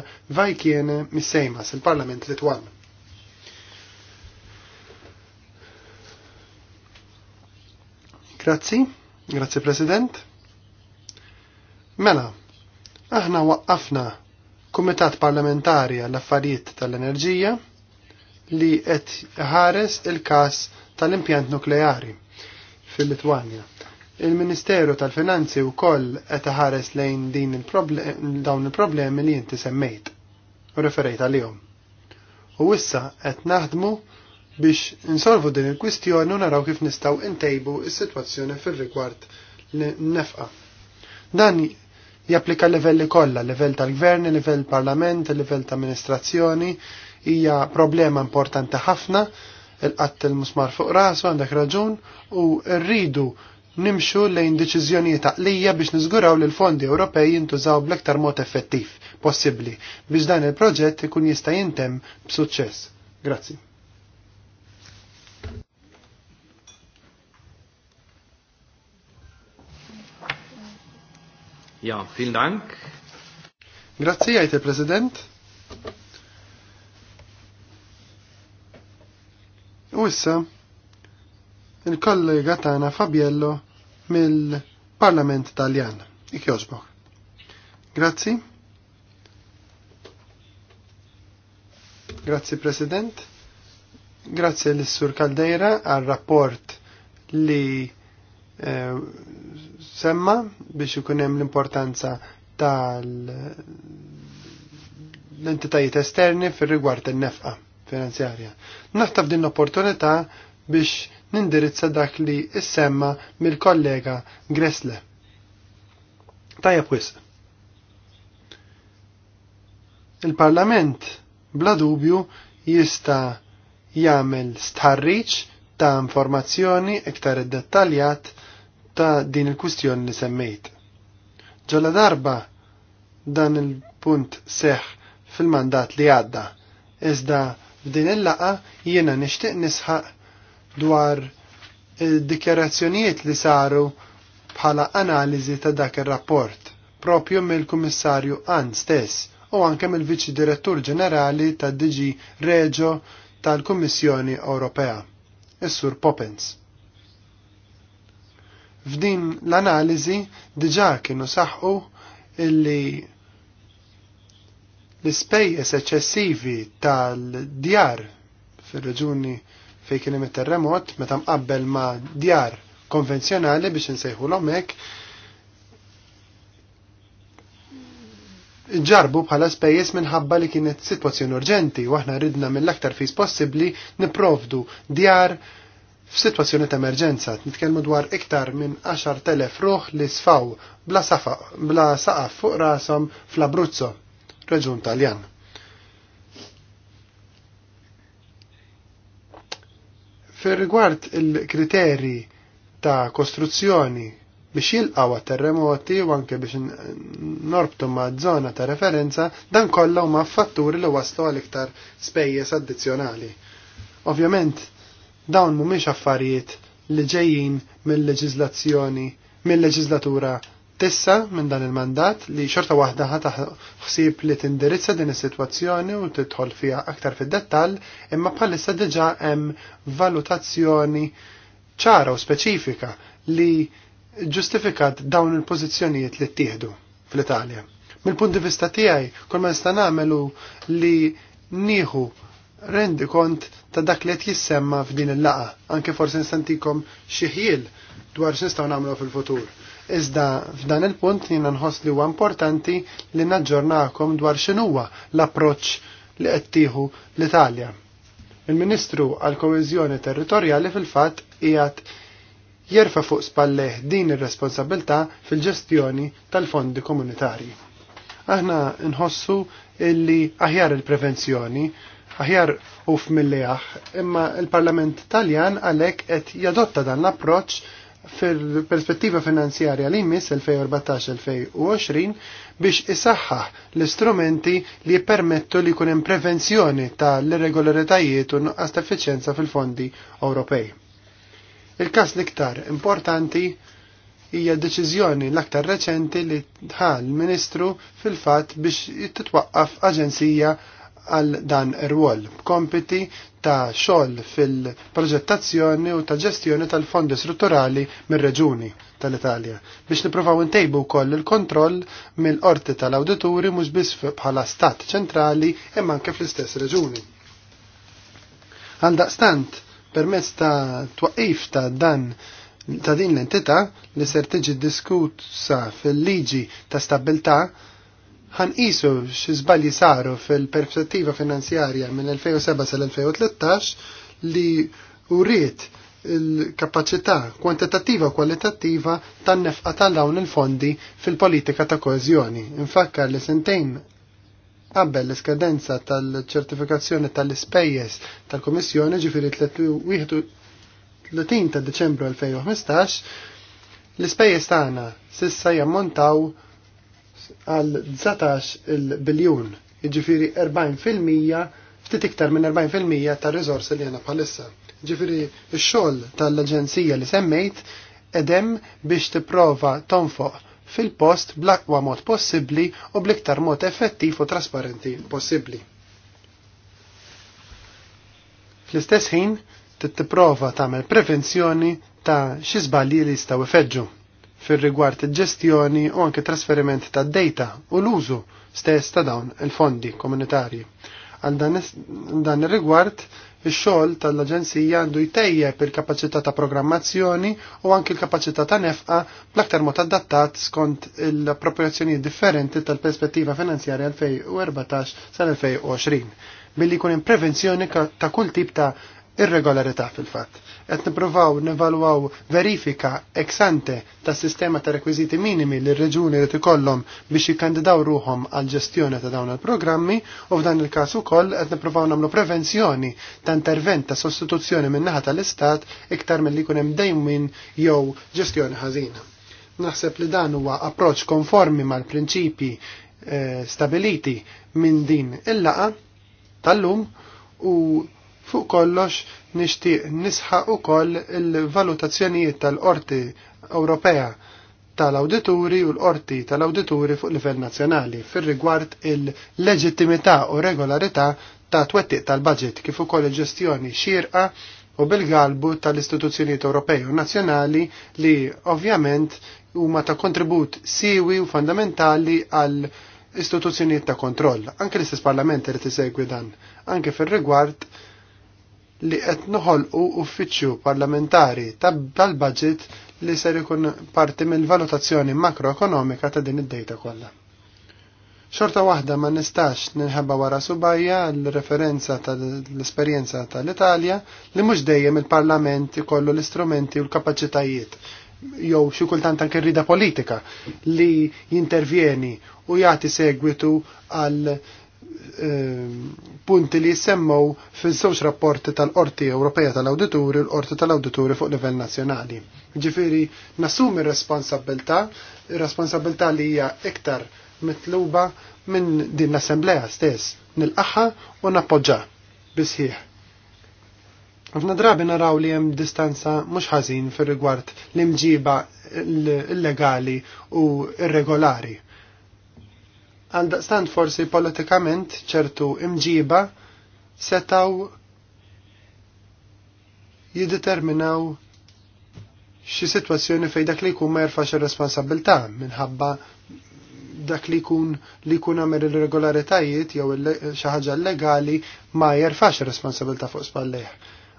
kien mis-Sejmas, il-Parlament Litwan. Grazzi, grazzi President. Mela, aħna waqqafna Kumitat Parlamentari għall-Affarijiet tal-Enerġija li qed ħares il-każ tal-impjant nukleari fil-Litwanja. Il-Ministeru tal-Finanzi wkoll qed iħares lejn din dawn il-problemi li inti semmejt u referejt għalihom. U issa qed naħdmu biex insolvu din il-kwistjoni u naraw kif nistgħu intejbu is-sitwazzjoni fir-rigward nefqa. Dan japplika livelli kollha, livell tal-gvern, livell parlament, livell tal amministrazzjoni, hija problema importanti ħafna, il-qatt il-musmar fuq rasu għandek raġun u rridu nimxu lejn deċiżjonijiet taqlija biex niżguraw li l-fondi Ewropej jintużaw bl-aktar mod effettiv possibbli biex dan il-proġett ikun jista' jintem b'suċċess. Grazzi. Ja, vielen Dank. Grazzi, għajt il-President. U issa, il-kollega tagħna Fabiello mill-Parlament Taljan. Ik jogħġbok. Grazzi. Grazzi President. Grazzi l-Sur Caldeira għal rapport li eh, semma biex ikun hemm l-importanza tal l-entitajiet esterni fir rigward in-nefqa finanzjarja. Naħtaf din l-opportunità biex nindirizza dak li issemma mill-kollega Gressle. Tajja pwis. Il-Parlament bla dubju jista' jagħmel stħarriċ ta' informazzjoni iktar dettaljat ta' din il-kustjoni li semmejt. Ġola darba dan il-punt seħ fil-mandat li għadda, iżda f'din il-laqa jiena nixtieq nisħaq dwar eh, dikjarazzjonijiet li saru bħala analiżi ta' dak ir-rapport propju mill-Kummissarju Ann stess u anke mill-Viċi Direttur Ġenerali tad DG Reġo tal-Kummissjoni Ewropea, is-Sur Poppins. F'din l-analiżi diġà kienu saħħu illi l-ispejjeż eċċessivi tal-djar fir-reġuni fej kien hemm terremot meta mqabbel ma' djar konvenzjonali biex insejħu l-omek ġarbu bħala spejjeż minħabba li kienet sitwazzjoni urġenti u aħna ridna mill-aktar fis possibbli niprovdu djar f'sitwazzjoni ta' emerġenza. Nitkellmu dwar iktar minn 10,000 ruħ li sfaw bla saqaf fuq rashom fl-Abruzzo, reġun Taljan. Fer rigward il-kriteri ta' kostruzzjoni biex jilqaw terremoti u anke biex norbtu ma' zona ta' referenza, dan kollha huma fatturi li waslu għal iktar spejjeż addizzjonali. Ovvjament, dawn mhumiex affarijiet li ġejjin mill-leġiżlazzjoni mill-leġiżlatura tissa minn dan il-mandat li xorta waħda ħata ħsib li tindirizza din is-sitwazzjoni u tidħol fiha aktar fid-dettall, imma bħalissa diġà hemm valutazzjoni ċara u speċifika li ġustifikat dawn il-pożizzjonijiet li ttieħdu fl-Italja. Mill-punt di vista tiegħi, kull ma nista' nagħmelu li nieħu rendi kont ta' dak li qed jissemma f'din il-laqa, anke forsi nistantikom xi ħiel dwar x'nistgħu nagħmlu fil-futur Iżda f'dan il-punt jiena nħoss li huwa importanti li naġġornakom dwar x'inhuwa l-approċċ li qed tieħu l-Italja. Il-Ministru għal koeżjoni Territorjali fil-fatt qiegħed jerfa fuq spalleh din ir-responsabilità fil-ġestjoni tal-fondi komunitarji. Aħna nħossu illi aħjar il-prevenzjoni aħjar uf mill-leħ, imma il-Parlament Taljan għalek qed jadotta dan l-approċ fil-perspettiva finanzjarja li jmiss 2014-2020 biex isaħħaħ l-istrumenti li jippermettu li kunem prevenzjoni ta' l-irregolaritajiet u nuqqas ta' fil-fondi Ewropej. Il-kas liktar importanti hija deċiżjoni l-aktar reċenti li tħal ministru fil-fatt biex jittitwaqqaf aġenzija għal dan ir-rwol kompiti ta' xogħol fil-proġettazzjoni u ta' ġestjoni tal-fondi strutturali mir-reġuni tal-Italja biex nippruvaw intejbu wkoll il-kontroll mill-qorti tal-awdituri mhux biss bħala stat ċentrali imma anke fl-istess reġuni. Għaldaqstant, permezz ta' twaqif ta' dan ta' din l-entità li ser tiġi diskussa fil-liġi ta' stabilta' ħanqisu x'żbalji saru fil-perspettiva finanzjarja mill-2007 sal-2013 li uriet il-kapacità kwantitattiva u kwalitattiva tan-nefqa tal-dawn il-fondi fil-politika ta' koezjoni. Infakkar li sentejn qabel l skadenza tal-ċertifikazzjoni tal-ispejjeż tal-Komissjoni ġifiri 31 ta' Deċembru 2015 l-ispejjeż tagħna sissa jammontaw għal 19 il-biljun, jiġifieri 40% fil-mija ftit iktar minn 40% fil-mija tar rizors li għandna bħalissa. Ġifieri xol xogħol tal-aġenzija li semmejt edem biex tipprova tonfoq fil-post bl akwa mod possibbli u bl-iktar mod effettiv u trasparenti possibbli. Fl-istess ħin, tittiprova tagħmel prevenzjoni ta' xi żbalji li jistgħu ifeġġu fil-rigward il-ġestjoni u anke trasferiment ta' data u l-użu stess ta' dawn il-fondi komunitarji. Għal dan il-rigward, il-xol tal-Aġenzija għandu jtejje il-kapacità ta' programmazzjoni u anke il-kapacità ta' nefqa bl-aktar mod adattat skont l-appropriazzjonijiet differenti tal-perspettiva finanzjarja 2014 sal-2020 billi jkun hemm prevenzjoni ta' kull tip ta' irregolarità fil-fatt. Qed nippruvaw nevalwaw verifika ex ante ta' sistema ta' rekwiżiti minimi li reġuni li tikollhom biex jikkandidaw ruhom għal ġestjoni ta' dawn il-programmi u f'dan il-każ ukoll qed nippruvaw nagħmlu prevenzjoni ta' intervent ta' sostituzzjoni min-naħa tal-Istat iktar milli jkun hemm dejmin jew ġestjoni ħażina. Naħseb li dan huwa approċċ konformi mal-prinċipi eh, stabiliti minn din il-laqa tal-lum u Fuq kollox nixtieq nisħaq ukoll il-valutazzjonijiet tal-Qorti Ewropea tal-awdituri u l-qorti tal-awdituri fuq livell nazzjonali fir-rigward il-leġittimità u regolarità ta' twettiq tal-budget kif ukoll il-ġestjoni xirqa u bil-galbu tal-istituzzjonijiet Ewropej u nazzjonali li ovvjament huma ta' kontribut siwi u fondamentali għal istituzzjonijiet ta' kontroll. Anke l-istess Parlament irid isegwi dan, anke fir-rigward li qed noħolqu uffiċċju parlamentari tal-budget li ser ikun parti mill-valutazzjoni makroekonomika ta' din id-dejta kollha. Xorta waħda ma nistax ninħabba wara subajja l-referenza tal-esperjenza tal-Italja li mhux dejjem il-Parlament ikollu l-istrumenti u l-kapaċitajiet jew xi kultant anke rida politika li jintervjeni u jagħti segwitu għal Eh, punti li jissemmaw fil-żewġ rapporti tal-Qorti Ewropea tal-Awdituri u l-Qorti tal-Awdituri fuq livell nazzjonali. Ġifiri, nassumi responsabilta, responsabilta li hija iktar mitluba minn din l-Assemblea stess, nil-qaħħa u nappoġġa bisħiħ. F'na drabi naraw li jem distanza mux ħazin fir rigward l-imġiba illegali u irregolari għaldaqstant forsi politikament ċertu imġiba setaw jideterminaw xi sitwazzjoni fejn dak li jkun ma jerfax ir-responsabilità minħabba dak li jkun li jkun għamel ir-regolaritajiet jew xi ħaġa legali ma jerfax ir-responsabilità fuq spallejh.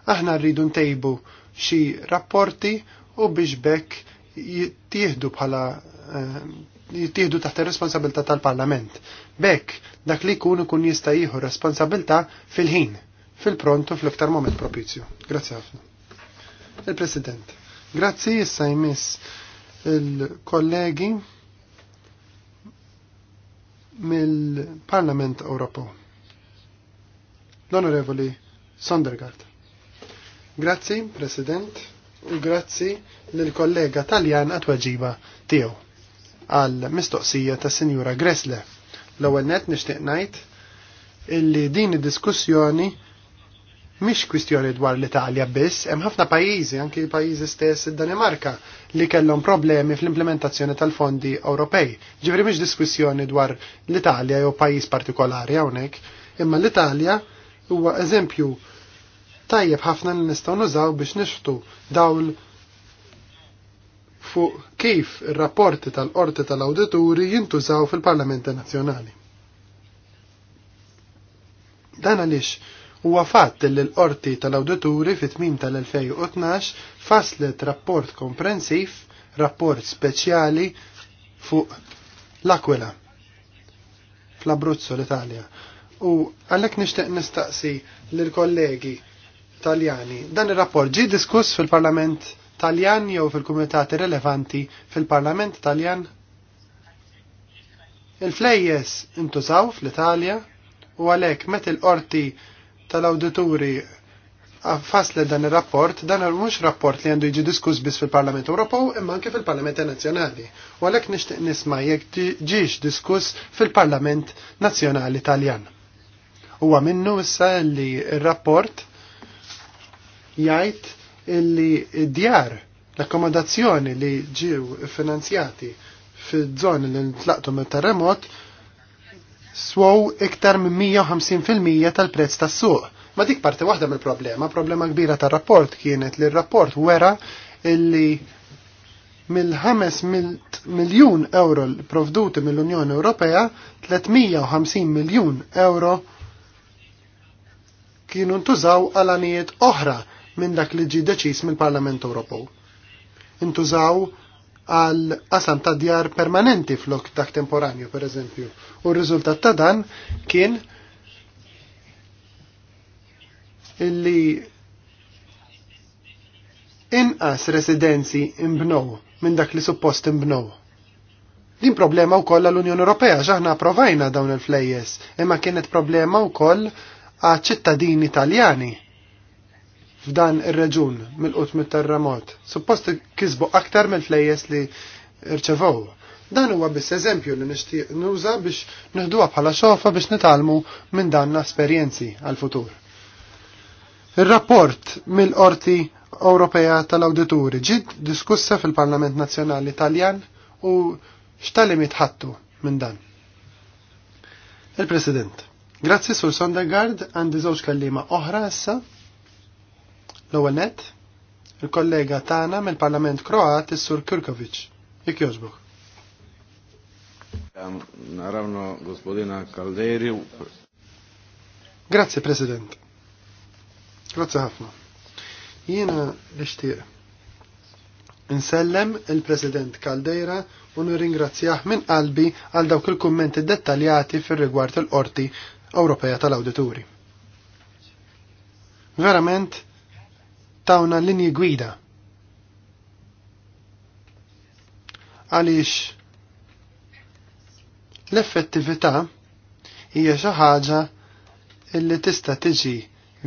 Aħna rridu ntejbu xi rapporti u biex bekk jittieħdu bħala eh, jittieħdu taħt ir-responsabilità tal-Parlament. Bekk dak li jkun kun jista' jieħu responsabilità fil-ħin, fil-prontu fl-iktar moment propizju. Grazzi ħafna. Il-President, grazzi issa jmiss il-kollegi mill-Parlament Ewropew. L-Onorevoli Sondergaard. Grazzi, President, u grazie lill kollega Taljan għat wagġiba tiegħu għal mistoqsija ta' Sinjura Gressle. L-ewwel net nixtieq ngħid illi din id-diskussjoni mhix kwistjoni dwar l-Italja biss, hemm ħafna pajjiżi, anki pajjiżi stess id-Danimarka li kellhom problemi fl-implementazzjoni tal-fondi Ewropej. Ġifri mhix diskussjoni dwar l-Italja jew pajjiż partikolari hawnhekk, imma l-Italja huwa eżempju tajjeb ħafna li nistgħu nużaw biex nixftu dawl nafu kif ir-rapporti tal-qorti tal-awdituri jintużaw fil-Parlamenti Nazzjonali. Dan għaliex huwa fatt li l-qorti tal-awdituri fit-tmim tal-2012 faslet rapport komprensiv, rapport speċjali fuq l-Akwila fl-Abruzzo l-Italja. U għalhekk nixtieq nistaqsi lill kollegi Taljani, dan ir-rapport ġie diskuss fil-Parlament Taljan jew fil-kumitati relevanti fil-Parlament Taljan. Il-flejjes intużaw fl-Italja u għalhekk met il-qorti tal-awdituri fasle dan il-rapport, dan mhux rapport li għandu jiġi diskuss biss fil-Parlament Ewropew imma anke fil-Parlament Nazzjonali. U għalhekk nixtieq nisma' jekk ġiex diskuss fil-Parlament Nazzjonali Taljan. Huwa minnu issa li r-rapport jgħid illi djar l-akkomodazzjoni li ġew finanzjati fil-żoni li ntlaqtu mit terremot swow iktar minn 150% tal-prezz tas-suq. Ma dik parti waħda mill-problema, problema kbira tar-rapport kienet li r-rapport wera illi mill-5 miljun euro provduti mill-Unjoni Ewropea 350 miljun euro kienu ntużaw għal anijiet oħra minn dak li ġi deċis mill-Parlament Ewropew. Intużaw għal qasam ta' djar permanenti flok dak temporanju, per eżempju. U r-riżultat ta' dan kien illi inqas residenzi imbnow minn dak li suppost imbnow. Din problema wkoll għall-Unjoni Ewropea ġaħna approvajna dawn il-flejjes, imma kienet problema wkoll għal ċittadini Italjani f'dan ir-reġun mill-qut mit-terremot. Suppost kisbu aktar mill-flejjes li rċevow. Dan huwa biss eżempju li nixtieq nuża biex nieħduha bħala xofa biex nitalmu minn dan esperjenzi għal-futur. Ir-rapport mill-Qorti Ewropea tal-Awdituri ġid diskussa fil-Parlament Nazzjonali Taljan u x'talim jitħattu minn dan. Il-President, grazzi sur Sondegard, għandi żewġ kellima oħra issa L-ewwel nett, il-kollega tagħna mill-Parlament Kroat is-Sur Kirkovic. Jekk jogħġbok. Ehm, narawno gospodina Kalderi. Grazzi President. Grazzi ħafna. Jiena nixtieq Insellem il-President Caldeira u nirringrazzjah minn qalbi għal dawk il-kummenti dettaljati fir rigward il-Qorti Ewropea tal-Awdituri. Verament, tawna linji gwida. Għaliex l-effettività hija xi ħaġa illi tista' tiġi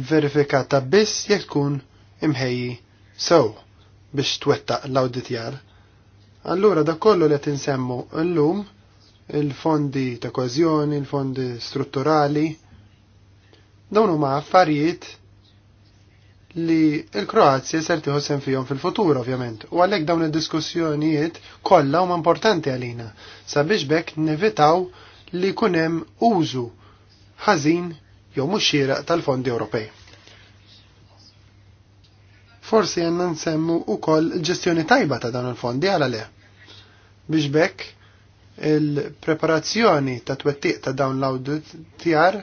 verifikata biss jekk tkun imħejji sew biex twettaq l-awditjar. Allura da kollu li tinsemmu llum il-fondi ta' kozjoni, il-fondi strutturali, dawn huma affarijiet li l-Kroazja ser tiħu sen fihom fil-futur ovvjament. U għalhekk dawn id-diskussjonijiet kollha huma importanti għalina sabiex bekk nevitaw li jkun hemm użu ħażin jew mhux xieraq tal-fondi Ewropej. Forsi għandna nsemmu wkoll ġestjoni tajba ta' dawn il-fondi għala le. Biex bekk il-preparazzjoni ta' twettiq ta' dawn l-audit tjar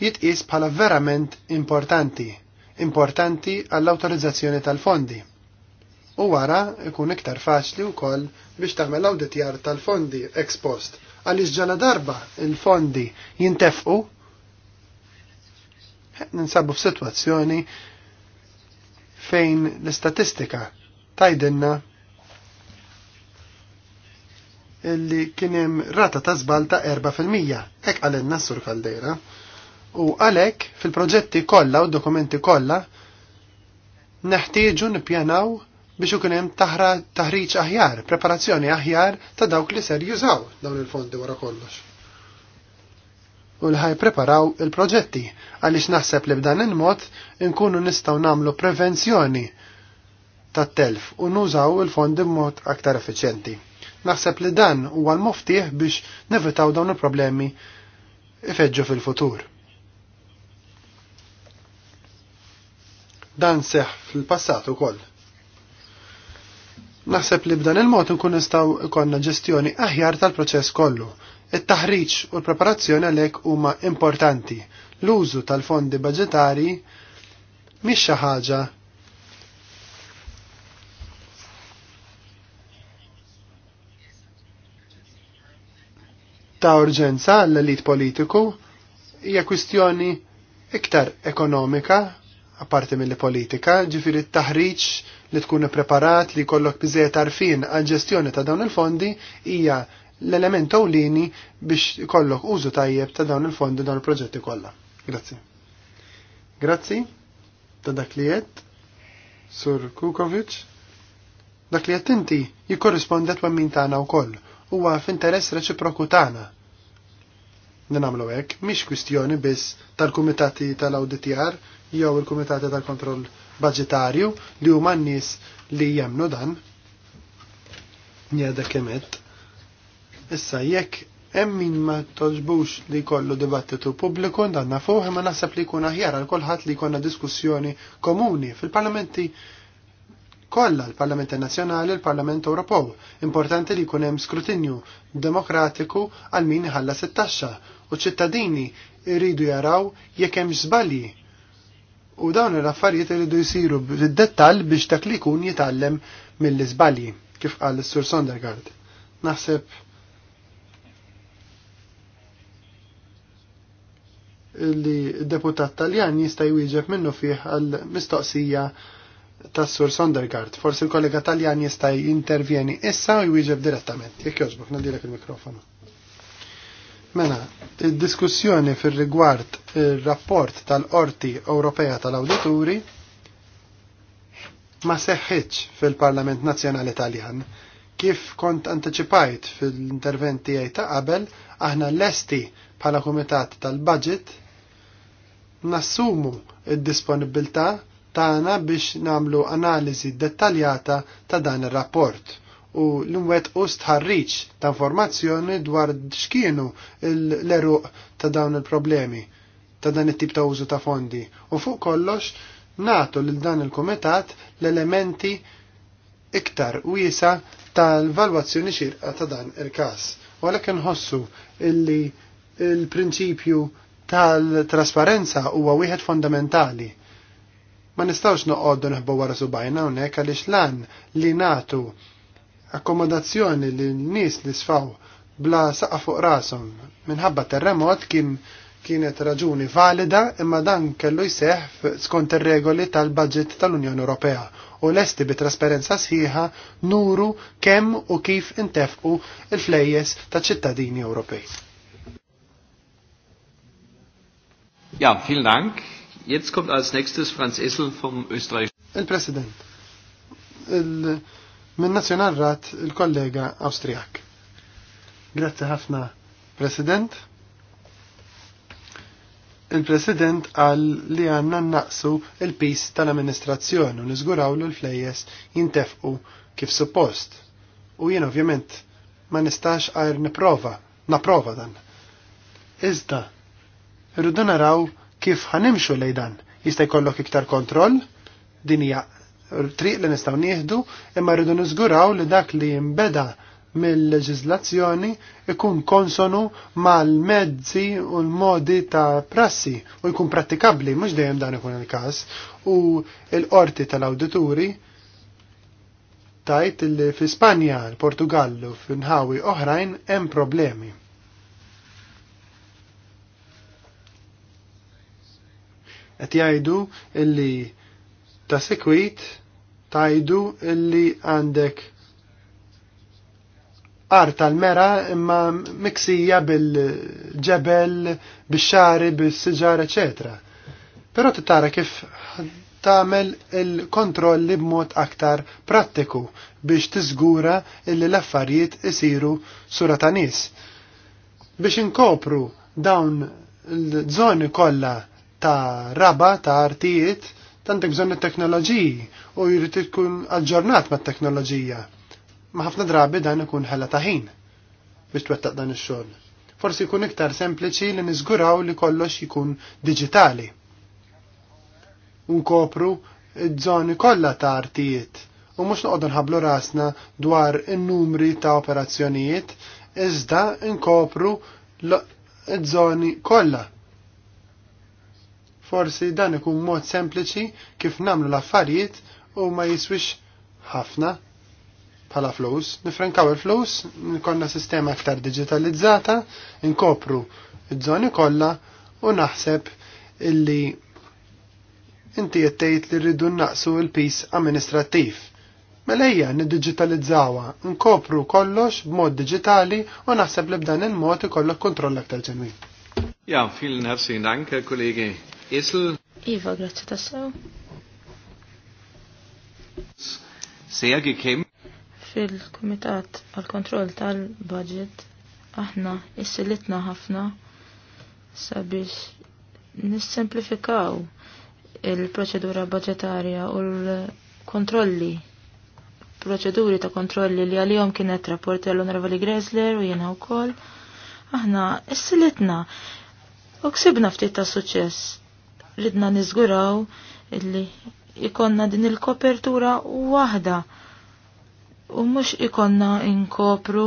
jitqis bħala verament importanti importanti għall-autorizzazzjoni tal-fondi. U wara ikun iktar faċli wkoll biex tagħmel awditjar tal-fondi ex post għaliex ġala darba il-fondi jintefqu eh, ninsabu f'sitwazzjoni fejn l-istatistika tajdinna illi hemm rata ta' żbalta ta' 4%. Ek għalenna s-sur Kaldera. U għalek fil-proġetti kollha u dokumenti kollha neħtieġu nippjanaw biex ikun hemm taħriġ aħjar, preparazzjoni aħjar ta' dawk li ser jużaw dawn il-fondi wara kollox. U li preparaw il-proġetti għaliex naħseb li b'dan il-mod inkunu nistgħu nagħmlu prevenzjoni tat-telf u nużaw il-fondi b'mod aktar effiċjenti. Naħseb li dan huwa l-moftiħ biex nevitaw dawn il-problemi ifeġġu fil-futur. Dan seħ fil-passat ukoll. Naħseb li b'dan il-mod nkun nistgħu ikollna ġestjoni aħjar tal-proċess kollu. It-taħriġ u l-preparazzjoni għalhekk huma importanti. L-użu tal-fondi budgetari mhix xi ħaġa ta' urġenza għall elit politiku hija kwistjoni iktar ekonomika apparti mill politika, ġifiri t-taħriġ li tkun preparat li kollok biżejjed arfin għal ġestjoni ta' dawn il-fondi hija l-element ewlieni biex kollok użu tajjeb ta' dawn il-fondi dawn il-proġetti kollha. Grazzi. Grazzi ta' dak li qed Sur Kukovic. Dak li qed inti jikkorrispondet ma' min tagħna wkoll huwa f'interess reċiproku tagħna Ninamlu hekk mhix kwistjoni biss tal-kumitati tal-awditjar jew il-kumitati tal-kontroll budgetarju li huma n-nies li jemnu dan. Jada kemet. Issa jekk hemm min ma toġbux li jkollu dibattitu pubbliku dan nafuh imma naħseb li jkun aħjar għal kulħadd li jkollna diskussjoni komuni fil-parlamenti kollha l-Parlament Nazzjonali l parlament Ewropew. Importanti li jkun hemm skrutinju demokratiku għal min ħalla sit-taxxa u ċittadini jridu jaraw jekk hemm żbalji. U dawn l-affarijiet iridu jsiru bid-dettall biex dak li jkun jitgħallem mill-iżbalji, kif qal is-Sur Sondergaard. Naħseb li deputat taljan jista' jwieġeb minnu fih għal mistoqsija tas Sur Sondergaard. Forsi l-kollega taljan jista' jintervjeni issa u jwieġeb direttament. Jekk jogħġbok, nadilek il-mikrofonu. Mela, id-diskussjoni fir-rigward ir-rapport tal-Qorti Ewropea tal-Awdituri ma seħħitx fil-Parlament Nazzjonali Taljan. Kif kont anticipajt fil-intervent tiegħi ta' qabel, aħna lesti bħala Kumitat tal-Budget nassumu id-disponibilità tagħna biex namlu analiżi dettaljata ta' dan ir-rapport u l-imwet u stħarriċ ta' informazzjoni dwar xkienu l-eruq ta' dawn il-problemi ta' dan it-tip ta' użu ta' fondi. U fuq kollox natu lil dan il-komitat l-elementi iktar wiesa tal-valwazzjoni xirqa ta' dan il-kas. U għalhekk inħossu illi il-prinċipju tal-trasparenza huwa wieħed fondamentali. Ma nistawx noqogħdu neħbu wara subajna hawnhekk għaliex lan li natu akkomodazzjoni li n-nies li sfaw bla saqa fuq rasom minħabba terremot kien kienet raġuni valida imma dan kellu jseħ skont ir-regoli tal-budget tal-Unjoni Ewropea u lesti bi trasparenza sħiħa nuru kemm u kif intefqu il-flejjes ta' ċittadini Ewropej. Ja, vielen Dank. Jetzt kommt als nächstes Franz Essel vom Österreich. Il-President. Il Min Nazzjonal Rat il-kollega Awstrijak. Grazzi ħafna, President. Il-President għal li għanna naqsu il-pis tal-amministrazzjoni u nizguraw l flejjes jintefqu kif suppost. U jien ovvjament ma nistax għajr niprofa, naprofa dan. Iżda, irridu naraw kif ħanimxu lejdan, Jista' jkollok iktar kontroll, din hija triq li nistgħu nieħdu imma rridu niżguraw li dak li jinbeda mill-leġizlazzjoni ikun konsonu mal-mezzi u l-modi ta' prassi u jkun pratikabli, mux dejjem dan ikun il-kas, u l-qorti tal-awdituri tajt li fi Spanja, l-Portugallu, nħawi oħrajn hemm problemi. Qed jgħidu illi ta' sekwit tajdu illi għandek ar tal-mera imma miksija bil-ġebel, bil-xari, bil-sġar, ecc. Pero tara kif tagħmel il-kontrolli b'mod aktar prattiku biex tiżgura illi l-affarijiet isiru sura ta' nies. Biex inkopru dawn l-żoni kollha ta' raba ta' artijiet Tantek bżonn it-teknoloġiji u jrid ikun aġġornat mat-teknoloġija. Ma ħafna drabi dan ikun ħela ta' ħin biex twettaq dan ix-xogħol. Forsi jkun iktar sempliċi li niżguraw li kollox jkun diġitali. U kopru żoni kollha ta' artijiet u mhux noqogħdu nħabblu rasna dwar in-numri ta' operazzjonijiet iżda nkopru ż-żoni kollha Forsi dan ikun mod sempliċi kif namlu l-affarijiet u ma jiswix ħafna bħala flus. Nifrankaw il-flus, nkonna sistema aktar digitalizzata, nkopru id-żoni kollha u naħseb illi inti jettejt li rridu naqsu il-pis amministrattiv. Melejja nid-digitalizzawa, nkopru kollox b'mod digitali u naħseb li b'dan il-mod ikollok kontroll aktar ġenwi. Ja, fil-nafsi, Dank, kollegi. Isl. Iva, grazzi tassew. Seja kim? Fil-Kumitat għal-Kontroll tal-Budget aħna issilitna ħafna sabiex nissemplifikaw il-proċedura budgetarja u l-kontrolli proċeduri ta' kontrolli li għalihom kienet rapporti għall-Onorevoli Gressler u jiena wkoll. Aħna issilitna u ksibna ftit ta' suċċess ridna nizguraw illi ikonna din il-kopertura waħda u mhux ikonna inkopru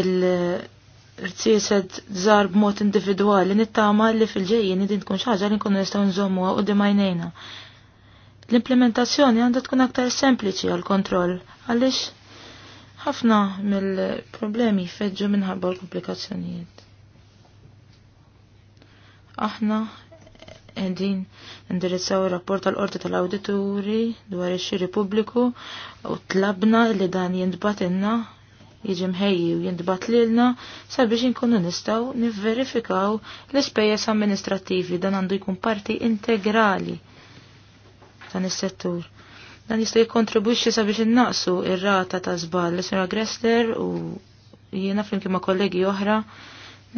il-rtiesed żar b'mod individwali nittama li fil-ġejjin din tkun xi ħaġa li nkunu nistgħu nżommuha u dimajnejna. L-implementazzjoni għandha tkun aktar sempliċi għal kontroll għaliex ħafna mill-problemi feġġu minħabba l-komplikazzjonijiet. Aħna Edin indirizzaw il-rapport tal-Qorti tal-Awdituri dwar ix-xiri pubbliku u tlabna li dan jindbat inna jiġi mħejji u jintbat lilna sabiex inkunu nistgħu nivverifikaw l-ispejjeż amministrattivi dan għandu jkun parti integrali dan is-settur. Dan jista' jikkontribwixxi sabiex innaqsu ir-rata ta' żball li sura Gressler u jiena flimkien ma' kollegi oħra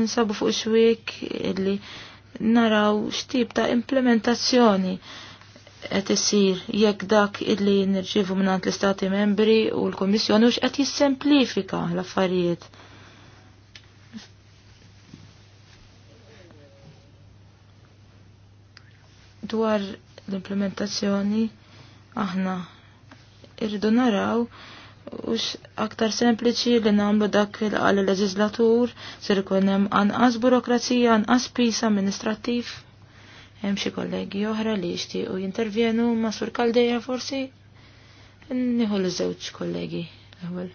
ninsabu fuq xwik illi naraw x'tip ta' implementazzjoni qed isir jekk dak illi nirċievu mingħand l-Istati Membri u l-Kummissjoni u qed jissemplifika l-affarijiet. Dwar l-implementazzjoni aħna irridu naraw Ux aktar sempliċi li namlu dak li għal leġislatur ser ikun hemm anqas burokrazija, anqas pis amministrattiv. Hemm xi kollegi oħra li jixtiequ jintervjenu ma' sur Kaldeja forsi. Nieħu l-żewġ kollegi l-ewwel.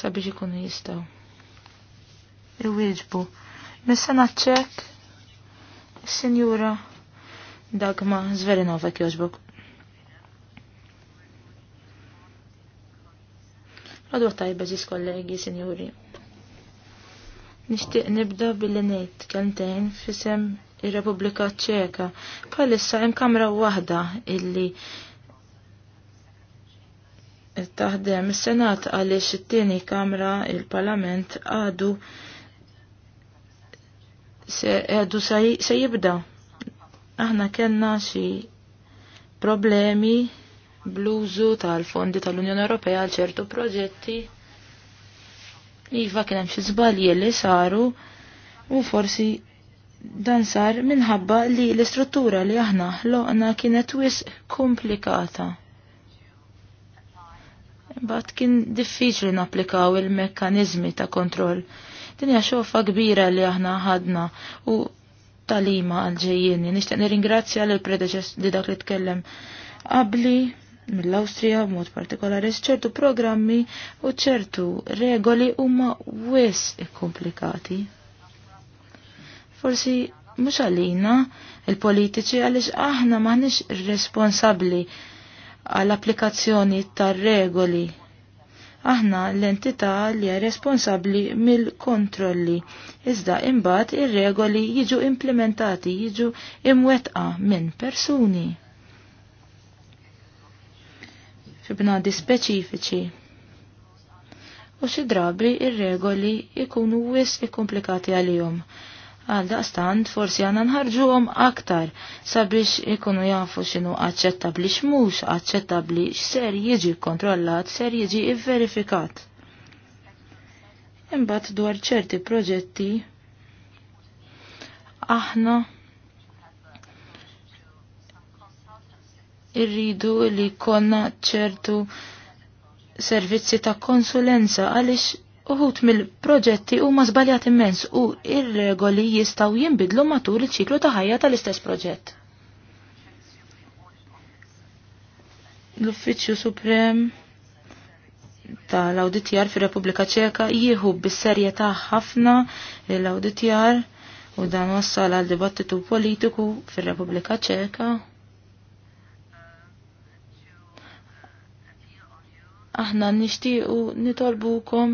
Sabiex ikunu jistgħu. Iwieġbu. Nissa naċċek. Sinjura Dagma Zverinovek joġbok. Għadu tajba ġis kollegi, sinjuri. Nishtiq nibda billi ngħid Kentejn f'isem ir-Repubblika Ċeka. Bħalissa hemm kamra waħda illi taħdem is-Senat għaliex it-tieni kamra il-Parlament għadu se għadu se jibda. Aħna kellna xi problemi bluzu tal-fondi tal-Unjoni Ewropea għal ċertu proġetti. Iva kien hemm xi żbalji li saru u forsi dan sar minħabba li l-istruttura li aħna ħloqna kienet wis komplikata. Bat kien diffiċli napplikaw il-mekkanizmi ta' kontroll. Din hija xofa kbira li aħna ħadna u talima għal ġejjieni. Nixtieq nirringrazzja lill predeċess li dak li tkellem qabli mill-Awstrija b'mod partikolari ċertu programmi u ċertu regoli huma wis komplikati. Forsi mhux għalina il-politiċi għaliex aħna maħniex responsabbli għall-applikazzjoni tar-regoli. Aħna l-entità li hija responsabbli mill-kontrolli. Iżda imbagħad ir-regoli jiġu implementati, jiġu imwetqa minn persuni fi bnadi speċifiċi. U xi drabi ir-regoli jkunu wis ikkomplikati għalihom. Għal daqstant forsi għanna nħarġuhom aktar sabiex ikunu jafu x'inhu aċċettabbli x'mhux aċċettabbli x'ser jiġi kontrollat, ser jiġi verifikat. Imbagħad dwar ċerti proġetti aħna irridu li konna ċertu servizzi ta' konsulenza għaliex uħut mill-proġetti huma żbaljat immens u ir-regoli jistgħu jinbidlu matul il ċiklu ta' ħajja tal-istess proġett. L-Uffiċċju Suprem tal-Awditjar fir-Repubblika Ċeka jieħu bis-serjetà ħafna l-Awditjar u dan wassal għal dibattitu politiku fir-Repubblika Ċeka. aħna nixtiequ nitolbukom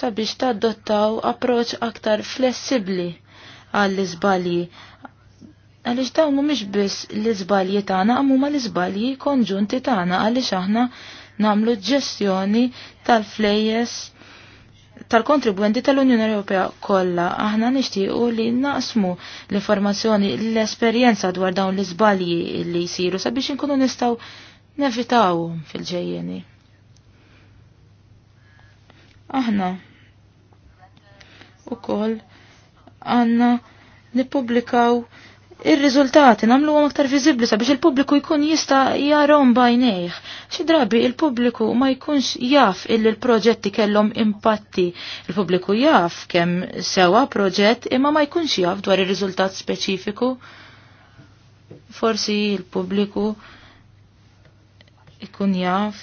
sabiex tadottaw approċ aktar flessibli għall-iżbalji. Għaliex dawn mhumiex biss l-iżbalji tagħna, ma l izbali konġunti tagħna għaliex aħna nagħmlu ġestjoni tal-flejjes tal-kontribwenti tal-Unjoni Ewropea kollha aħna nixtiequ li naqsmu l-informazzjoni l-esperjenza dwar dawn l-iżbalji li jsiru sabiex inkunu nistgħu nevitawhom fil-ġejjeni. Aħna għanna għandna nippubblikaw ir-riżultati nagħmluhom aktar viżibbli sabiex il-pubbliku jkun jista' jarahom bajnejħ. Xi drabi il-pubbliku ma jkunx jaf illi l-proġetti kellhom impatti. Il-pubbliku jaf kemm sewa proġett imma ma jkunx jaf dwar ir-riżultat speċifiku. Forsi il-pubbliku il publiku il pubbliku ikun jaf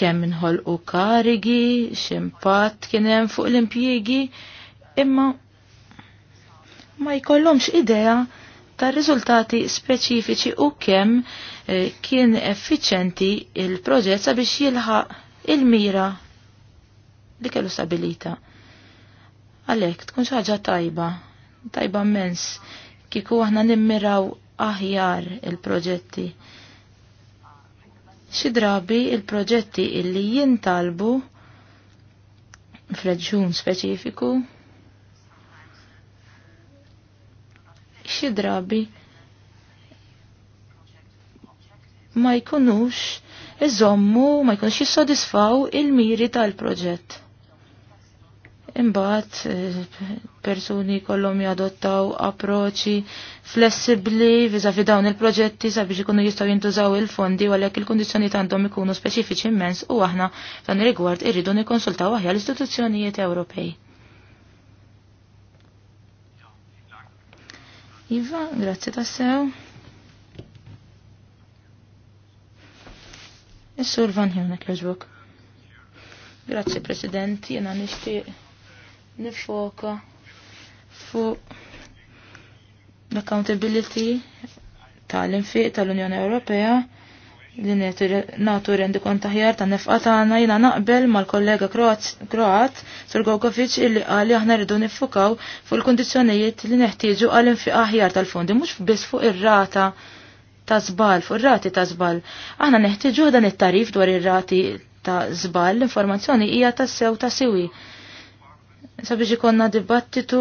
kemm inħolqu karigi, ximpat kien hemm fuq l-impjiegi, imma ma jkollhomx idea ta' riżultati speċifiċi u kemm eh, kien effiċenti il-proġett sabiex jilħaq il-mira li kellu stabilita. Għalhekk tkun xaġa ħaġa tajba, tajba mens, kieku aħna nimmiraw aħjar il-proġetti. Xi drabi il-proġetti illi jintalbu f'reġjun speċifiku xi drabi ma jkunux iżommu ma jkunux jissodisfaw il-miri tal-proġett. Imbagħad eh, persuni kollhom jadottaw approċċi flessibbli viżavi dawn il-proġetti sabiex ikunu jistgħu jintużaw il-fondi għalhekk il-kundizzjonijiet għandhom ikunu speċifiċi immens u aħna dan rigward irridu nikkonsultaw aħjar l-istituzzjonijiet Ewropej. Iva, grazzi tassew. Is-sur Van Hunek Grazzi, President, jena nishtiq nifoka fuq l-accountability tal-infiq tal-Unjoni Ewropea li natu rendi kont taħjar ta' nefqa tagħna jiena naqbel mal-kollega Kroat Sur Gogovic illi qali aħna rridu nifukaw fuq il-kundizzjonijiet li neħtieġu għal infiq aħjar tal-fondi mhux biss fuq ir-rata ta' żball, fuq ir-rati ta' żball. Aħna neħtieġu dan it-tarif dwar ir-rati ta' żball, l-informazzjoni hija tas-sew ta' siwi. Ta sabiex ikonna dibattitu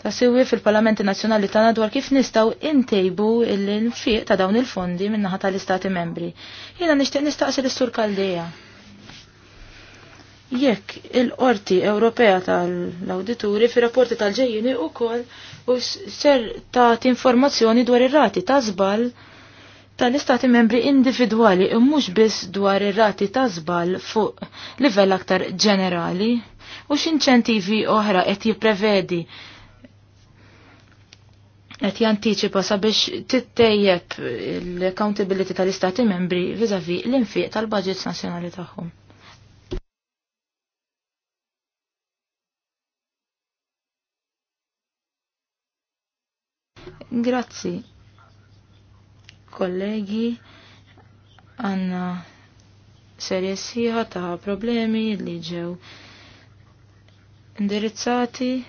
ta' siwi fil-Parlamenti Nazzjonali tagħna dwar kif nistgħu intejbu l fiq ta' dawn il-fondi ħata tal-Istati Membri. Jiena nixtieq nistaqsi l-Istur Kaldeja. Jekk il-Qorti Ewropea tal-Awdituri fi rapporti tal-ġejjini kol u ser ta' informazzjoni dwar ir-rati ta' żball tal-istati membri individwali u mhux biss dwar ir-rati ta' zbal fuq livell aktar ġenerali u x'inċentivi oħra qed jipprevedi qed jantiċipa sabiex tittejjeb l-accountability tal-istati membri viżavi l-infiq tal-budgets nazzjonali tagħhom. Grazzi. Kollegi, għanna serjessiħa ta' problemi li ġew indirizzati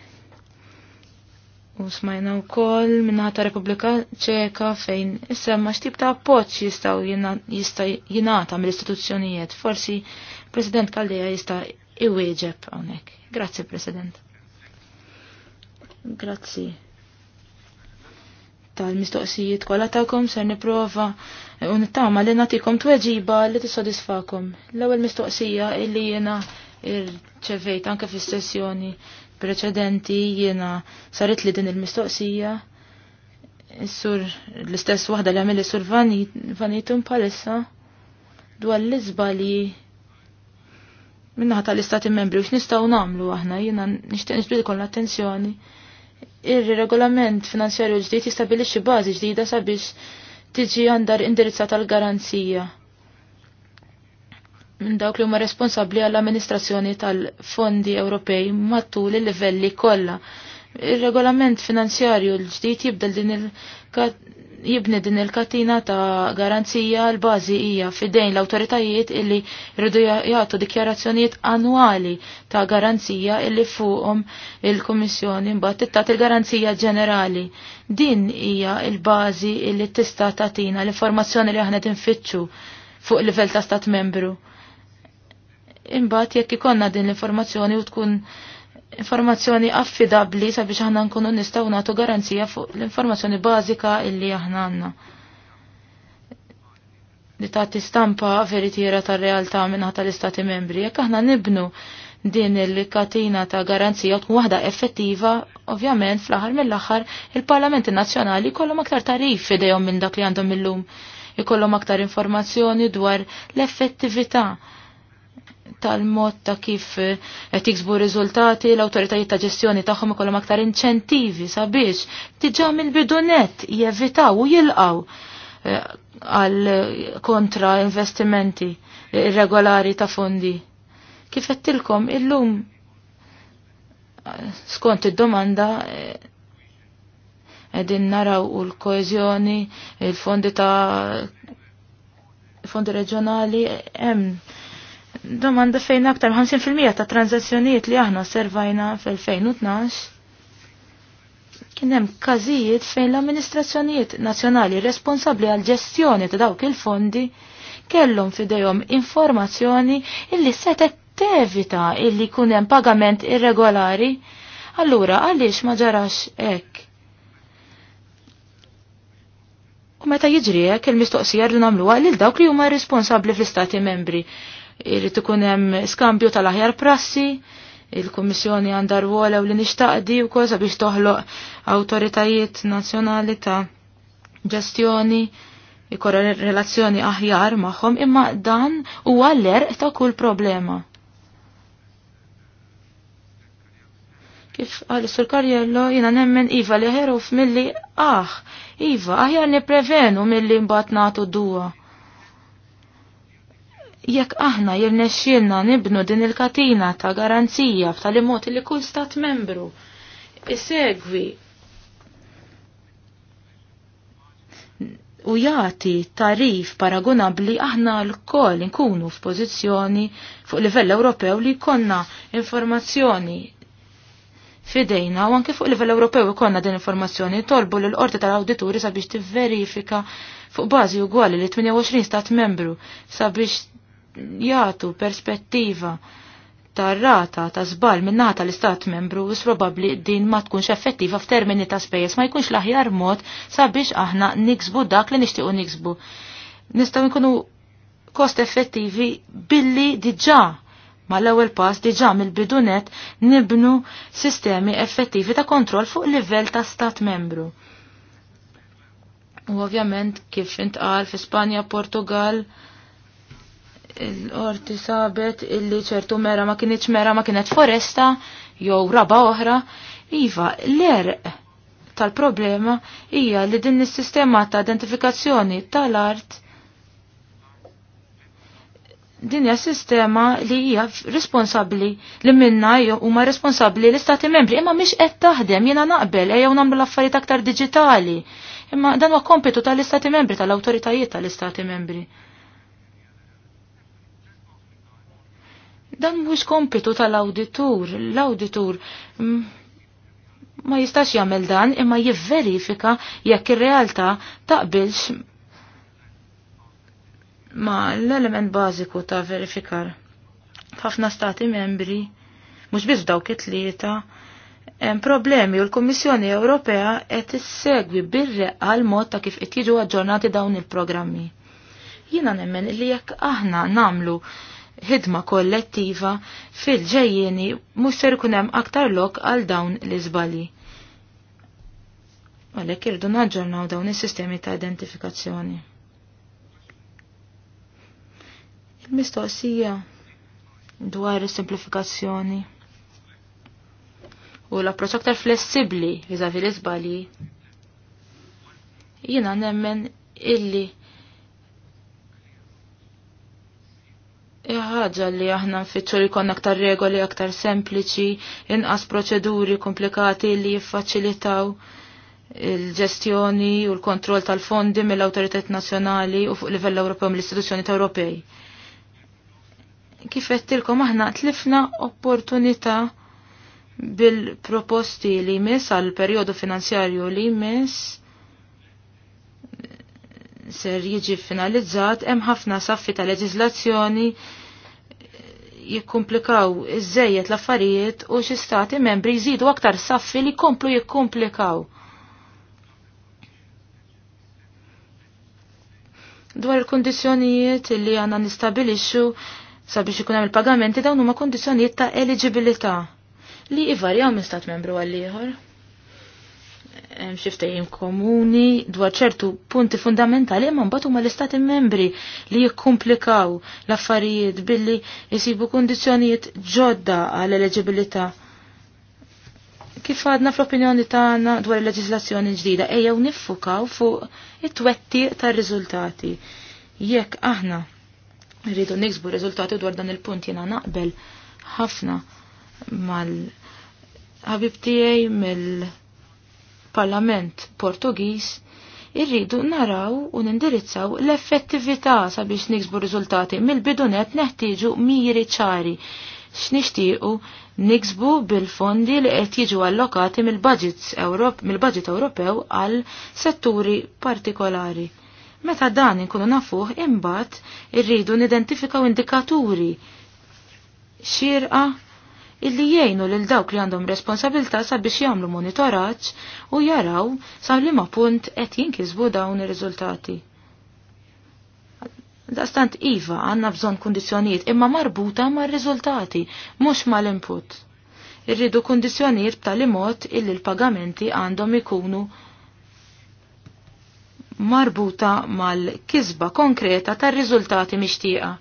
u smajna u kol minnaħat Republika ċeka fejn semma xtib ta' appoċ jistaw jista jinata mill-istituzzjonijiet. Forsi President Kaldeja jista iwieġeb għonek. Grazzi, President. Grazzi. Tal-mistoqsijiet kolla ta'kom ser niprofa u nittama li natikom tweġiba li tissodisfakom. L-ewwel mistoqsija illi jena irċevejt anke fis-sessjoni preċedenti jiena saret li din il-mistoqsija sur l-istess waħda li għamil sur vanitum palissa dwar l-izbali minnaħta tal-istati membri u x-nistaw nagħmlu aħna jiena nixtieq nisbidilkom l-attenzjoni. Ir-regolament finanzjarju ġdid jistabilixxi bażi ġdida sabiex tiġi għandar indirizza tal-garanzija minn dawk li huma responsabbli għall-amministrazzjoni tal-fondi Ewropej matul il-livelli kollha. Ir-regolament finanzjarju l-ġdid jibdel din il jibni din il-katina ta' garanzija l-bazi hija fidejn l-autoritajiet illi rridu jagħtu dikjarazzjonijiet annwali ta' garanzija illi fuqhom il-Kummissjoni mbagħad tittat il-garanzija ġenerali. Din hija l-bażi illi tista' tagħtina l-informazzjoni li aħna tinfittxu fuq livell ta' stat membru imbagħad jekk ikonna din l-informazzjoni u tkun informazzjoni affidabli sabiex aħna nkunu nistgħu nagħtu garanzija fuq l-informazzjoni bażika illi aħna għandna. Li tagħti stampa veritiera tar-realtà minħa tal-Istati Membri, jekk aħna nibnu din il-katina ta' garanzija tkun waħda effettiva, ovvjament fl-aħħar mill-aħħar il-Parlamenti Nazzjonali jkollhom aktar tarif fidejhom minn dak li għandhom illum. Ikollhom aktar informazzjoni dwar l-effettività tal-mod ta' kif qed eh, jiksbu riżultati l-awtoritajiet ta' ġestjoni tagħhom ikollhom aktar inċentivi sabiex diġà mill-bidunet jevitaw u jilqaw eh, għal kontra investimenti irregolari ta' fondi. Kif tilkom illum eh, skont id-domanda qegħdin naraw u l-koeżjoni, il-fondi ta' fondi reġjonali hemm domanda fejn aktar 50% ta' tranzazzjonijiet li aħna servajna fl-2012 kien hemm każijiet fejn l-amministrazzjonijiet nazzjonali responsabbli għal ġestjoni ta' dawk il-fondi kellhom fidejhom informazzjoni illi setet tevita illi jkun hemm pagament irregolari. Allura għaliex ma ġarax hekk? U meta jiġri hekk il-mistoqsija li nagħmluha lil dawk li huma responsabbli fl-istati membri irrid ikun hemm skambju tal-aħjar prassi, il-Kummissjoni għandha rwol li nixtaqdi wkoll sabiex toħloq awtoritajiet nazzjonali ta' ġestjoni ikorra relazzjoni aħjar magħhom imma dan huwa l-erq ta' kull problema. Kif għal sur karjello jina nemmen Iva li ħeruf milli aħ, ah, Iva, aħjar niprevenu milli mbagħad nagħtu duwa Jekk aħna jirnexxielna nibnu din il-katina ta' garanzija f'tali mod li kull stat membru isegwi u jagħti tarif paragonabli aħna l-koll f'pożizzjoni fuq livell Ewropew li konna informazzjoni fidejna u anke fuq livell Ewropew ikonna din informazzjoni tolbu l qorti tal-awdituri sabiex tivverifika fuq bażi ugwali li 28 stat membru sabiex jagħtu perspettiva tar-rata ta' żball minnata l-Istat membru u probabbli din ma tkunx effettiva f'termini ta' spejjeż ma jkunx l-aħjar mod sabiex aħna niksbu dak li nixtiequ niksbu. Nistgħu nkunu kost effettivi billi diġà ma l-ewwel pass diġà mill-bidunet nibnu sistemi effettivi ta' kontroll fuq livell ta' stat membru. U ovvjament kif intqal fi Spanja, Portugal, l-qorti sabet illi ċertu mera ma kienieċ mera ma kienet foresta jew raba oħra. Iva, l-erq tal-problema hija li din is-sistema ta' identifikazzjoni tal-art din hija sistema li hija responsabbli li minna huma responsabbli l-istati membri imma mhix qed taħdem jiena naqbel ejjew nagħmlu l-affarijiet aktar diġitali. Imma dan huwa kompitu tal-istati membri tal-awtoritajiet tal-istati membri. Dan mhux kompitu tal-awditur. L-awditur mm, ma jistax jagħmel dan imma jivverifika jekk ir-realtà taqbilx ma l-element bażiku ta' verifikar. F'ħafna stati membri, mhux biss dawk it-tlieta, hemm problemi u l-Kummissjoni Ewropea qed issegwi bir-reqqa l-mod ta' kif qed jiġu aġġornati dawn il-programmi. Jiena nemmen li jekk aħna nagħmlu ħidma kollettiva fil-ġejjeni mhux ser kunem hemm aktar lok għal dawn l-iżbali. Għalhekk irdu naġġornaw dawn is-sistemi ta' identifikazzjoni. Il-mistoqsija dwar is-simplifikazzjoni u l-approċċ aktar flessibbli viżavi l-iżbali jiena nemmen illi E ħaġa li aħna nfittxu li konna aktar regoli aktar sempliċi, inqas proċeduri komplikati li jiffaċilitaw il-ġestjoni u l-kontroll tal-fondi mill-autoritet nazjonali u fuq livell Ewropew mill-istituzzjoni ta' Ewropej. Kif qedtilkom aħna tlifna opportunità bil-proposti li jmiss għal perjodu finanzjarju li jmiss ser jiġi finalizzat hemm ħafna saffi ta' leġislazzjoni jikkumplikaw iż-żejjed l-affarijiet u xi stati membri jżidu aktar saffi li komplu jikkumplikaw. Dwar il-kondizjonijiet li għanna nistabilixxu sabiex ikun hemm il-pagamenti dawn huma kundizzjonijiet ta' eligibilità li jvarjaw minn stat membru għal ieħor xiftajim komuni dwar ċertu punti fundamentali imma mbagħad huma l-istati membri li jikkumplikaw l-affarijiet billi jisibu kundizzjonijiet ġodda għal eleġibilità. Kif għadna fl-opinjoni tagħna dwar il-leġislazzjoni ġdida ejjew niffukaw fuq it-twetti tar-riżultati. Jekk aħna rridu niksbu riżultati dwar dan il-punt jiena naqbel ħafna mal-ħabib tiegħi mill- parlament Portugiż irridu naraw u nindirizzaw l-effettività sabiex niksbu riżultati mill-bidunet neħtieġu miri ċari x'nixtiequ niksbu bil-fondi li qed jiġu allokati mill budget Ewropew għal setturi partikolari. Meta dan inkunu nafuh imbagħad irridu nidentifikaw indikaturi xirqa illi jgħinu lil dawk li għandhom responsabilta sabiex jagħmlu monitoraġġ u jaraw sa liema punt qed jinkisbu dawn ir-riżultati. Dastant iva għandna bżonn kundizzjonijiet imma marbuta mar-riżultati mhux mal-input. Irridu kundizzjonijiet b'tali mod illi l-pagamenti għandhom ikunu marbuta mal-kisba konkreta tar-riżultati mixtieqa.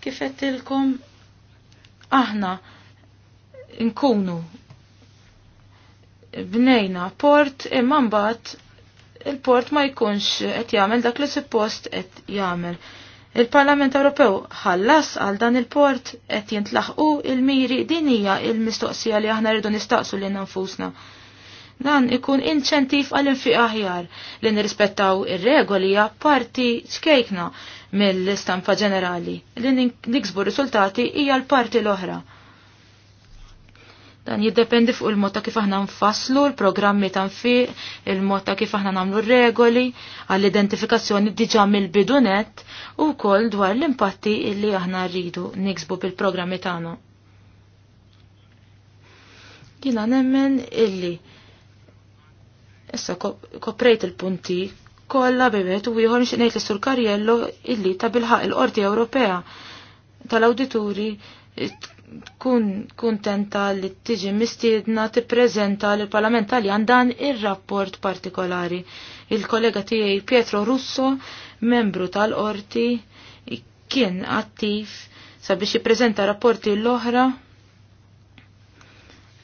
Kif qedtilkom aħna nkunu bnejna port imma mbagħad il-port ma jkunx qed jagħmel dak li suppost qed jagħmel. Il-Parlament Ewropew ħallas għal dan il-port qed jintlaħqu il-miri din hija il-mistoqsija li aħna rridu nistaqsu lil nfusna. nfusna Dan ikun inċentiv għal infiq aħjar li nirrispettaw ir-regoli hija parti skejkna mill-istampa ġenerali li niksbu riżultati hija l-parti l-oħra. Dan jiddependi fuq il-mod ta' kif aħna nfasslu l-programmi ta' nfiq, il-mod ta' kif aħna nagħmlu regoli għall-identifikazzjoni diġà mill-bidunet u wkoll dwar l-impatti illi aħna rridu niksbu bil-programmi tagħna. Jina nemmen illi Issa koprejt il-punti kollha bebet u ieħor nixtieq ngħid sur Karjello illi ta' bilħaq il-Qorti Ewropea tal-Awdituri tkun kuntenta li tiġi mistiedna tippreżenta lill parlament Taljan dan ir-rapport partikolari. Il-kollega tiegħi Pietro Russo, membru tal-Qorti, kien attiv sabiex jippreżenta rapporti l-oħra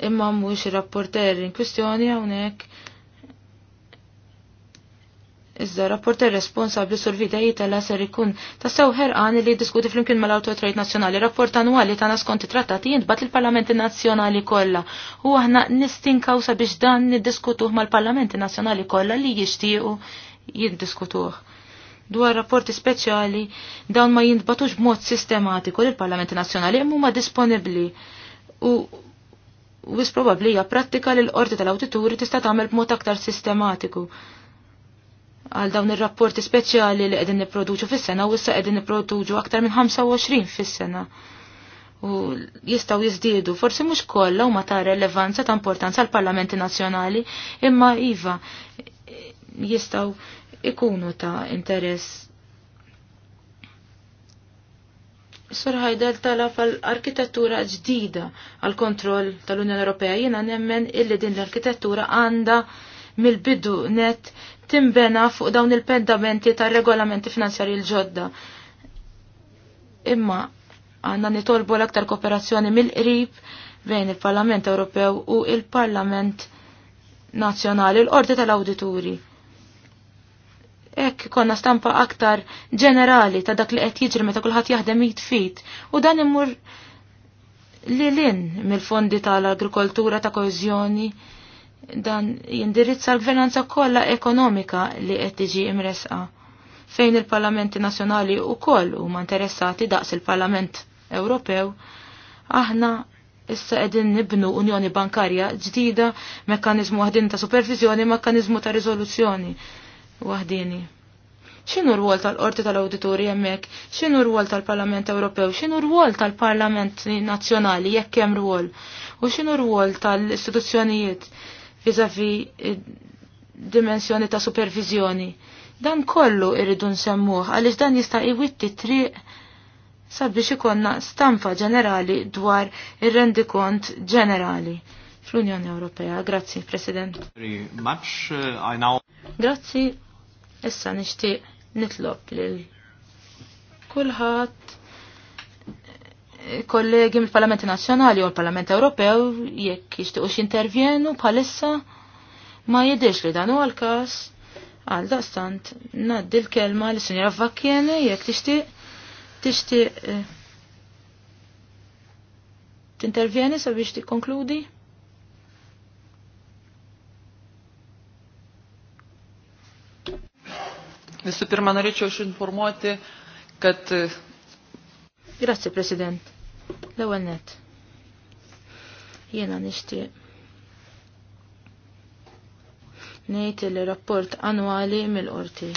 imma mhux il rapporter in kwistjoni hawnhekk Iżda rapporter responsabli sur videji tela ser ikun ta' sew ħerqan li diskuti flimkien mal-Awtoritajt Nazzjonali rapport annwali ta' skont trattati jintbat il-Parlamenti Nazzjonali kollha. U aħna nistinkaw sabiex dan niddiskutuh mal-Parlamenti Nazzjonali kollha li jixtiequ jiddiskutuh. Dwar rapporti speċjali dawn ma jintbatux b'mod sistematiku lill parlamenti Nazzjonali imma disponibbli. U wis probabbli hija prattika li l-qorti tal-awtituri tista' tagħmel b'mod aktar sistematiku għal dawn ir-rapporti speċjali li qegħdin nipproduċu fis-sena u issa qegħdin nipproduċu aktar minn 25 fis-sena. U jistaw jiżdiedu, forsi mhux kollha huma ta' relevanza ta' importanza għal parlamenti nazzjonali, imma iva jistaw ikunu ta' interess. Sur ħajdel talab għal arkitettura ġdida għal kontroll tal-Unjoni Ewropea jiena nemmen illi din l-arkitettura għandha mill-bidu net timbena fuq dawn il-pendamenti tar regolamenti finanzjari l-ġodda. Imma għanna nitolbu l-aktar kooperazzjoni mill-qrib bejn il-Parlament Ewropew u il-Parlament Nazzjonali l-Ordi tal-Awdituri. Ekk konna stampa aktar ġenerali ta' dak li qed jiġri meta kulħadd jaħdem jitfit u dan immur li lin mill-fondi tal-agrikoltura ta' koeżjoni. Ta Dan jindirizza l-gvernanza kollha ekonomika li qed tiġi imresqa fejn il-parlamenti nazzjonali wkoll huma interessati daqs il-Parlament Ewropew, aħna issa qegħdin nibnu Unjoni Bankarja ġdida, mekkaniżmu waħdin ta' supervizjoni, mekkaniżmu ta' riżoluzzjoni waħdini ċinu r-wol tal-qorti tal-auditori jemmek, ċinu r-wol tal-Parlament Ewropew, ċinu r-wol tal-Parlament Nazjonali, jekk hemm r-wol, u ċinu r-wol tal-istituzzjonijiet, vizavi dimensjoni ta' supervizjoni. Dan kollu irridu nsemmuh għaliex dan jista' iwitti tri sabiex ikonna stampa ġenerali dwar ir-rendikont ġenerali fl-Unjoni Ewropea. Grazzi, President. Uh, Grazzi, issa nixtieq nitlob lil kulħadd kollegi mill parlament Nazzjonali u l-Parlament Ewropew jekk jixtiequx jintervjenu bħalissa ma jidirx li dan huwa l-każ għal daqstant naddi l-kelma li sinjora Vakjene jekk tixtieq tixtieq eh, tintervjeni sabiex tikkonkludi? Visų pirma, norėčiau aš informuoti, kad... Eh, Grazie, Presidente. L-ewwel net. Jiena nixtieq ngħid il-rapport annwali mill-qorti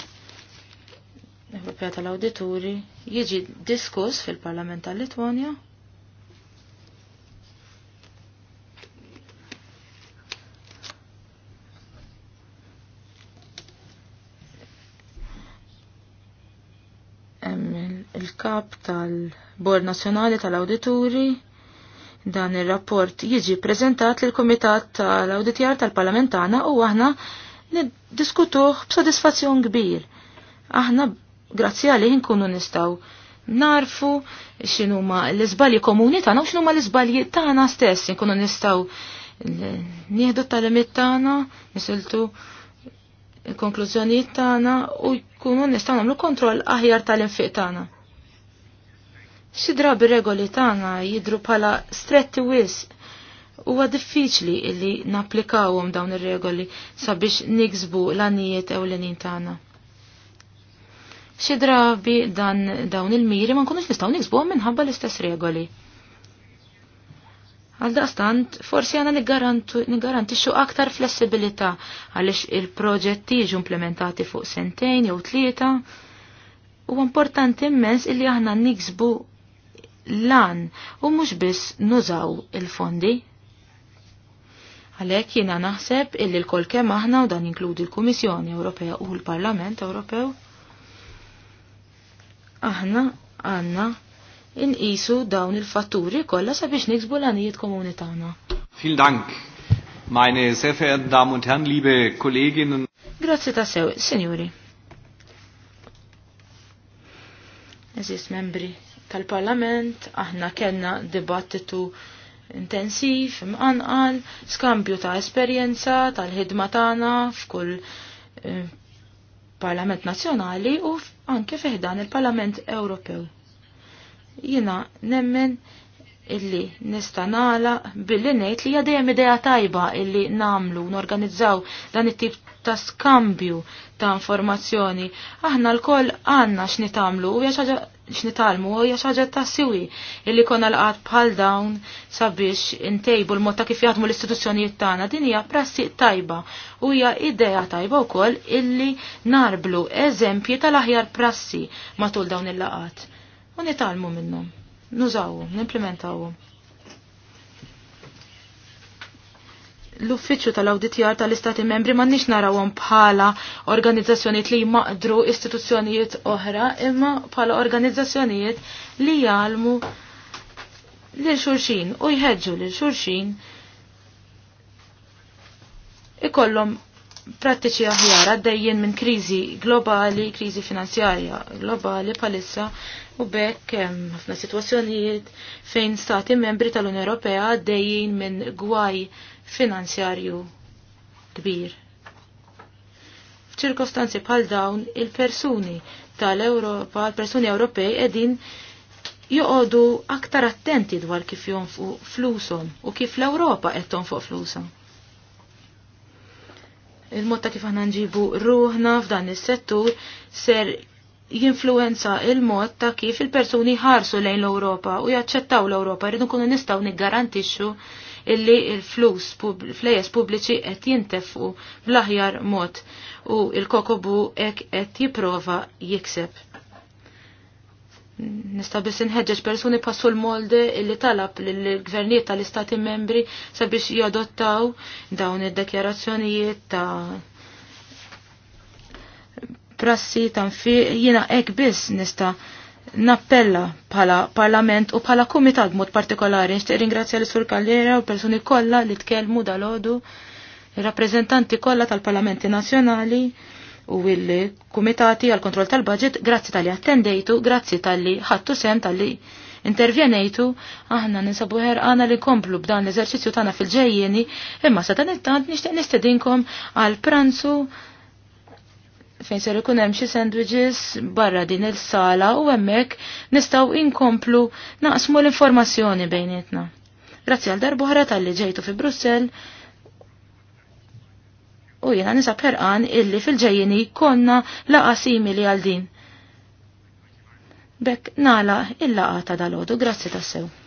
Ewropea tal-Awdituri jiġi diskuss fil-Parlament tal litwonja il-kap tal-Bord Nazzjonali tal-Awdituri dan ir-rapport jiġi prezentat lil komitat tal-Awditjar tal-Parlamentana u aħna niddiskutuh b'sodisfazzjon kbir. Aħna grazzi għalih nkunu nistgħu narfu x'inhuma l-iżbalji komuni tagħna u x'inhuma l-iżbalji tagħna stess nkunu nistgħu nieħdu tal-limit tagħna, nisiltu il-konklużjonijiet tagħna u jkunu nistgħu nagħmlu kontroll aħjar tal-infiq tagħna. Xi drabi regoli tagħna jidru bħala stretti wis huwa diffiċli illi napplikawhom dawn ir-regoli sabiex niksbu l-għanijiet ewlenin tagħna. Xi drabi dan dawn il-miri ma nkunux nistgħu niksbuhom minħabba l-istess regoli. Għal daqstant, forsi għana nigarantixxu aktar flessibilità għaliex il-proġett jiġu implementati fuq sentejn jew tlieta. U importanti immens illi aħna niksbu lan u mhux biss nużaw il-fondi. Għalhekk jiena naħseb illi l-kol kem aħna u dan inkludi l-Kummissjoni Ewropea u l-Parlament Ewropew aħna għandna inqisu dawn il-fatturi kollha sabiex niksbu l-għanijiet komuni tagħna. Vielen Dank, meine sehr verehrten Damen und Herren, liebe Kolleginnen. Grazzi ta' sew, signori. Eżis membri tal-Parlament, aħna kellna dibattitu intensiv, imqanqal, skambju ta' esperjenza tal-ħidma tagħna f'kull eh, Parlament Nazzjonali u anke fiħdan il-Parlament Ewropew. Jina nemmen illi nista' nagħlaq billi ngħid li hija dejjem idea tajba illi namlu norganizzaw dan it-tip ta' skambju ta' informazzjoni. Aħna l-koll għandna x'nitamlu u hija x'nitalmu hija xi ħaġa ta' siwi illi konna laqat bħal dawn sabiex intejbu l-mod ta' kif jaħdmu l-istituzzjonijiet tagħna din hija prassi tajba u hija idea tajba wkoll illi narblu eżempji tal-aħjar prassi matul dawn il-laqat u nitalmu minnhom, nużawhom, nimplementawhom. l-uffiċċju tal-awditjar tal-istati membri ma nix narawhom bħala organizzazzjonijiet li jmaqdru istituzzjonijiet oħra imma bħala organizzazzjonijiet li jgħalmu lil xulxin u jħeġġu lil xulxin ikollhom prattiċi aħjar għaddejjen minn kriżi globali, kriżi finanzjarja globali palissa u bekk ħafna sitwazzjonijiet fejn stati membri tal-Unjoni Ewropea għaddejjin minn gwaj finanzjarju kbir. F'ċirkostanzi bħal dawn il-persuni tal-Europa, l-persuni Ewropej edin joqodu aktar attenti dwar kif fuq flusom u kif l-Europa qed tonfoq flusom. Il-mod ta' kif aħna nġibu ruħna f'dan is-settur ser jinfluenza il-mod ta' kif il-persuni ħarsu lejn l-Europa u jaċċettaw l-Europa, rridu nkunu nistgħu niggarantixxu illi il-flus flejes pubbliċi qed jintefqu bl-aħjar mod u il-kokobu hekk qed jipprova jikseb. Nista' biss inħeġġeġ persuni passu l-molde illi talab lill-gvernijiet tal-istati membri sabiex jadottaw dawn id-dekjarazzjonijiet ta' prassi ta' jiena hekk biss nista' nappella bħala parlament u bħala kumitat mod partikolari nixtieq ringrazzja l sur Kallera u persuni kollha li tkellmu dalodu ir-rappreżentanti kollha tal-Parlamenti Nazzjonali u il-Kumitati għal kontrol tal-Budget grazzi tal-li attendejtu, grazzi tal-li ħattu sem tal-li intervjenejtu, aħna ninsabu ħerqana li komplu b'dan l-eżerċizzju tagħna fil-ġejjieni, imma sa dan it-tant nixtieq nistedinkom għal pranzu fejn ser ikun hemm xi sandwiches barra din il-sala u hemmhekk nistgħu inkomplu naqsmu l-informazzjoni bejnietna. Grazzi għal darbohra tal-li ġejtu fi Brussell u jiena nisab ħerqan illi fil-ġejjini konna laqa simili għal din. Bekk nala il-laqa ta' dal-ħodu, grazzi tassew.